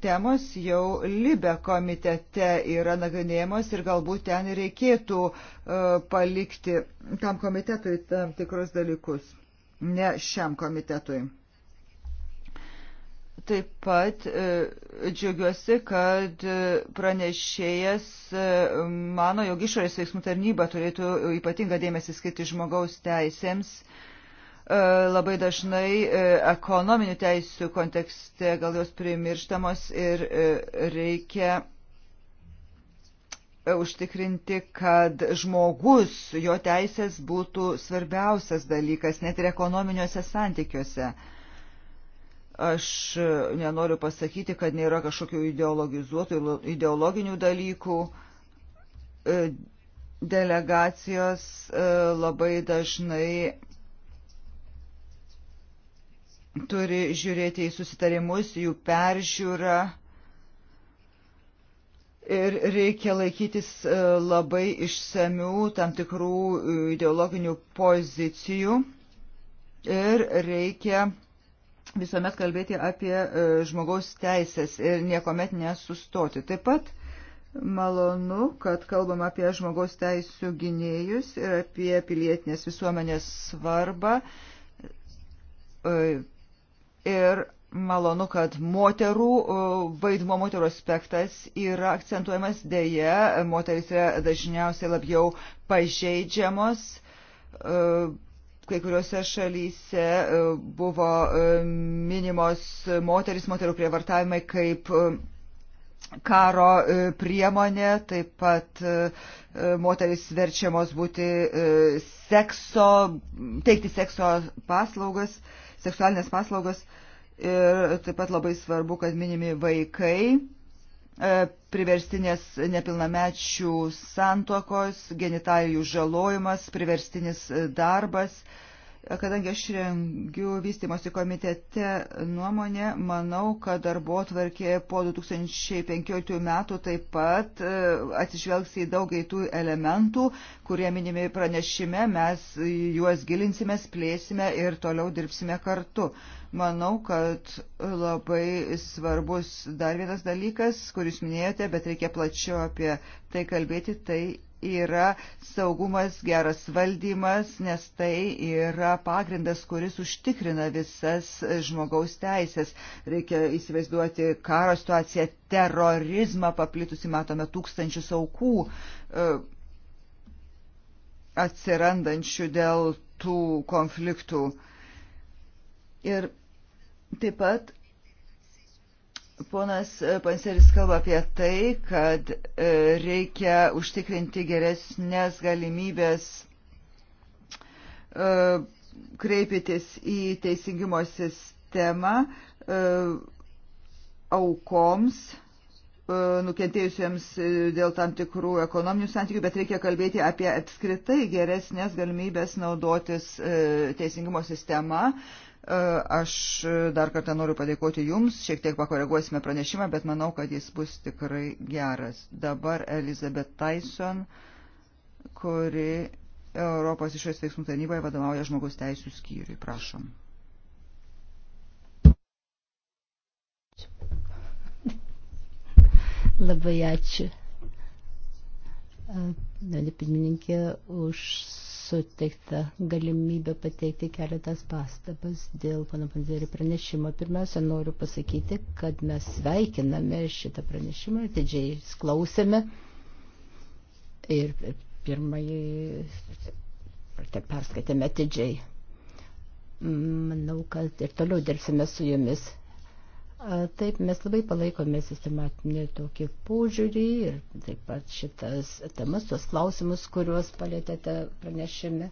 temos jau Libe komitete yra nagrinėjamos ir galbūt ten reikėtų e, palikti tam komitetui tam tikrus dalykus, ne šiam komitetui. Taip pat e, džiaugiuosi, kad e, pranešėjas e, mano, jog išorės veiksmų tarnyba turėtų ypatingą dėmesį skirti žmogaus teisėms. Labai dažnai ekonominių teisų kontekste gal jos primirštamos ir reikia užtikrinti, kad žmogus, jo teisės būtų svarbiausias dalykas net ir ekonominiuose santykiuose. Aš e, nenoriu pasakyti, kad nėra kažkokių ideologizuotų, ideologinių dalykų. E, delegacijos e, labai dažnai turi žiūrėti į susitarimus, jų peržiūrą ir reikia laikytis labai išsamių tam tikrų ideologinių pozicijų ir reikia visuomet kalbėti apie e, žmogaus teisės ir niekuomet nesustoti. Taip pat malonu, kad kalbam apie žmogaus teisų gynėjus ir apie pilietinės visuomenės svarbą. E, ir malonu, kad moterų e, vaidmo, moterų aspektas yra akcentuojamas dėje. Moteris yra dažniausiai labiau pažeidžiamos kai kuriuose šalyse e, buvo e, minimos moteris, moterų prievartavimai kaip e, karo priemonė, taip pat moteris verčiamos būti sekso, teikti sekso paslaugas, seksualinės paslaugas. Ir taip pat labai svarbu, kad minimi vaikai E, priverstinės nepilnamečių santuokos, genitalijų žalojimas, priverstinis darbas. E, kadangi aš rengiu vystimosi komitete nuomonę, manau, kad darbo tvarkė po 2015 metų taip pat e, atsižvelgs į daugai tų elementų, kurie minimi pranešime, mes juos gilinsime, plėsime ir toliau dirbsime kartu. Manau, kad labai svarbus dar vienas dalykas, kuris minėjote, bet reikia plačiau apie tai kalbėti, tai yra saugumas, geras valdymas, nes tai yra pagrindas, kuris užtikrina visas žmogaus teisės. Reikia įsivaizduoti karo situaciją, terorizmą paplitusi, matome tūkstančius aukų e, atsirandančių dėl tų konfliktų. Uh, Ir taip pat ponas e, Panseris kalba apie tai, kad e, reikia užtikrinti geresnės galimybės e, kreipytis į teisingumo sistemą aukoms nukentėjusiems dėl tam tikrų ekonominių santykių, bet reikia kalbėti apie apskritai geresnės galimybės naudotis teisingumo sistema, E, aš dar kartą noriu padėkoti Jums, šiek tiek pakoreguosime pranešimą, bet manau, kad jis bus tikrai geras. Dabar Elizabeth Tyson, kuri Europos išorės veiksmų taryboje vadovauja žmogaus teisų skyriui. Prašom. Labai ačiū. E, Nalipininkė už suteikta galimybė pateikti keletas pastabas dėl pana Panzerį pranešimo. Pirmiausia, noriu pasakyti, kad mes sveikiname šitą pranešimą, atidžiai klausėme. Ir pirmąjį perskaitėme atidžiai. Manau, kad ir toliau dirbsime su jumis. Taip, mes labai palaikome sistematinį tokį požiūrį ir taip pat šitas temas, tuos klausimus, kuriuos palėtėte pranešime.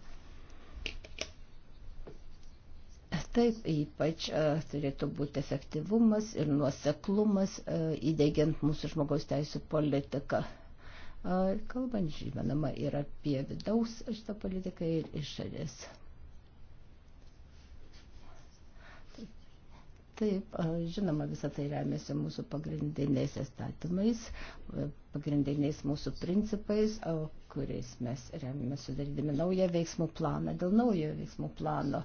Taip, ypač turėtų būti efektyvumas ir nuoseklumas įdėgiant mūsų žmogaus teisų politiką. Kalbant, žinoma, ir apie vidaus šitą politiką ir išorės. Iš Taip, žinoma, visą tai remiasi mūsų pagrindiniais įstatymais, pagrindiniais mūsų principais, kuriais mes remiame sudarydami naują veiksmų planą. Dėl naujo veiksmų plano.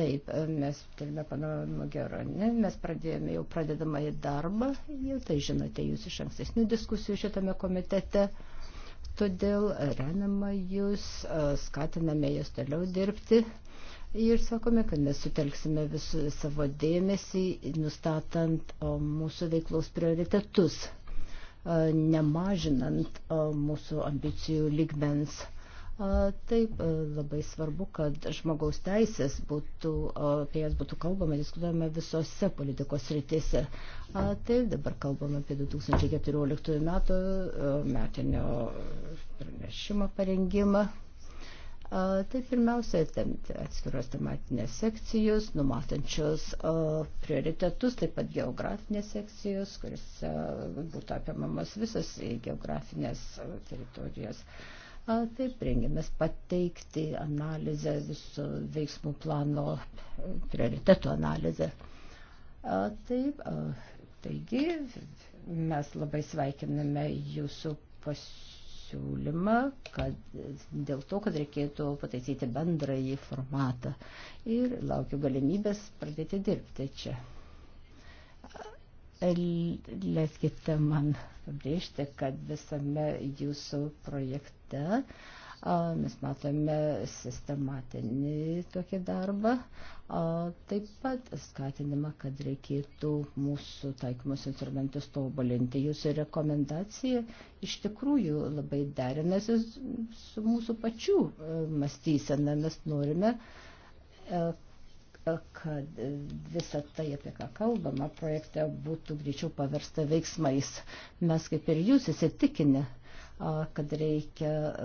Taip, mes turime panorama gero, ne? mes pradėjome jau pradedamą į darbą, jau tai žinote jūs iš ankstesnių diskusijų šitame komitete todėl remiame jūs, skatiname jūs toliau dirbti. Ir sakome, kad mes sutelksime visų savo dėmesį, nustatant mūsų veiklos prioritetus, nemažinant mūsų ambicijų lygmens. Taip, labai svarbu, kad žmogaus teisės būtų, apie jas būtų kalbama, diskutuojama visose politikos rytise. Taip, dabar kalbama apie 2014 metų metinio pranešimo parengimą. Tai pirmiausia, atskiros tematinės sekcijos, numatančios prioritetus, taip pat geografinės sekcijos, kuriuose būtų apimamos visas geografinės teritorijos. Taip, rengiamės pateikti analizę viso veiksmų plano, prioritetų analizę. Taip, taigi mes labai sveikiname jūsų pasiūlymą pasiūlymą, kad dėl to, kad reikėtų pataisyti bendrąjį formatą ir laukiu galimybės pradėti dirbti čia. Leiskite man pabrėžti, kad visame jūsų projekte uh, Mes matome sistematinį tokį darbą. Taip pat skatinama, kad reikėtų mūsų taikymus instrumentus tobulinti. Jūsų rekomendacija iš tikrųjų labai derinasi su mūsų pačių e, mąstysena. Mes norime e, e, kad visa tai, apie ką kalbama projekte, būtų greičiau paversta veiksmais. Mes kaip ir jūs įsitikinę, kad reikia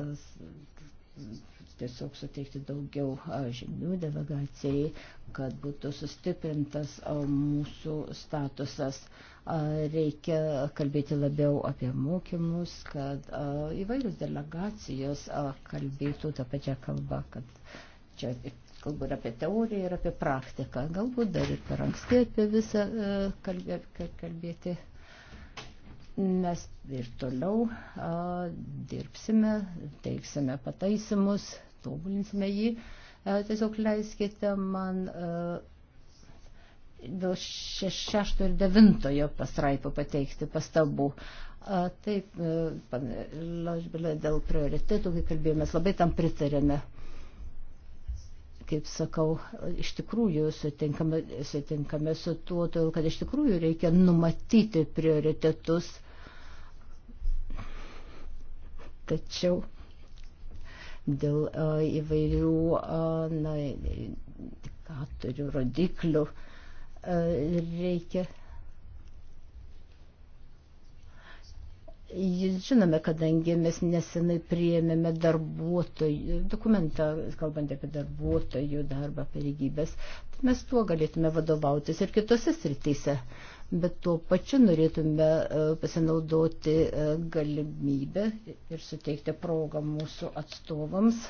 tiesiog suteikti daugiau žinių delegacijai, kad būtų sustiprintas mūsų statusas. Reikia kalbėti labiau apie mokymus, kad įvairios delegacijos kalbėtų tą pačią kalbą, kad čia kalbu ir apie teoriją, ir apie praktiką. Galbūt dar ir per anksti apie visą kalbėti. kalbėti Mes ir toliau a, dirbsime, teiksime pataisimus, tobulinsime jį. A, tiesiog leiskite man a, dėl šešto ir devintojo pastraipų pateikti pastabų. A, taip, e, a, dėl prioritetų, kai kalbėjomės, labai tam pritarėme kaip sakau, iš tikrųjų sutinkame, sutinkame su tuo, todėl kad iš tikrųjų reikia numatyti prioritetus. Tačiau dėl uh, įvairių uh, na, indikatorių, rodiklių uh, reikia Žinome, kadangi mes nesenai priėmėme darbuotojų dokumentą, kalbant apie darbuotojų darbą pareigybės, tai mes tuo galėtume vadovautis ir kitose srityse. Bet tuo pačiu norėtume e, pasinaudoti e, galimybę ir suteikti progą mūsų atstovams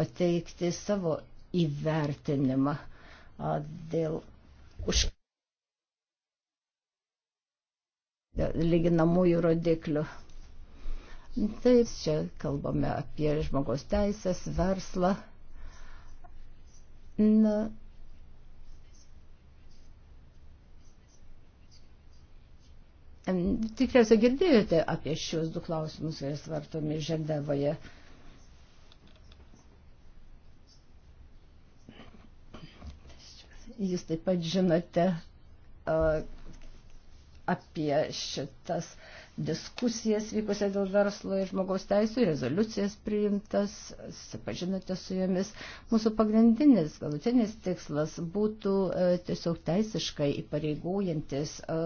pateikti savo įvertinimą dėl už. lyginamųjų rodiklių. Taip, čia kalbame apie žmogaus teisės, verslą. Na, Tikriausiai girdėjote apie šios du klausimus, kurie svartomi Ženevoje. Jūs taip pat žinote, apie šitas diskusijas vykusias dėl verslo ir žmogaus teisų, rezoliucijas priimtas, susipažinote su jomis. Mūsų pagrindinis, galutinis tikslas būtų e, tiesiog teisiškai įpareigojantis e,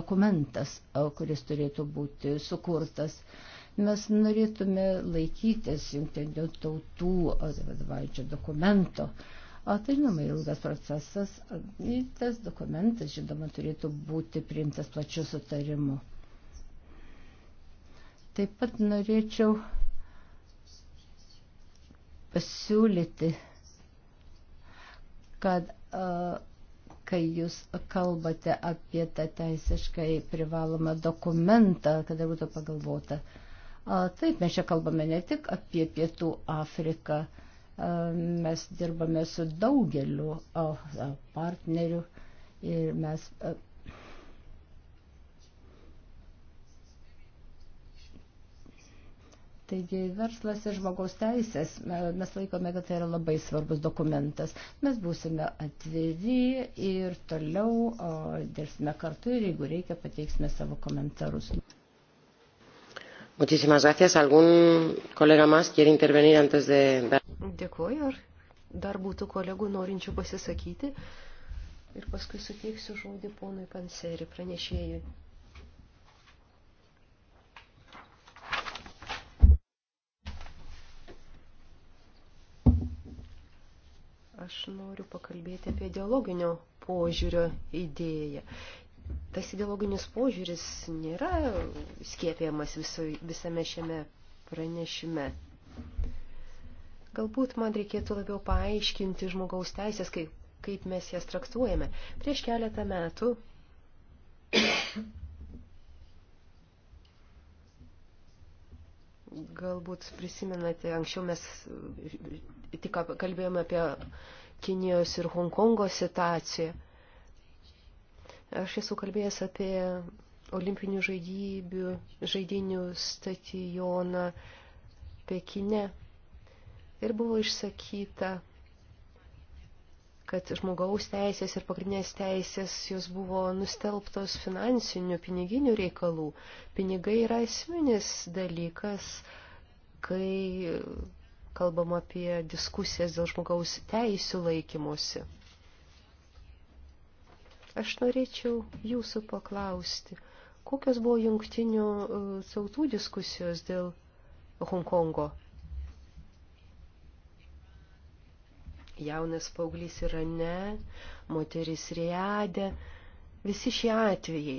dokumentas, e, kuris turėtų būti sukurtas. Mes norėtume laikytis jungtinių tautų vadovaujančio dokumento. Uh, O tai, žinoma, ilgas procesas. Ir tas dokumentas, žinoma, turėtų būti priimtas plačiu sutarimu. Taip pat norėčiau pasiūlyti, kad kai jūs kalbate apie tą teisiškai privalomą dokumentą, kad būtų pagalvota. Taip, mes čia kalbame ne tik apie Pietų Afriką, Mes dirbame su daugeliu e, partnerių ir mes e, Taigi verslas ir žmogaus teisės, e, mes laikome, kad tai yra labai svarbus dokumentas. Mes būsime atviri ir toliau o, dirbsime kartu ir jeigu reikia, pateiksime savo komentarus. Muchísimas gracias. ¿Algún colega más quiere intervenir antes de... Dėkuoju. Ar dar būtų kolegų norinčių pasisakyti? Ir paskui suteiksiu žodį ponui Panseri, pranešėjui. Aš noriu pakalbėti apie dialoginio požiūrio idėją tas ideologinis požiūris nėra skiepiamas viso, visame šiame pranešime. Galbūt man reikėtų labiau paaiškinti žmogaus teisės, kaip, kaip mes jas traktuojame. Prieš keletą metų galbūt prisimenate, anksčiau mes tik kalbėjome apie Kinijos ir Hongkongo situaciją. Aš esu kalbėjęs apie olimpinių žaidybių, žaidinių stadioną Pekine ir buvo išsakyta, kad žmogaus teisės ir pagrindinės teisės jos buvo nustelbtos finansinių, piniginių reikalų. Pinigai yra esminis dalykas, kai kalbam apie diskusijas dėl žmogaus teisų laikymosi. Aš norėčiau jūsų paklausti, kokios buvo jungtinių e, tautų diskusijos dėl Hongkongo? Jaunas paauglys Irane, moteris Riade, visi šie atvejai.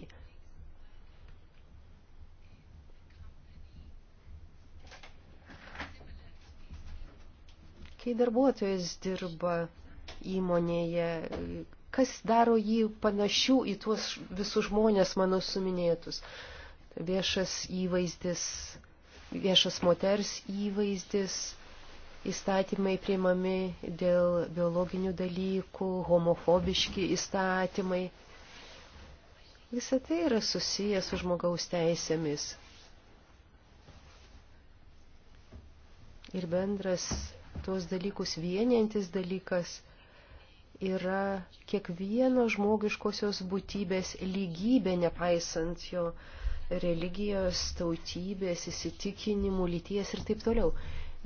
kai darbuotojas dirba įmonėje, kas daro jį panašių į tuos visus žmonės mano suminėtus. Viešas įvaizdis, viešas moters įvaizdis, įstatymai priimami dėl biologinių dalykų, homofobiški įstatymai. Visą tai yra susijęs su žmogaus teisėmis. Ir bendras tuos dalykus vienintis dalykas yra kiekvieno žmogiškosios būtybės lygybė, nepaisant jo religijos, tautybės, įsitikinimų, lyties ir taip toliau.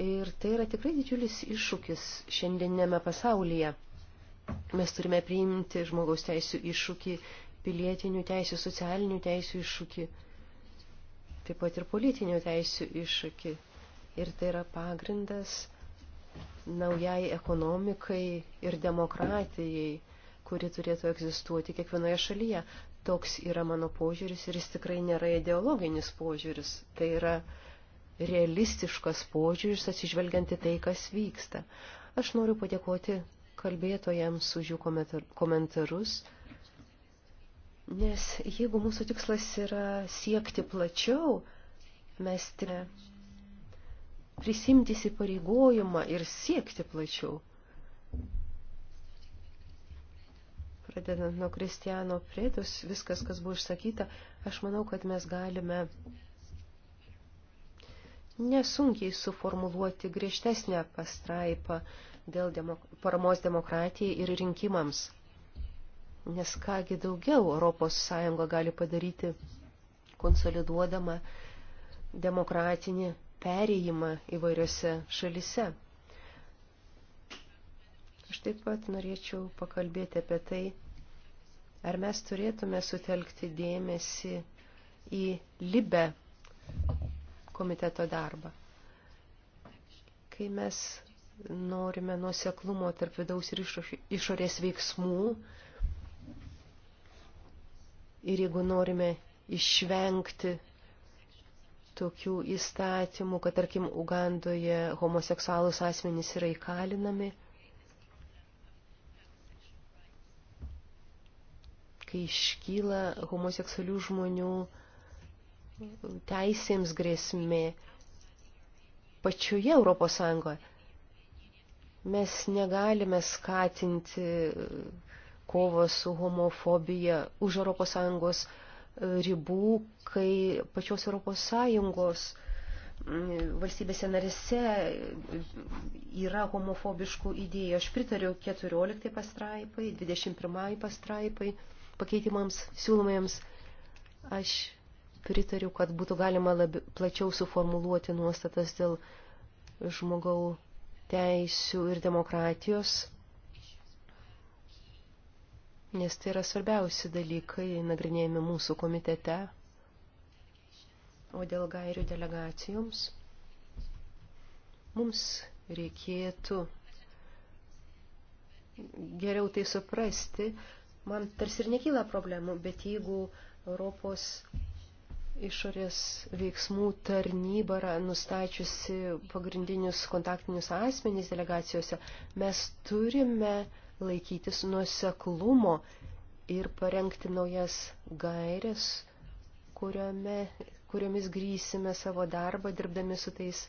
Ir tai yra tikrai didžiulis iššūkis šiandienėme pasaulyje. Mes turime priimti žmogaus teisų iššūkį, pilietinių teisų, socialinių teisų iššūkį, taip pat ir politinių teisų iššūkį. Ir tai yra pagrindas naujai ekonomikai ir demokratijai, kuri turėtų egzistuoti kiekvienoje šalyje. Toks yra mano požiūris ir jis tikrai nėra ideologinis požiūris. Tai yra realistiškas požiūris atsižvelgianti tai, kas vyksta. Aš noriu padėkoti kalbėtojams už jų komentarus, nes jeigu mūsų tikslas yra siekti plačiau, mes turime prisimti įsipareigojimą ir siekti plačiau. Pradedant nuo Kristiano Prėdus, viskas, kas buvo išsakyta, aš manau, kad mes galime nesunkiai suformuluoti griežtesnę pastraipą dėl demok paramos demokratijai ir rinkimams. Nes kągi daugiau ES gali padaryti konsoliduodama demokratinį perėjimą įvairiose šalise. Aš taip pat norėčiau pakalbėti apie tai, ar mes turėtume sutelkti dėmesį į libę komiteto darbą. Kai mes norime nuoseklumo tarp vidaus ir išorės veiksmų ir jeigu norime išvengti tokių įstatymų, kad tarkim Ugandoje homoseksualus asmenys yra įkalinami, kai iškyla homoseksualių žmonių teisėms grėsmė pačioje Europos Sąjungoje. Mes negalime skatinti kovos su homofobija už Europos Sąjungos ribų, kai pačios ES mm, valstybėse narėse yra homofobiškų idėjų. Aš pritariu 14 pastraipai, 21 pastraipai pakeitimams siūlomiems. Aš pritariu, kad būtų galima labi, plačiau suformuluoti nuostatas dėl žmogaus teisių ir demokratijos nes tai yra svarbiausi dalykai nagrinėjami mūsų komitete. O dėl gairių delegacijoms mums reikėtų geriau tai suprasti. Man tarsi ir nekyla problemų, bet jeigu Europos išorės veiksmų tarnyba yra nustačiusi pagrindinius kontaktinius asmenys delegacijose, mes turime uh, laikytis nuoseklumo ir parengti naujas gairias, kuriame, kuriomis grįsime savo darbą, dirbdami su tais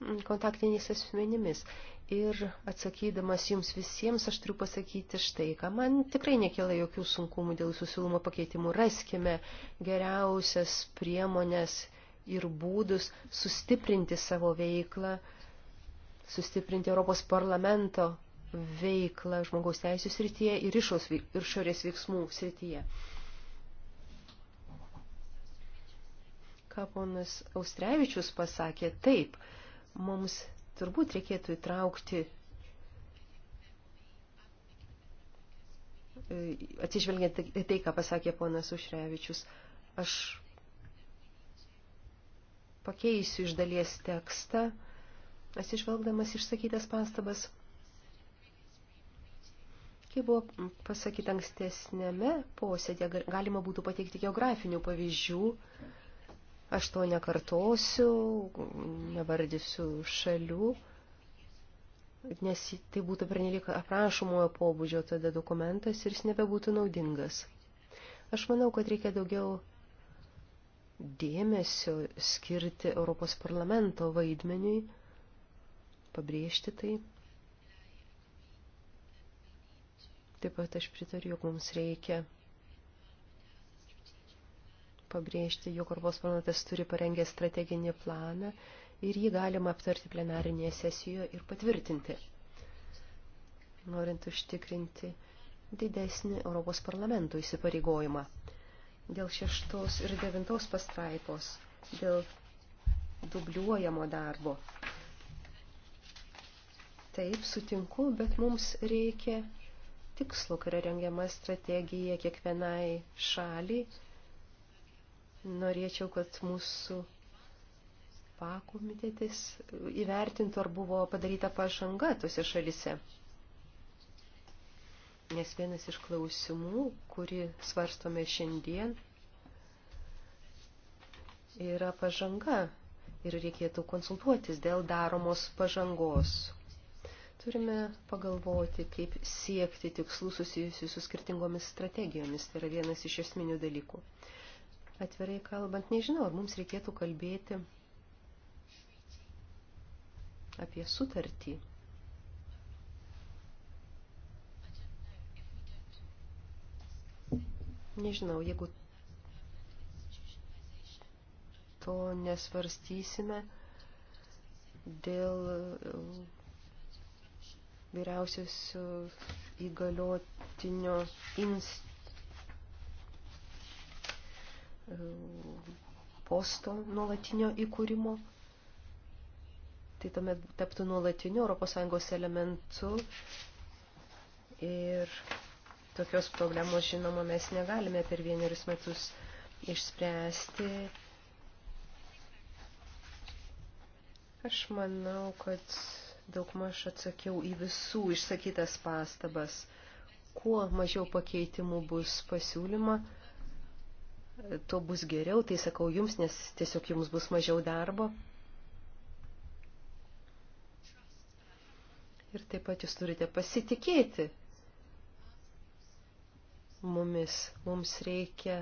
mm, kontaktiniais asmenimis. Ir atsakydamas jums visiems, aš turiu pasakyti štai, ką man tikrai nekėla jokių sunkumų dėl susilumo pakeitimų. Raskime geriausias priemonės ir būdus sustiprinti savo veiklą, sustiprinti Europos parlamento veiklą žmogaus teisų srityje ir išos, išorės veiksmų srityje. Ką ponas Austrevičius pasakė, taip, mums turbūt reikėtų įtraukti, e, atsižvelgiant tai, ką pasakė ponas Ušrevičius, aš pakeisiu iš dalies tekstą, atsižvelgdamas išsakytas pastabas. Kaip buvo pasakyta ankstesnėme posėdė, galima būtų pateikti geografinių pavyzdžių. Aš to nekartosiu, nevardysiu šalių, nes tai būtų pernelyg aprašomojo pobūdžio tada dokumentas ir jis nebebūtų naudingas. Aš manau, kad reikia daugiau dėmesio skirti Europos parlamento vaidmeniui, pabrėžti tai. Taip pat aš pritariu, jog mums reikia pabrėžti, jog Orbos parlamentas turi parengę strateginį planą ir jį galima aptarti plenarinėje sesijoje ir patvirtinti, norint užtikrinti didesnį Europos parlamento įsipareigojimą. Dėl šeštos ir devintos pastraipos, dėl dubliuojamo darbo. Taip, sutinku, bet mums reikia tikslu, kai yra rengiama strategija kiekvienai šaliai. Norėčiau, kad mūsų pakomitėtis įvertintų, ar buvo padaryta pažanga tose šalise. Nes vienas iš klausimų, kurį svarstome šiandien, yra pažanga ir reikėtų konsultuotis dėl daromos pažangos, Turime pagalvoti, kaip siekti tikslų susijusių su skirtingomis strategijomis. Tai yra vienas iš esminių dalykų. Atvirai kalbant, nežinau, ar mums reikėtų kalbėti apie sutartį. Nežinau, jeigu to nesvarstysime dėl vyriausiosio e, įgaliotinio inst e, posto nuolatinio įkūrimo. Tai tuomet taptų nuolatiniu ES elementu ir tokios problemos, žinoma, mes negalime per vienerius metus išspręsti. Aš manau, kad daugmaž atsakiau į visų išsakytas pastabas. Kuo mažiau pakeitimų bus pasiūlyma, tuo bus geriau, tai sakau jums, nes tiesiog jums bus mažiau darbo. Ir taip pat jūs turite pasitikėti mumis. Mums reikia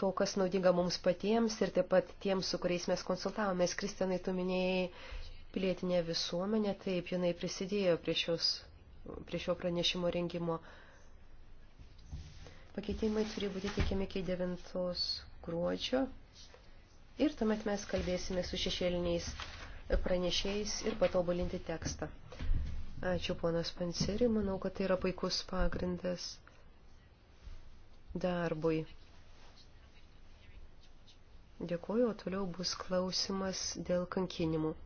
to, kas naudinga mums patiems ir taip pat tiems, su kuriais mes konsultavomės. Kristinai, tu minėjai Pilietinė visuomenė taip jinai prisidėjo prie, šios, prie šio pranešimo rengimo. Pakeitimai turi būti teikiami iki 9 gruodžio ir tuomet mes kalbėsime su šešėliniais pranešėjais ir patobulinti tekstą. Ačiū ponas Panseri, manau, kad tai yra puikus pagrindas darbui. Dėkuoju, o toliau bus klausimas dėl kankinimų.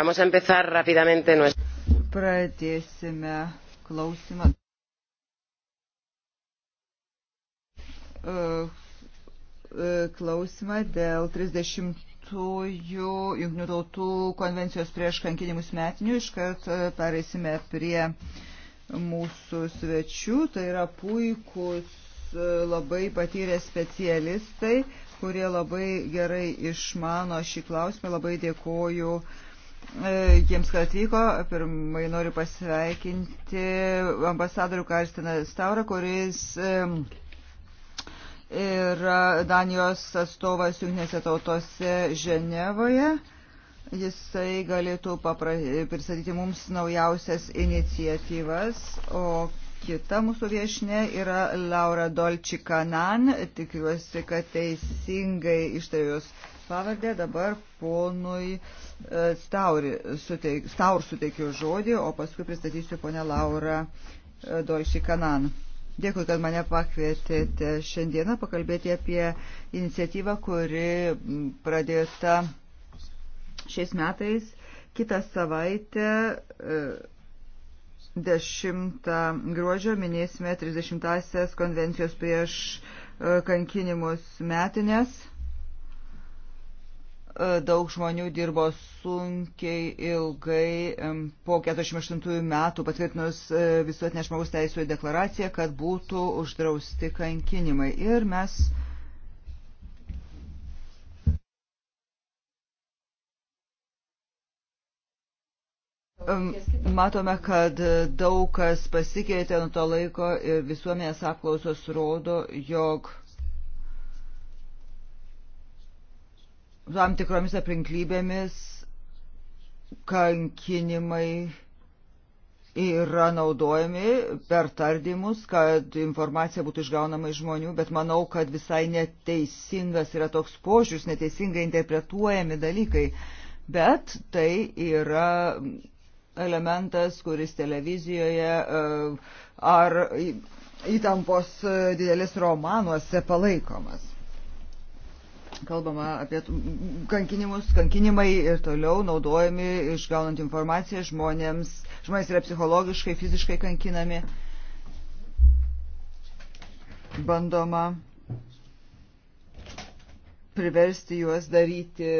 Vamos a empezar rápidamente nuestro. Pradėsime klausimą. E, e, klausimą dėl 30-ųjų Junktinių tautų konvencijos prieš kankinimus metinių. Iškart e, pereisime prie mūsų svečių. Tai yra puikus labai patyrę specialistai, kurie labai gerai išmano šį klausimą. Labai dėkoju uh, E, jiems, kad atvyko. Pirmai noriu pasveikinti ambasadorių Karstiną Staurą, kuris yra Danijos atstovas Junktinėse tautose Ženevoje. Jisai galėtų papra... pristatyti mums naujausias iniciatyvas, o Kita mūsų viešinė yra Laura Dolčikanan. Tikiuosi, kad teisingai ištarius pavardę. Dabar ponui e, Stauri, suteik, Staur suteikiu žodį, o paskui pristatysiu ponę Laurą e, Doišį Kanan. Dėkui, kad mane pakvietėte šiandieną pakalbėti apie iniciatyvą, kuri pradėta šiais metais. Kitą savaitę 10 e, gruodžio minėsime 30-asias konvencijos prieš kankinimus metinės daug žmonių dirbo sunkiai ilgai po 48 metų patvirtinus e, visuotinę žmogaus teisų deklaraciją, kad būtų uždrausti kankinimai. Ir mes Matome, kad daug kas pasikeitė nuo to laiko ir visuomenės apklausos rodo, jog tam tikromis aplinklybėmis kankinimai yra naudojami per tardymus, kad informacija būtų išgaunama iš žmonių, bet manau, kad visai neteisingas yra toks požiūris, neteisingai interpretuojami dalykai. Bet tai yra elementas, kuris televizijoje e, ar įtampos e, didelis romanuose palaikomas kalbama apie kankinimus, kankinimai ir toliau naudojami, išgaunant informaciją žmonėms, žmonės yra psichologiškai, fiziškai kankinami, bandoma priversti juos daryti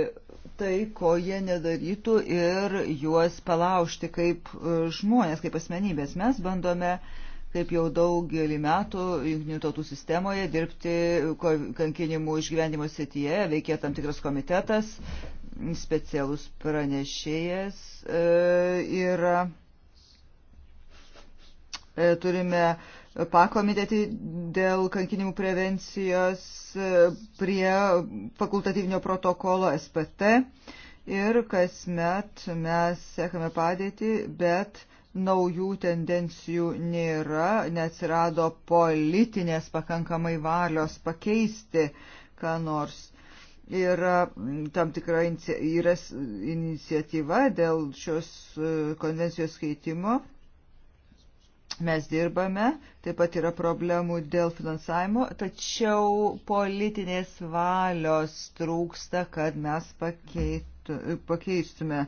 tai, ko jie nedarytų ir juos palaužti kaip e, žmonės, kaip asmenybės. Mes bandome uh, kaip jau daugelį metų jungtinių tautų sistemoje dirbti kankinimų išgyvenimo srityje, veikia tam tikras komitetas, specialus pranešėjas e, yra. E, turime pakomitetį dėl kankinimų prevencijos e, prie fakultatyvinio protokolo SPT ir kasmet mes sekame padėtį, bet naujų tendencijų nėra, neatsirado politinės pakankamai valios pakeisti ką nors. Yra e, tam tikra yra iniciatyva dėl šios e, konvencijos keitimo. Mes dirbame, taip pat yra problemų dėl finansavimo, tačiau politinės valios trūksta, kad mes pakeit, pakeistume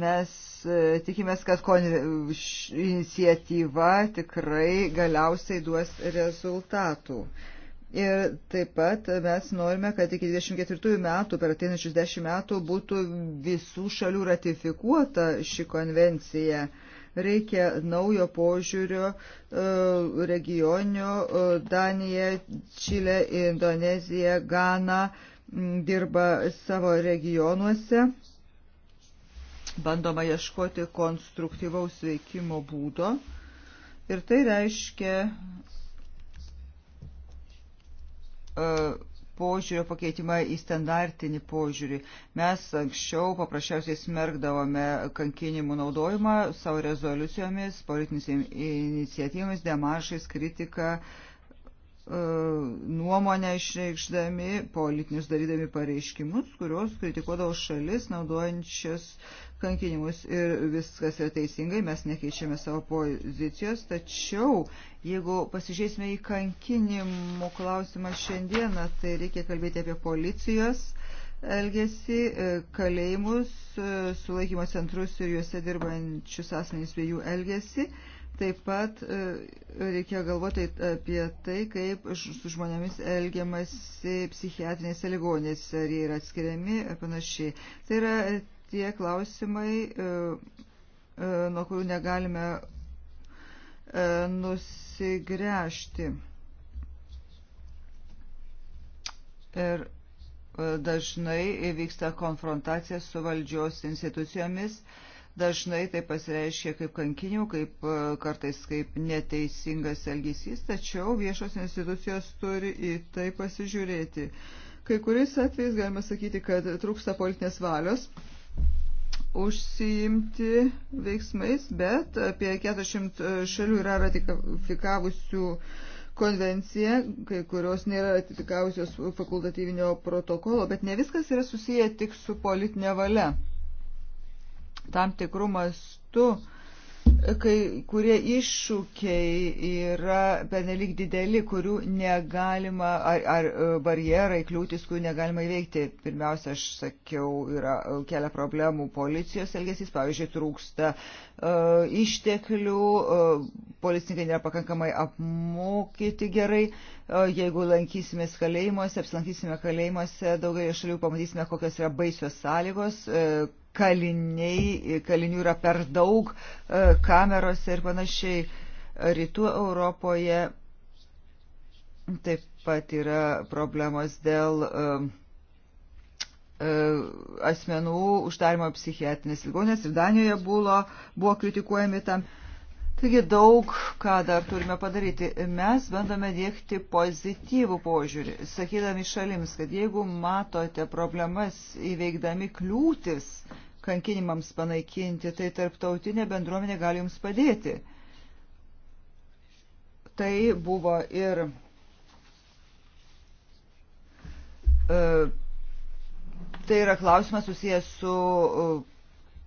Mes e, tikimės, kad iniciatyva tikrai galiausiai duos rezultatų. Ir taip pat mes norime, kad iki 24 metų, per ateinančius 10 metų, būtų visų šalių ratifikuota ši konvencija. Reikia naujo požiūrio e, regionio e, Danija, Čilė, Indonezija, Gana dirba savo regionuose bandoma ieškoti konstruktyvaus veikimo būdo ir tai reiškia e, požiūrio pakeitimą į standartinį požiūrį. Mes anksčiau paprasčiausiai smergdavome kankinimų naudojimą savo rezoliucijomis, politinėmis iniciatyvomis, demaršais, kritika, uh, E, nuomonę išreikšdami, politinius darydami pareiškimus, kurios kritikuodavo šalis naudojančias kankinimus. Ir viskas yra teisingai, mes nekeičiame savo pozicijos, tačiau jeigu pasižiūrėsime į kankinimų klausimą šiandieną, tai reikia kalbėti apie policijos elgesį, e, kalėjimus, e, sulaikymo centrus ir juose dirbančius asmenys bei jų elgesį Taip pat e, reikia galvoti apie tai, kaip su žmonėmis elgiamasi psichiatrinėse ligonėse, ar jie yra atskiriami ir panašiai. Tai yra tie klausimai, e, e, nuo kurių negalime nusigręžti. Ir dažnai vyksta konfrontacija su valdžios institucijomis. E, Dažnai tai pasireiškia kaip kankinių, kaip e, kartais kaip neteisingas elgesys, tačiau viešos institucijos turi į tai pasižiūrėti. Kai kuriais atvejais galima sakyti, kad trūksta politinės valios užsiimti veiksmais, bet apie 40 šalių yra ratifikavusių konvenciją, kai kurios nėra ratifikavusios fakultatyvinio protokolo, bet ne viskas yra susiję tik su politinė valia tam tikrų mastų, kai, kurie iššūkiai yra penelik dideli, kurių negalima, ar, ar e, barjerai, kliūtis, kurių negalima įveikti. Pirmiausia, aš sakiau, yra e, kelia problemų policijos elgesys, pavyzdžiui, trūksta uh, išteklių, uh, policininkai nėra pakankamai apmokyti gerai. Uh, jeigu lankysimės kalėjimuose, apsilankysime kalėjimuose, daugelį šalių pamatysime, kokios yra baisios sąlygos. Uh, kaliniai, kalinių yra per daug e, kamerose ir panašiai. Rytų Europoje taip pat yra problemos dėl e, e, asmenų uždarimo psichiatrinės ligonės ir Danijoje buvo, buvo kritikuojami tam. Uh, Taigi daug ką dar turime padaryti. Mes bandome dėkti pozityvų požiūrį, sakydami šalims, kad jeigu matote problemas įveikdami kliūtis kankinimams panaikinti, tai tarptautinė bendruomenė gali jums padėti. Tai buvo ir. Uh, Tai yra klausimas susijęs su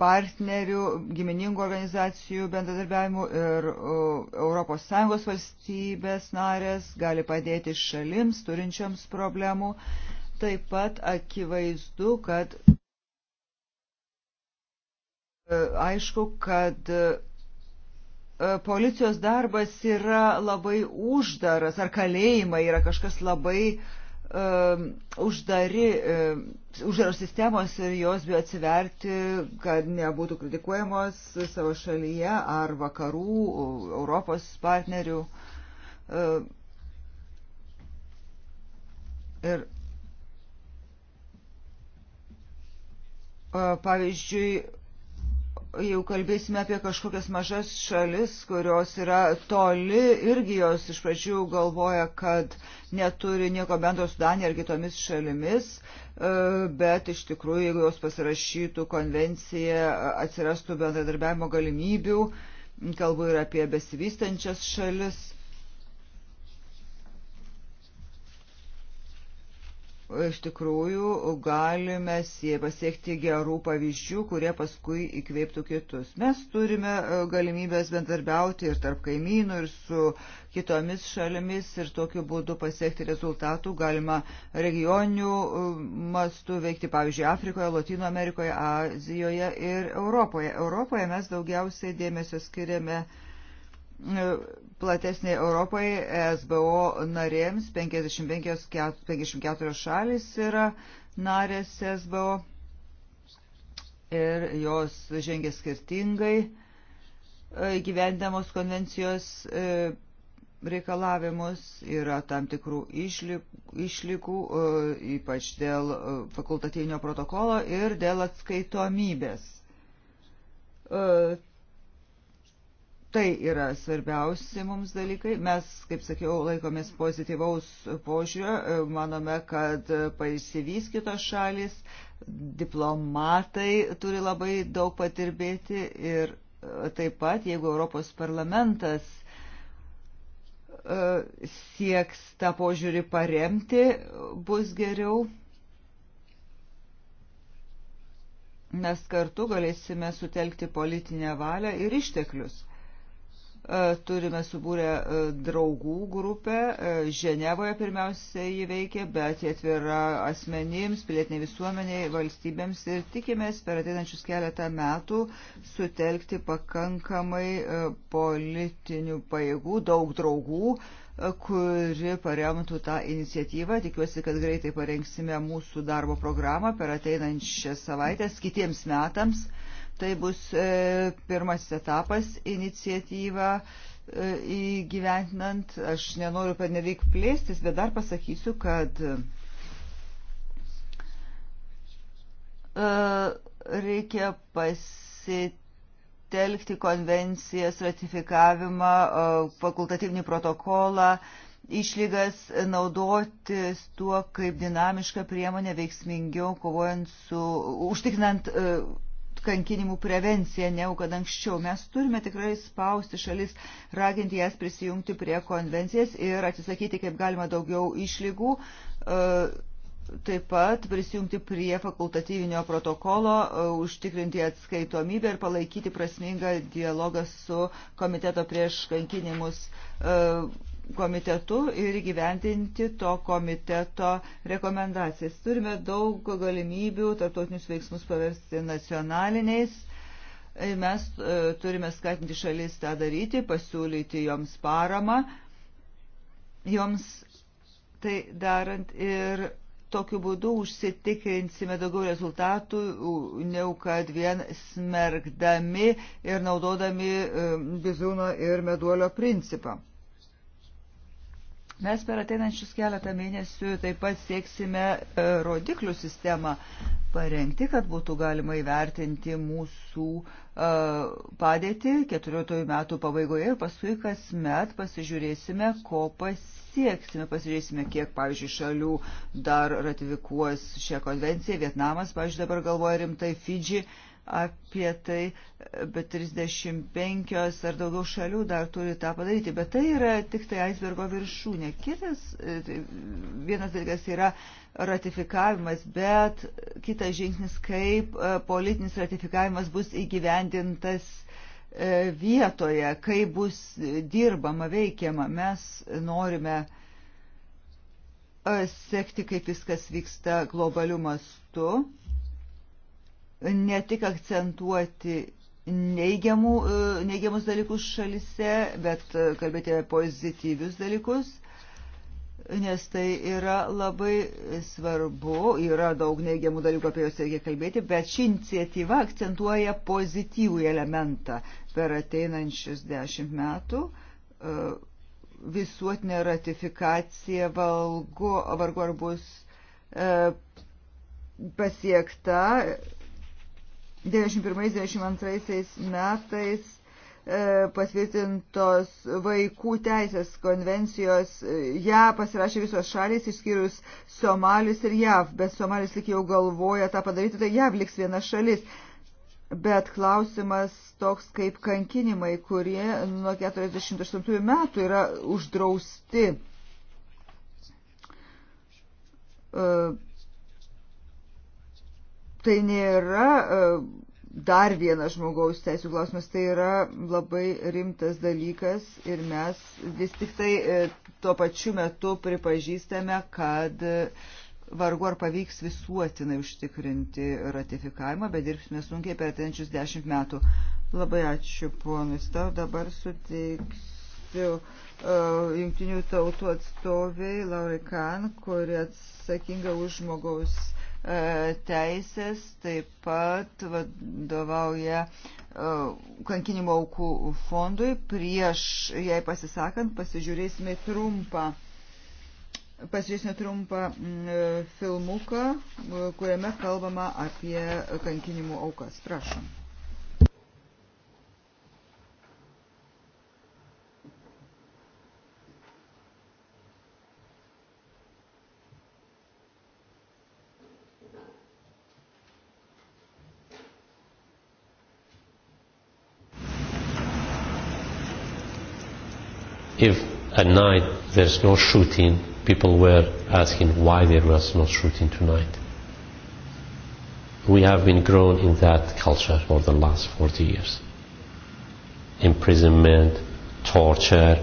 partnerių, giminingų organizacijų bendradarbiavimų ir ES valstybės narės gali padėti šalims turinčiams problemų. Taip pat akivaizdu, kad e, aišku, kad e, policijos darbas yra labai uždaras, ar kalėjimai yra kažkas labai uh, Um, uždari, um, uždaros sistemos ir jos bijo atsiverti, kad nebūtų kritikuojamos savo šalyje ar vakarų, Europos partnerių. Um, ir uh, pavyzdžiui, jau kalbėsime apie kažkokias mažas šalis, kurios yra toli, irgi jos iš pradžių galvoja, kad neturi nieko bendro su Danija ar kitomis šalimis, e, bet iš tikrųjų, jeigu jos pasirašytų konvenciją, atsirastų bendradarbiavimo galimybių, kalbu ir apie besivystančias šalis iš tikrųjų galime pasiekti gerų pavyzdžių, kurie paskui įkveiptų kitus. Mes turime e, galimybės bendarbiauti ir tarp kaimynų, ir su kitomis šalimis, ir tokiu būdu pasiekti rezultatų galima regioninių e, mastų veikti, pavyzdžiui, Afrikoje, Latino Amerikoje, Azijoje ir Europoje. Europoje mes daugiausiai dėmesio skiriame uh, platesnėje Europoje SBO narėms 55, 54 šalis yra narės SBO ir jos žengia skirtingai e, gyvendamos konvencijos e, reikalavimus, yra tam tikrų išlikų, e, ypač dėl fakultatyvinio protokolo ir dėl atskaitomybės Tai yra svarbiausi mums dalykai. Mes, kaip sakiau, laikomės pozityvaus požiūrio. Manome, kad paisivys kitos šalis, diplomatai turi labai daug patirbėti ir e, taip pat, jeigu Europos parlamentas e, sieks tą požiūrį paremti, bus geriau. Mes kartu galėsime sutelkti politinę valią ir išteklius. E, turime subūrę e, draugų grupę. E, Ženevoje pirmiausia jį veikia, bet jie atvira asmenims, pilietiniai visuomeniai, valstybėms ir tikimės per ateinančius keletą metų sutelkti pakankamai politinių pajėgų, daug draugų kuri paremtų tą iniciatyvą. Tikiuosi, kad greitai parengsime mūsų darbo programą per ateinančias savaitės kitiems metams. Tai bus e, pirmasis etapas iniciatyva e, įgyventinant. Aš nenoriu pernelyg plėstis, bet dar pasakysiu, kad e, reikia pasitelkti konvencijas, ratifikavimą, fakultatyvinį protokolą, išlygas naudotis tuo kaip dinamišką priemonę veiksmingiau kovojant su, užtikrinant kankinimų prevenciją, negu kad anksčiau. Mes turime tikrai spausti šalis, raginti jas prisijungti prie konvencijas ir atsisakyti kaip galima daugiau išlygų. E, taip pat prisijungti prie fakultatyvinio protokolo, e, užtikrinti atskaitomybę ir palaikyti prasmingą dialogą su komiteto prieš kankinimus e, komitetu ir gyventinti to komiteto rekomendacijas. Turime daug galimybių tarptautinius veiksmus paversti nacionaliniais. Mes e, turime skatinti šalis tą daryti, pasiūlyti joms paramą, joms tai darant ir tokiu būdu užsitikrinsime daugiau rezultatų, neu kad vien smergdami ir naudodami e, bizūno ir meduolio principą. Mes per ateinančius keletą mėnesių taip pat sieksime e, rodiklių sistemą parengti, kad būtų galima įvertinti mūsų e, padėtį 14 metų pabaigoje ir paskui kasmet pasižiūrėsime, ko pasieksime. Pasižiūrėsime, kiek, pavyzdžiui, šalių dar ratifikuos šią konvenciją. Vietnamas, pavyzdžiui, dabar galvoja rimtai Fidži apie tai, bet 35 ar daugiau šalių dar turi tą padaryti. Bet tai yra tik tai aisbergo viršūnė. Kitas, e, tai vienas dalykas yra ratifikavimas, bet kitas žingsnis, kaip e, politinis ratifikavimas bus įgyvendintas e, vietoje, kaip bus dirbama, veikiama. Mes norime sekti, kaip viskas vyksta globaliu mastu ne tik akcentuoti neigiamų, e, neigiamus dalykus šalise, bet e, kalbėti apie pozityvius dalykus, nes tai yra labai svarbu, yra daug neigiamų dalykų, apie juos reikia kalbėti, bet ši iniciatyva akcentuoja pozityvų elementą per ateinančius dešimt metų e, visuotinė ratifikacija valgu, vargu ar bus e, pasiekta 91-92 metais e, patvirtintos vaikų teisės konvencijos. Ja pasirašė visos šalys, išskyrus Somalis ir JAV, bet Somalis lik jau galvoja tą padaryti, tai JAV liks viena šalis. Bet klausimas toks kaip kankinimai, kurie nuo 48 metų yra uždrausti. Uh, tai nėra e, dar vienas žmogaus teisų klausimas, tai yra labai rimtas dalykas ir mes vis tik tai e, tuo pačiu metu pripažįstame, kad e, vargu ar pavyks visuotinai užtikrinti ratifikavimą, bet dirbsime sunkiai per atenčius dešimt metų. Labai ačiū, ponus. Tau dabar suteiksiu uh, jungtinių tautų atstoviai Laurai Kan, kuri atsakinga už žmogaus E, teisės, taip pat vadovauja e, kankinimo aukų fondui. Prieš jai pasisakant pasižiūrėsime trumpą. Pasižiūrėsime trumpą mm, e, filmuką, kuriame kalbama apie kankinimų aukas. Prašom. if at night there's no shooting, people were asking why there was no shooting tonight. We have been grown in that culture for the last 40 years. Imprisonment, torture,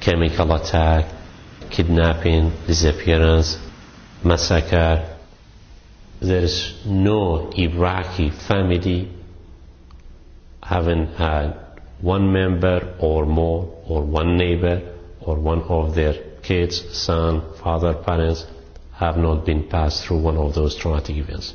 chemical attack, kidnapping, disappearance, massacre. There is no Iraqi family haven't had one member or more, or one neighbor, or one of their kids, son, father, parents, have not been passed through one of those traumatic events.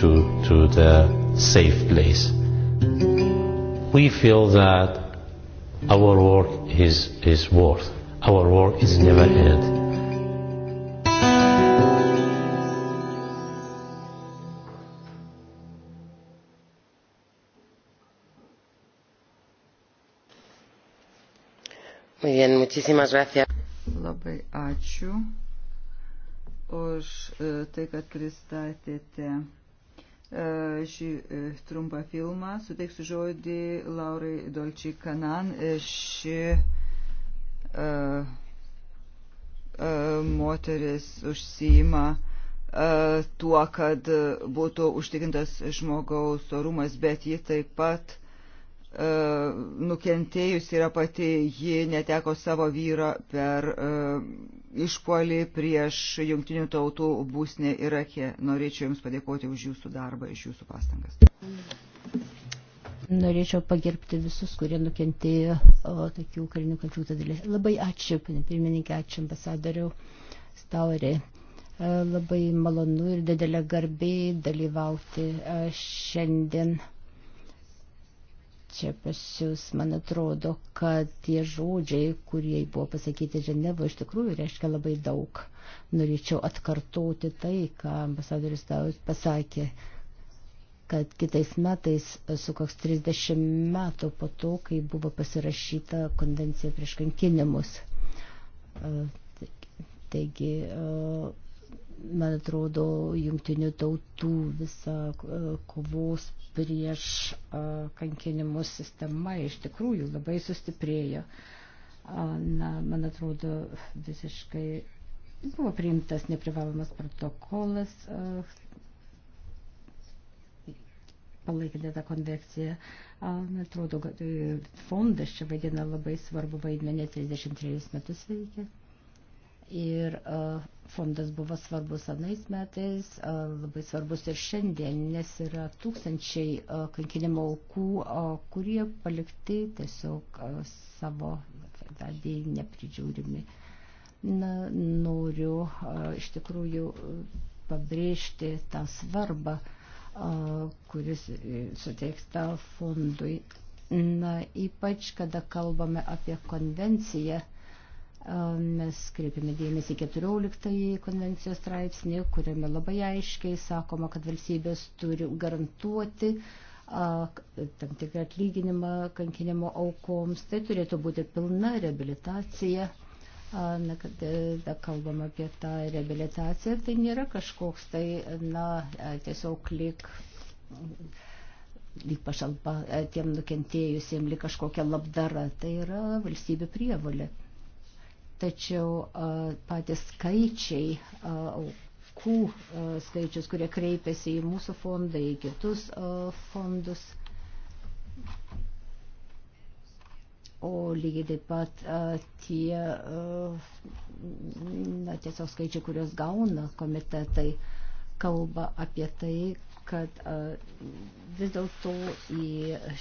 to, to the safe place. We feel that our work is, is worth. Our work is never end. Muy bien, muchísimas gracias. Labai ačiū už e, tai, kad pristatėte E, šį e, trumpą filmą. Suteiksiu žodį Laurai Dolčiai Kanan. E, ši uh, moteris užsijima tuo, kad būtų užtikrintas žmogaus orumas, bet ji taip pat E, nukentėjus yra pati, ji neteko savo vyro per e, išpuolį prieš jungtinių tautų būsnį Irake. Norėčiau Jums padėkoti už Jūsų darbą, iš Jūsų pastangas. Norėčiau pagerbti visus, kurie nukentėjo o, tokių karinių kančių dalys. Labai ačiū, pirmininkė, ačiū ambasadoriau Staurė e, labai malonu ir didelė garbė dalyvauti šiandien čia pas jūs, man atrodo, kad tie žodžiai, kurie buvo pasakyti Ženevo, iš tikrųjų reiškia labai daug. Norėčiau atkartoti tai, ką ambasadoris Daus pasakė, kad kitais metais sukaks 30 metų po to, kai buvo pasirašyta konvencija prieš kankinimus. E, taigi, e, man atrodo, jungtinių tautų visa e, kovos prieš e, kankinimus sistema iš tikrųjų labai sustiprėjo. Na, man atrodo, visiškai buvo priimtas neprivalomas protokolas, e, palaikėte tą konvekciją. Man atrodo, kad fondas čia vaidina labai svarbu vaidmenį, 33 metus veikia. Ir uh, fondas buvo svarbus anais metais, labai svarbus ir šiandien, nes yra tūkstančiai kankinimo aukų, kurie palikti tiesiog savo vedėjai nepridžiūrimi. Na, noriu iš tikrųjų pabrėžti tą svarbą, kuris suteikta fondui. Na, ypač, kada kalbame apie konvenciją Mes kreipiame dėmesį 14 konvencijos straipsnį, kuriame labai aiškiai sakoma, kad valstybės turi garantuoti tam tikrą atlyginimą kankinimo aukoms. Tai turėtų būti pilna reabilitacija. Na, kad e, da, kalbam apie tą reabilitaciją, tai nėra kažkoks tai, na, e, tiesiog lik lyg pašalpa e, tiem nukentėjusiem, lyg kažkokia labdara. Tai yra valstybių prievalė tačiau patys skaičiai aukų skaičius, kurie kreipiasi į mūsų fondą, į kitus fondus. O lygiai taip pat tie na, tiesiog skaičiai, kuriuos gauna komitetai, kalba apie tai, kad vis dėlto į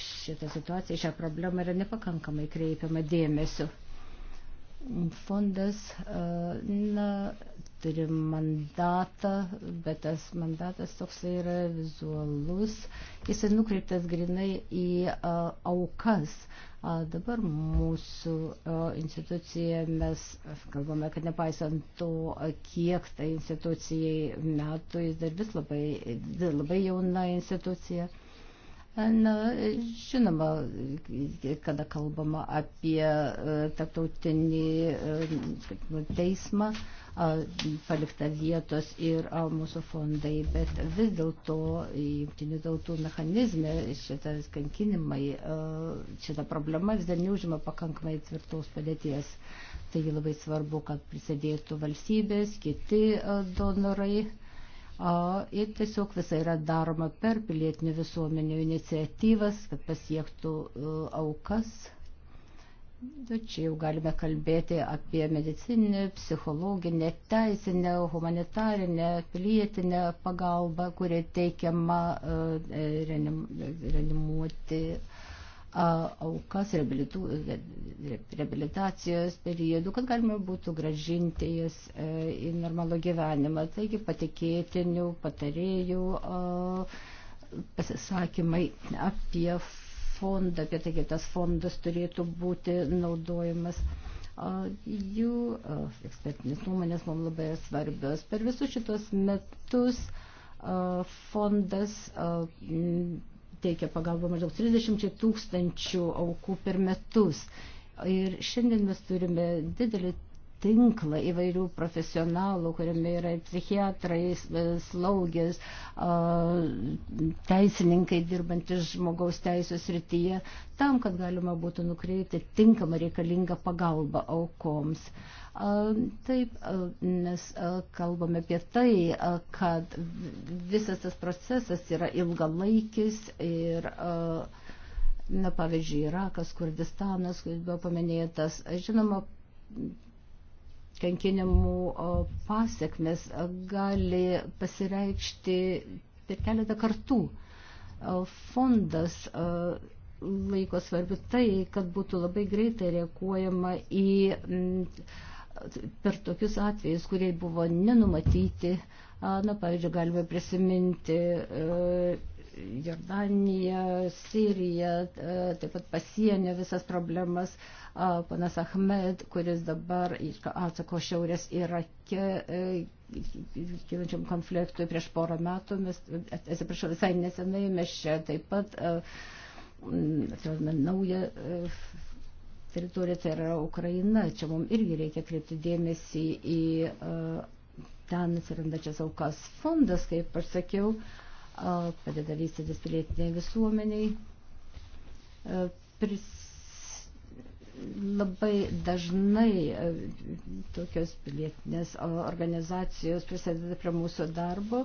šitą situaciją, šią problemą yra nepakankamai kreipiama dėmesio fondas e, na, turi mandatą, bet tas mandatas toksai yra vizualus, jis nukreiptas grinai į e, aukas. A, dabar mūsų o, e, institucija, mes kalbame, kad nepaisant to, kiek tai institucijai metų, jis dar vis labai, labai jauna institucija. Na, žinoma, kada kalbama apie e, tarptautinį e, teismą, palikta vietos ir mūsų fondai, bet vis dėlto jungtinių tautų mechanizme šitas kankinimai, šita problema vis dar neužima pakankamai tvirtos padėties. Taigi labai svarbu, kad prisidėtų valstybės, kiti donorai Ir tiesiog visai yra daroma per pilietinių visuomenių iniciatyvas, kad pasiektų e, aukas. Nu, čia jau galime kalbėti apie medicininę, psichologinę, teisinę, humanitarinę, pilietinę pagalbą, kurie teikiama renimuoti. Renim, aukas reabilitacijos periodų, kad galima būtų gražinti jas e, į normalų gyvenimą. Taigi patikėtinių, patarėjų pasisakymai apie fondą, apie tai, kaip tas fondas turėtų būti naudojamas jų ekspertinės nuomonės mums labai svarbios. Per visus šitos metus fondas teikia pagalbą maždaug 30 tūkstančių aukų per metus. Ir šiandien mes turime didelį tinklą įvairių profesionalų, kuriame yra psichiatrai, e, slaugės, teisininkai dirbantis žmogaus teisės rytyje, tam, kad galima būtų nukreipti tinkamą reikalingą pagalbą aukoms. OK Taip, mes kalbame apie tai, kad visas tas procesas yra ilgalaikis ir, na, pavyzdžiui, Irakas, Kurdistanas, kuris buvo paminėtas, žinoma, kankinimų pasiekmes gali pasireikšti per keletą kartų. Fondas laiko svarbiu tai, kad būtų labai greitai reaguojama į per tokius atvejus, kurie buvo nenumatyti, na, pavyzdžiui, galime prisiminti e, Jordaniją, Siriją, e, taip pat pasienio visas problemas, panas Ahmed, kuris dabar atsako šiaurės Irake e, kilančiam konfliktui prieš porą metų, mes, atsiprašau, visai nesenai mes čia taip pat atsiradome naują teritorija, tai yra Ukraina. Čia mums irgi reikia kreipti dėmesį į e, ten atsirandačias aukas fondas, kaip aš sakiau, e, padeda vystytis pilietiniai visuomeniai. E, pris, labai dažnai tokios pilietinės organizacijos prisideda prie mūsų darbo,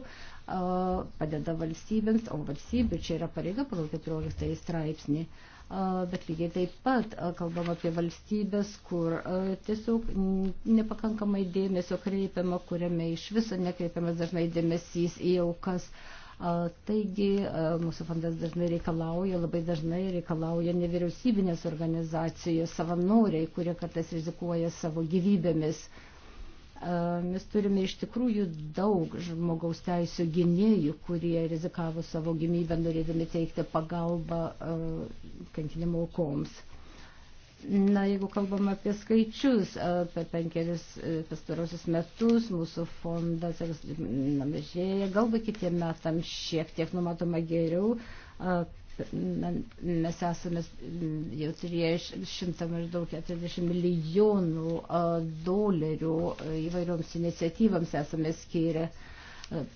padeda valstybėms, o valstybių čia yra pareiga pagal 14 straipsnį. Tai bet lygiai taip pat kalbam apie valstybės, kur tiesiog nepakankamai dėmesio kreipiama, kuriame iš viso nekreipiamas dažnai dėmesys į aukas. Taigi mūsų fondas dažnai reikalauja, labai dažnai reikalauja nevyriausybinės organizacijos, savanoriai, kurie kartais rizikuoja savo gyvybėmis. Ehm, mes turime iš tikrųjų daug žmogaus teisų gynėjų, kurie rizikavo savo gimybę, norėdami teikti pagalbą ehm, kankinimo aukoms. Na, jeigu kalbam apie skaičius, ehm, per penkeris e, pastarosius metus mūsų fondas namažėja, galbūt kitiem metam šiek tiek numatoma geriau, mes esame jau turėję šimtą maždaug 40 milijonų dolerių įvairioms iniciatyvams esame skyrę,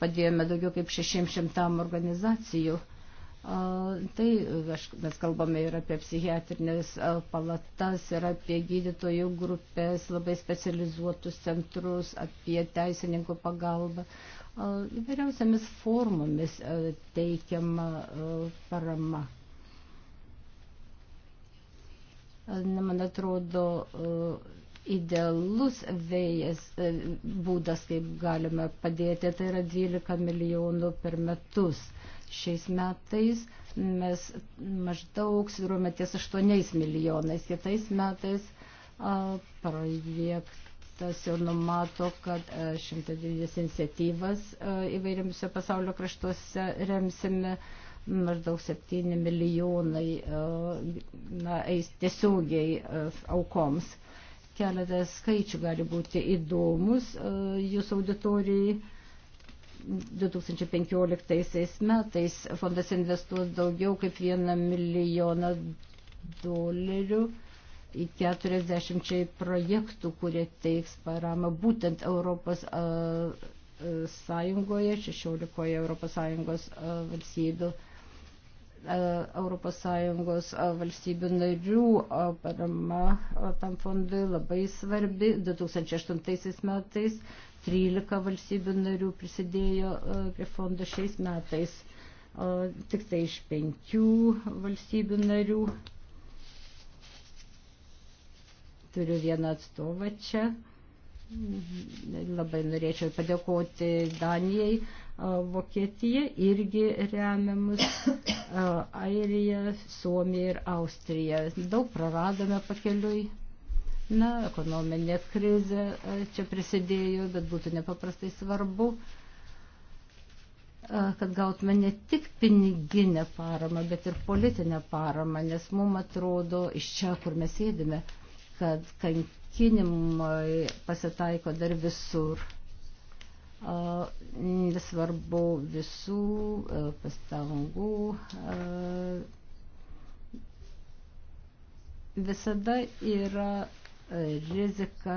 padėjome daugiau kaip 600 organizacijų. Tai mes kalbame ir apie psichiatrinės palatas, ir apie gydytojų grupės, labai specializuotus centrus, apie teisininkų pagalbą įvairiausiamis formomis teikiama parama. Man atrodo, idealus vėjas būdas, kaip galime padėti, tai yra 12 milijonų per metus. Šiais metais mes maždaug sudurome ties 8 milijonais, kitais metais projektas paktas jau numato, kad 120 e, iniciatyvas e, įvairiuose pasaulio kraštuose remsime maždaug 7 milijonai e, na, eis tiesiogiai aukoms. Keletas skaičių gali būti įdomus jūsų auditorijai. 2015 metais fondas investuos daugiau kaip 1 milijoną dolerių 40 projektų, kurie teiks paramą būtent Europos Sąjungoje, 16 Europos Sąjungos valstybių. Europos Sąjungos valstybių narių parama tam fondui labai svarbi. 2008 metais 13 valstybių narių prisidėjo prie fondo šiais metais, tik tai iš penkių valstybių narių turiu vieną atstovą čia. Labai norėčiau padėkoti Danijai, Vokietija irgi remiamus, Airija, Suomija ir Austrija. Daug praradome pakeliui. Na, ekonominė krizė čia prisidėjo, bet būtų nepaprastai svarbu kad gautume ne tik piniginę paramą, bet ir politinę paramą, nes mums atrodo iš čia, kur mes sėdime, kad kankinimai pasitaiko dar visur. Nesvarbu visų pastangų. Visada yra rizika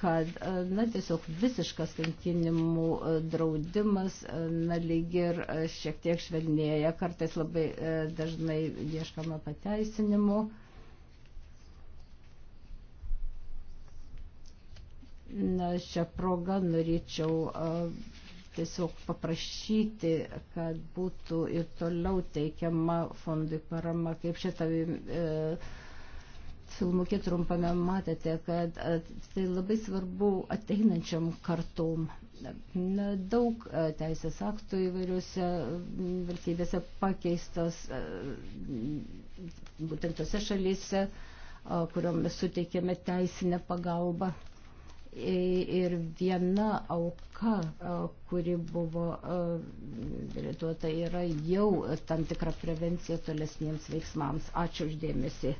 kad, na, tiesiog visiškas kankinimų draudimas, na, lyg ir šiek tiek švelnėja, kartais labai dažnai ieškama pateisinimu. na, šią progą norėčiau tiesiog paprašyti, kad būtų ir toliau teikiama fondui parama, kaip šitą e, filmukį trumpame matėte, kad tai labai svarbu ateinančiam kartom. Na, daug teisės aktų įvairiuose valstybėse pakeistas, būtent tose šalyse, kuriuom mes suteikėme teisinę pagalbą E, ir viena auka, e, kuri buvo e, reduota, yra jau tam tikra prevencija tolesniems veiksmams. Ačiū uždėmesi.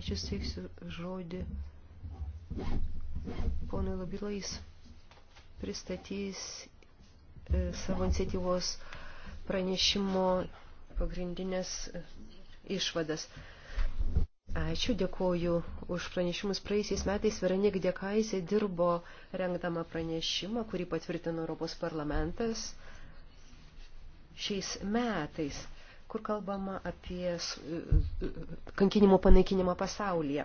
Ačiū steiksiu žodį. Ponui Labilais pristatys savo iniciatyvos pranešimo pagrindinės išvadas. Ačiū, dėkuoju už pranešimus. Praeisiais metais Veronik Dėkaisė dirbo rengdama pranešimą, kurį patvirtino Europos parlamentas šiais metais, kur kalbama apie e, e, kankinimo panaikinimą pasaulyje.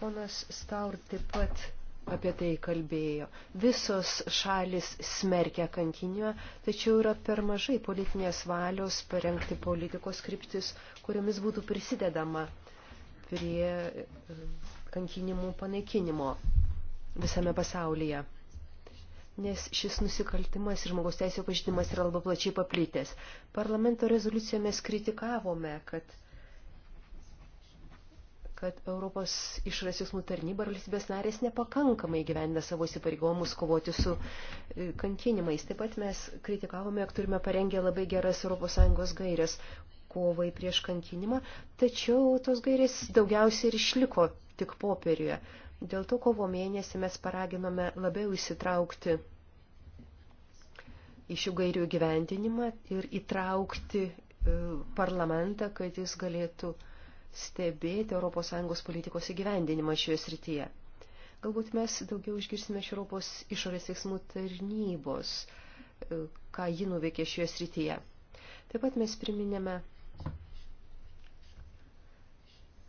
Ponas Staur taip pat apie tai kalbėjo. Visos šalis smerkia kankinimą, tačiau yra per mažai politinės valios parengti politikos kryptis, kuriomis būtų prisidedama prie e, kankinimų panaikinimo visame pasaulyje. Nes šis nusikaltimas ir žmogaus teisėjo pažydimas yra labai plačiai paplitęs. Parlamento rezoliucijoje mes kritikavome, kad kad Europos išrasismų tarnyba ir valstybės narės nepakankamai gyvendė savo įsipareigomus kovoti su e, kankinimais. Taip pat mes kritikavome, jog turime parengę labai geras ES gairias, kovai prieš kankinimą, tačiau tos gairės daugiausiai ir išliko tik popieriuje. Dėl to kovo mėnesį mes paraginome labiau įsitraukti iš jų gairių gyvendinimą ir įtraukti e, parlamentą, kad jis galėtų stebėti ES politikos įgyvendinimą šioje srityje. Galbūt mes daugiau išgirsime iš Europos išorės veiksmų tarnybos, e, ką ji nuveikė šioje srityje. Taip pat mes priminėme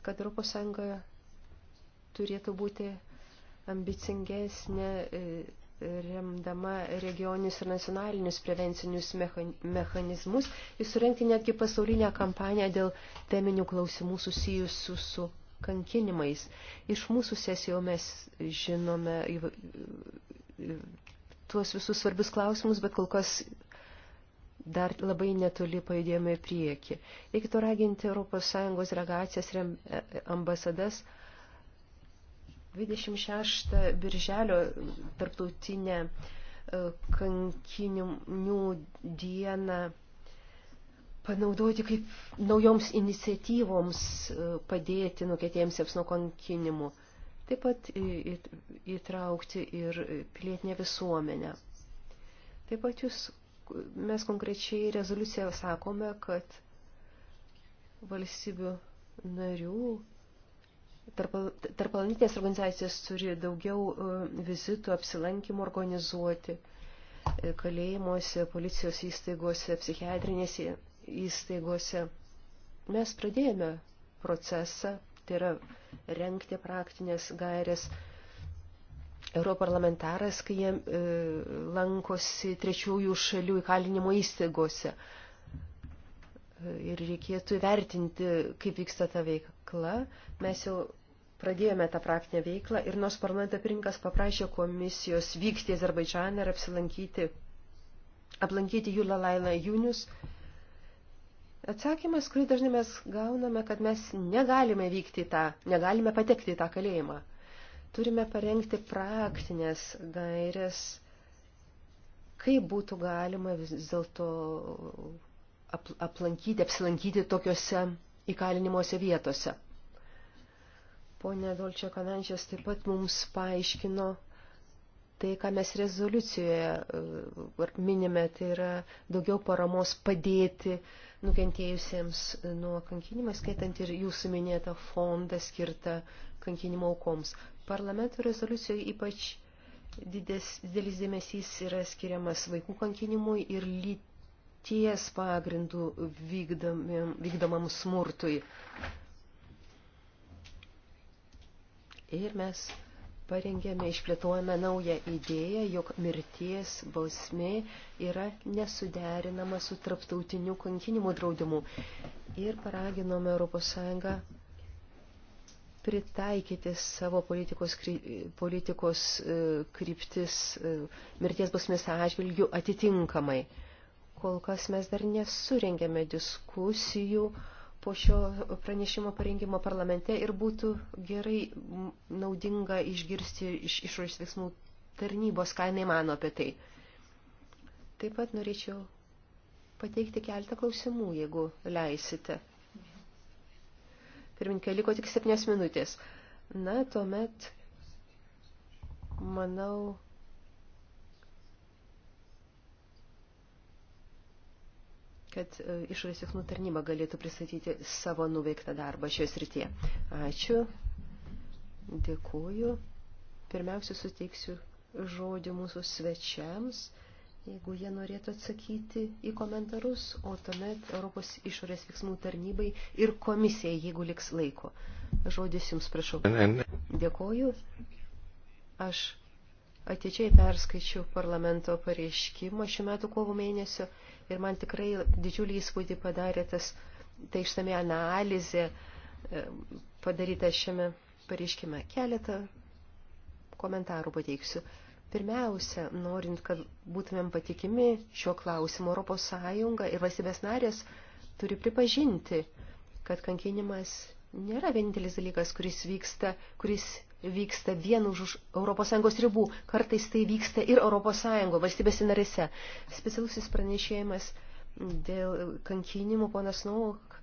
kad ES turėtų būti ambicingesnė e, remdama regioninius ir nacionalinius prevencinius mechanizmus ir surenkti netgi pasaulinę kampaniją dėl teminių klausimų susijusių su kankinimais. Iš mūsų sesijų mes žinome tuos visus svarbius klausimus, bet kol kas dar labai netoli pajudėjome į priekį. Reikėtų raginti ES regacijas ir ambasadas 26 birželio tarptautinę e, kankinių dieną panaudoti kaip naujoms iniciatyvoms e, padėti nukėtėjimsiems nuo kankinimų. Taip pat įtraukti ir pilietinę visuomenę. Taip pat jūs mes konkrečiai rezoliucijoje sakome, kad valstybių narių tarpalanytinės organizacijos turi daugiau e, vizitų, apsilankimų organizuoti e, kalėjimuose, policijos įstaigose, psichiatrinėse įstaigose. Mes pradėjome procesą, tai yra renkti praktinės gairės europarlamentaras, kai jie e, lankosi trečiųjų šalių įkalinimo įstaigose. E, ir reikėtų įvertinti, kaip vyksta ta veikla. Mes jau pradėjome tą praktinę veiklą ir nors parlamento pirinkas paprašė komisijos vykti į Azerbaidžaną ir apsilankyti, aplankyti Julą Lailą Junius, atsakymas, kurį dažnai mes gauname, kad mes negalime vykti į tą, negalime patekti į tą kalėjimą. Turime parengti praktinės gairės, kaip būtų galima vis dėlto aplankyti, apsilankyti tokiuose įkalinimuose vietose. Pone Dolčia Kanančias taip pat mums paaiškino tai, ką mes rezoliucijoje e, minime, tai yra daugiau paramos padėti nukentėjusiems nuo kankinimą, skaitant ir jūsų minėtą fondą skirtą kankinimo aukoms. Parlamento rezoliucijoje ypač didės, didelis dėmesys yra skiriamas vaikų kankinimui ir lyties pagrindų vykdomam, vykdomam smurtui. Ir mes parengėme, išplėtojame naują idėją, jog mirties bausmė yra nesuderinama su traptautiniu kankinimu draudimu. Ir paraginome ES pritaikyti savo politikos, politikos e, kryptis e, mirties bausmės atžvilgių atitinkamai. Kol kas mes dar nesurengėme diskusijų po šio pranešimo parengimo parlamente ir būtų gerai naudinga išgirsti iš išorės veiksmų tarnybos, ką jinai mano apie tai. Taip pat norėčiau pateikti keltą klausimų, jeigu leisite. Pirminkė, liko tik septynios minutės. Na, tuomet, manau, kad e, išorės veiksmų tarnyba galėtų pristatyti savo nuveiktą darbą šioje srityje. Ačiū, dėkuoju. Pirmiausia, suteiksiu žodį mūsų svečiams jeigu jie norėtų atsakyti į komentarus, o tuomet Europos išorės veiksmų tarnybai ir komisijai, jeigu liks laiko. Žodis jums prašau. Dėkoju. Aš atidžiai perskaičiau parlamento pareiškimą šiuo metu kovo mėnesio ir man tikrai didžiulį įspūdį padarė tas, tai išsami analizė e, padaryta šiame pareiškime. Keletą komentarų pateiksiu. Pirmiausia, norint, kad būtumėm patikimi šiuo klausimu, Europos Sąjunga ir valstybės narės turi pripažinti, kad kankinimas nėra vienintelis dalykas, kuris vyksta, kuris vyksta vien už ES ribų. Kartais tai vyksta ir ES, valstybės narėse. Specialusis pranešėjimas dėl kankinimų, ponas Nauk,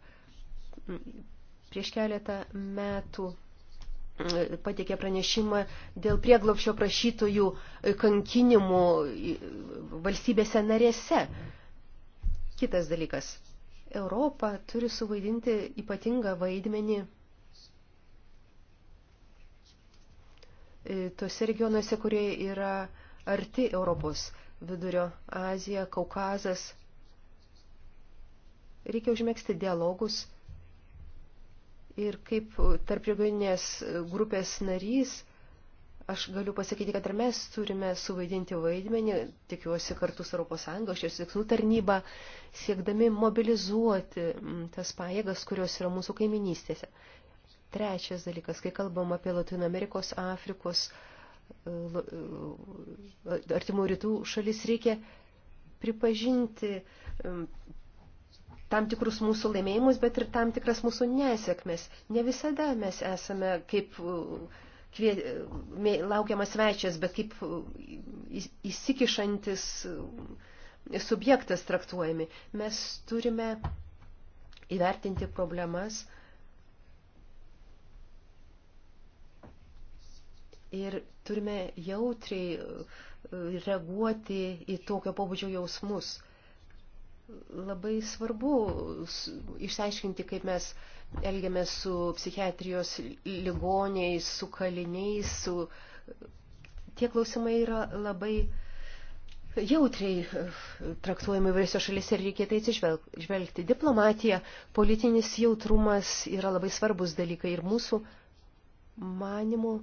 prieš keletą metų pateikė pranešimą dėl prieglopšio prašytojų kankinimų valstybėse narėse. Kitas dalykas. Europa turi suvaidinti ypatingą vaidmenį tose regionuose, kurie yra arti Europos vidurio Azija, Kaukazas. Reikia užmėgsti dialogus Ir kaip tarp regioninės grupės narys, aš galiu pasakyti, kad ir mes turime suvaidinti vaidmenį, tikiuosi kartu su ES, šios tikslų tarnyba, siekdami mobilizuoti mm, tas pajėgas, kurios yra mūsų kaiminystėse. Trečias dalykas, kai kalbam apie Latino Amerikos, Afrikos, e, e, artimų rytų šalis, reikia pripažinti mm, tam tikrus mūsų laimėjimus, bet ir tam tikras mūsų nesėkmes. Ne visada mes esame kaip uh, kvie, uh, laukiamas svečias, bet kaip uh, įsikišantis subjektas traktuojami. Mes turime įvertinti problemas ir turime jautriai reaguoti į tokio pobūdžio jausmus labai svarbu išsiaiškinti, kaip mes elgiamės su psichiatrijos ligoniais, su kaliniais, su... Tie klausimai yra labai jautriai e, traktuojami įvairiose šalyse ir reikia tai atsižvelgti. Diplomatija, politinis jautrumas yra labai svarbus dalykai ir mūsų manimų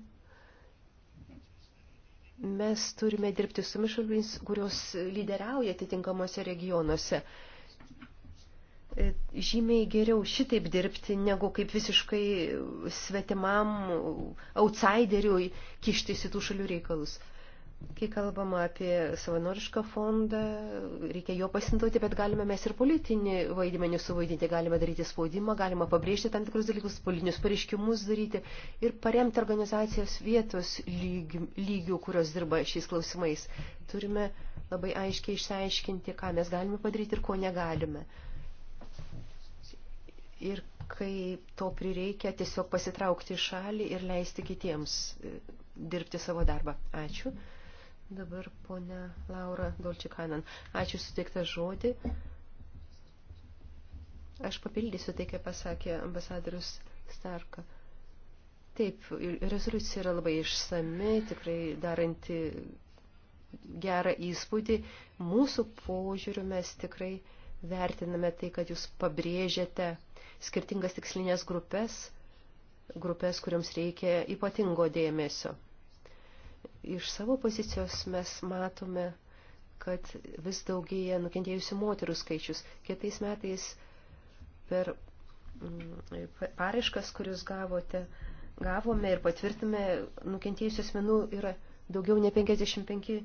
mes turime dirbti su mišalvins, kurios lyderiauja atitinkamuose regionuose. E, žymiai geriau šitaip dirbti, negu kaip visiškai svetimam outsideriui kištis į tų šalių reikalus. Kai kalbama apie savanorišką fondą, reikia jo pasinaudoti, bet galime mes ir politinį vaidmenį suvaidinti, galime daryti spaudimą, galima pabrėžti tam tikrus dalykus, politinius pareiškimus daryti ir paremti organizacijos vietos lyg, lygių, kurios dirba šiais klausimais. Turime labai aiškiai išsiaiškinti, ką mes galime padaryti ir ko negalime. Ir kai to prireikia, tiesiog pasitraukti į šalį ir leisti kitiems e, dirbti savo darbą. Ačiū. Dabar ponia Laura Dolčikanan. Ačiū suteiktą žodį. Aš papildysiu tai, ką pasakė ambasadorius Starka. Taip, rezoliucija yra labai išsami, tikrai daranti gerą įspūdį. Mūsų požiūriu mes tikrai vertiname tai, kad jūs pabrėžiate skirtingas tikslinės grupės, grupės, kuriams reikia ypatingo dėmesio. Iš savo pozicijos mes matome, kad vis daugėja nukentėjusių moterų skaičius. Kitais metais per mm, paraiškas, kurius gavote, gavome ir patvirtime, nukentėjusių asmenų yra daugiau ne 55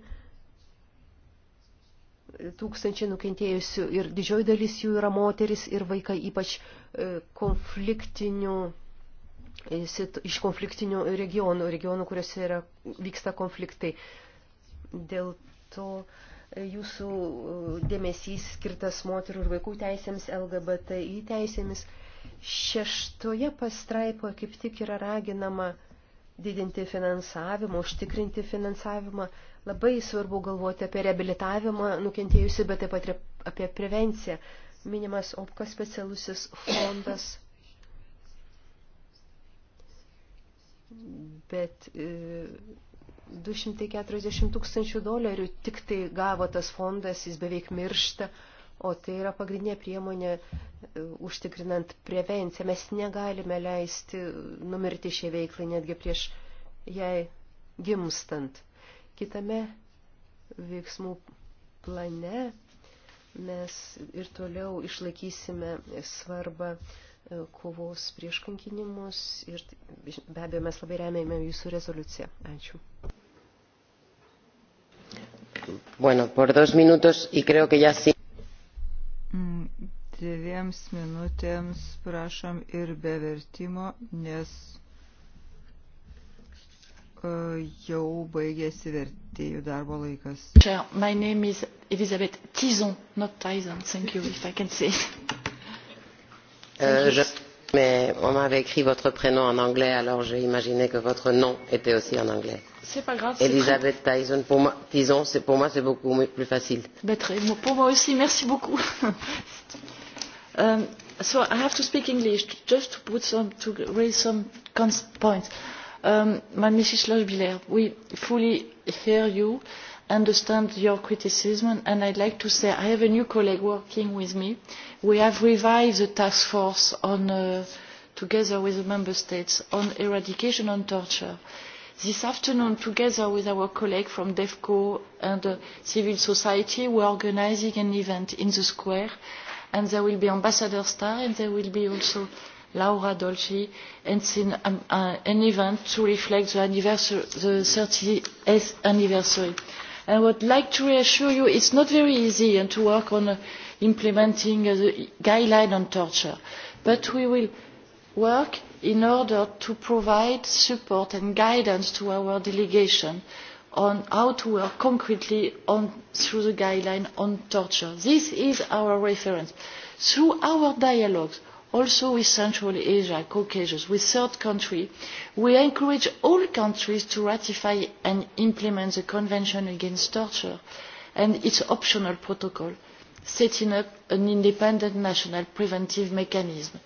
tūkstančiai nukentėjusių ir didžioji dalis jų yra moteris ir vaikai, ypač e, konfliktinių iš konfliktinių regionų, regionų, kuriuose yra, vyksta konfliktai. Dėl to e, jūsų e, dėmesys skirtas moterų ir vaikų teisėms, LGBTI teisėmis. Šeštoje pastraipoje kaip tik yra raginama didinti finansavimą, užtikrinti finansavimą. Labai svarbu galvoti apie reabilitavimą nukentėjusi, bet taip pat apie prevenciją. Minimas OPKA specialusis fondas bet 240 e, tūkstančių dolerių tik tai gavo tas fondas, jis beveik miršta, o tai yra pagrindinė priemonė e, užtikrinant prevenciją. Mes negalime leisti numirti šiai veiklai netgi prieš jai gimstant. Kitame veiksmų plane mes ir toliau išlaikysime svarbą kovos prieš kankinimus ir be abejo mes labai remiame jūsų rezoliuciją. Ačiū. Bueno, por dos minutos y creo que ya sí. Mm, dviems minutėms prašom ir be vertimo, nes e, jau baigėsi vertėjų darbo laikas. Chair, my name is Elizabeth Tison, not Tyson. Thank you if I can say it. Euh, je... Mais on m'avait écrit votre prénom en anglais, alors j'ai imaginé que votre nom était aussi en anglais. C'est pas grave. Elisabeth très... Tyson, pour moi, Tyson, c'est pour moi c'est beaucoup plus facile. Ben, très, pour moi aussi, merci beaucoup. um, so I have to speak English just to put some to raise some points. Um, my Mrs. Lochbiller, we fully hear you understand your criticism and I'd like to say I have a new colleague working with me. We have revived the task force on, uh, together with the Member States on eradication on torture. This afternoon, together with our colleague from DEFCO and uh, civil society, we're organizing an event in the square and there will be Ambassador Star and there will be also Laura Dolci, and it's in, um, uh, an event to reflect the, anniversary, the 30th anniversary and would like to reassure you it's not very easy and to work on uh, implementing uh, the guideline on torture. But we will work in order to provide support and guidance to our delegation on how to work concretely on, through the guideline on torture. This is our reference. Through our dialogues, also with Central Asia, Caucasus, with third countries, we encourage all countries to ratify and implement the Convention Against Torture and its optional protocol, setting up an independent national preventive mechanism.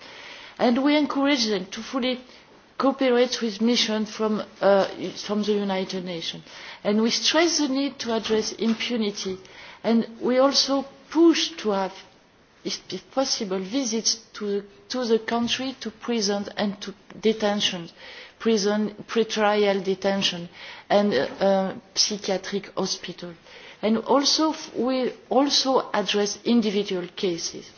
And we encourage them to fully cooperate with missions from, uh, from the United Nations. And we stress the need to address impunity. And we also push to have if possible visits to, to the country to prison and to detention prison pre trial detention and uh, uh, psychiatric hospital and also we also address individual cases.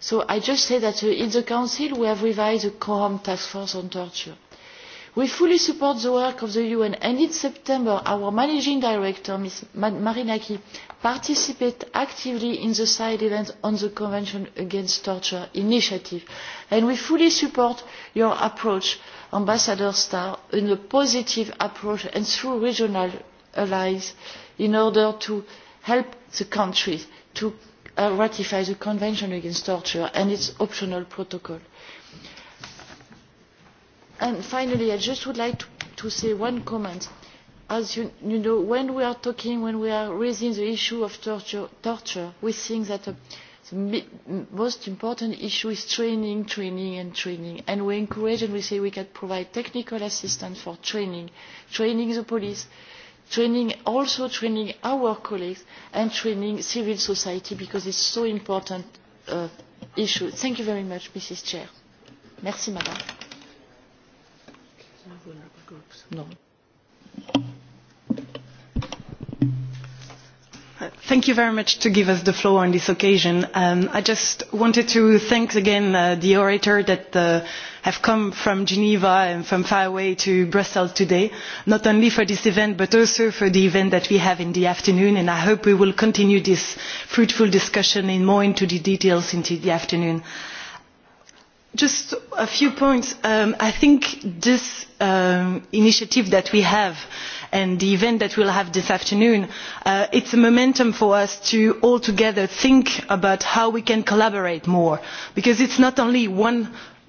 so i just say that uh, in the council we have revised the cohom task force on torture we fully support the work of the un and in september our managing director ms marinaki participated actively in the side event on the convention against torture initiative and we fully support your approach ambassador starr in a positive approach and through regional allies in order to help the country to uh, ratify the convention against torture and its optional protocol. And finally, I just would like to, to say one comment. As you, you know, when we are talking, when we are raising the issue of torture, torture we think that uh, the most important issue is training, training and training. And we encourage and we say we can provide technical assistance for training, training the police, training also training our colleagues and training civil society because it's so important uh, issue. Thank you very much, Mrs. Chair. Merci, Madame vulnerable groups. No. Uh, thank you very much to give us the floor on this occasion. Um, I just wanted to thank again uh, the orator that uh, have come from Geneva and from far away to Brussels today, not only for this event but also for the event that we have in the afternoon and I hope we will continue this fruitful discussion in more into the details into the afternoon. Uh, just a few points. Um, i think this um, initiative that we have and the event that we will have this afternoon uh, is a momentum for us to all together think about how we can collaborate more because it is not only one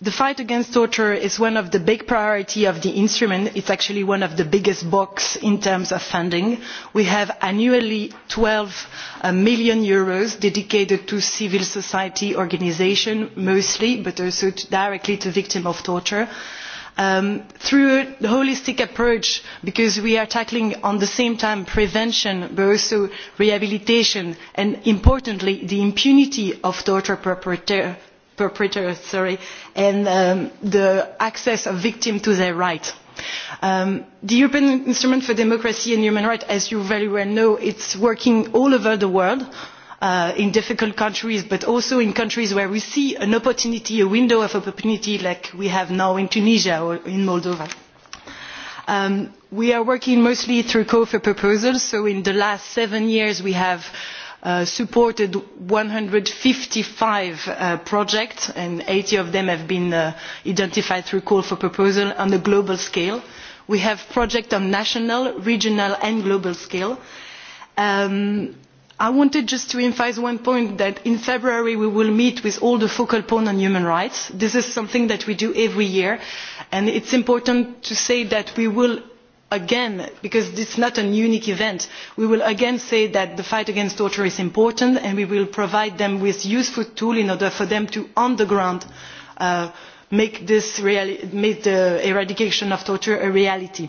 the fight against torture is one of the big priorities of the instrument it is actually one of the biggest boxes in terms of funding. we have annually eur twelve uh, million Euros dedicated to civil society organisations mostly but also to directly to victims of torture. Um, through a holistic approach because we are tackling at the same time prevention but also rehabilitation and importantly the impunity of torture perpetrators perpetrator sorry, and um, the access of victims to their rights. Um, the European Instrument for Democracy and Human Rights, as you very well know, it's working all over the world. Uh, in difficult countries but also in countries where we see an opportunity a window of opportunity like we have now in tunisia or in moldova. Um, we are working mostly through call for proposals so in the last seven years we have uh, supported one hundred and fifty five uh, projects and eighty of them have been uh, identified through call for proposals on a global scale. we have projects on national regional and global scale. Um, i wanted just to emphasise one point that in february we will meet with all the focal points on human rights. this is something that we do every year and it is important to say that we will again because it is not a unique event we will again say that the fight against torture is important and we will provide them with useful tools in order for them to on the ground uh, make, make the eradication of torture a reality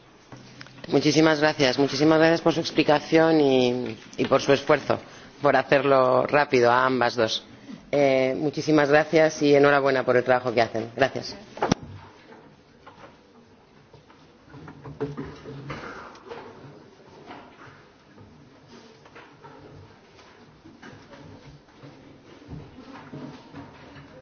muchísimas gracias muchísimas gracias por su explicación y, y por su esfuerzo por hacerlo rápido a ambas dos. Eh, muchísimas gracias y enhorabuena por el trabajo que hacen. gracias.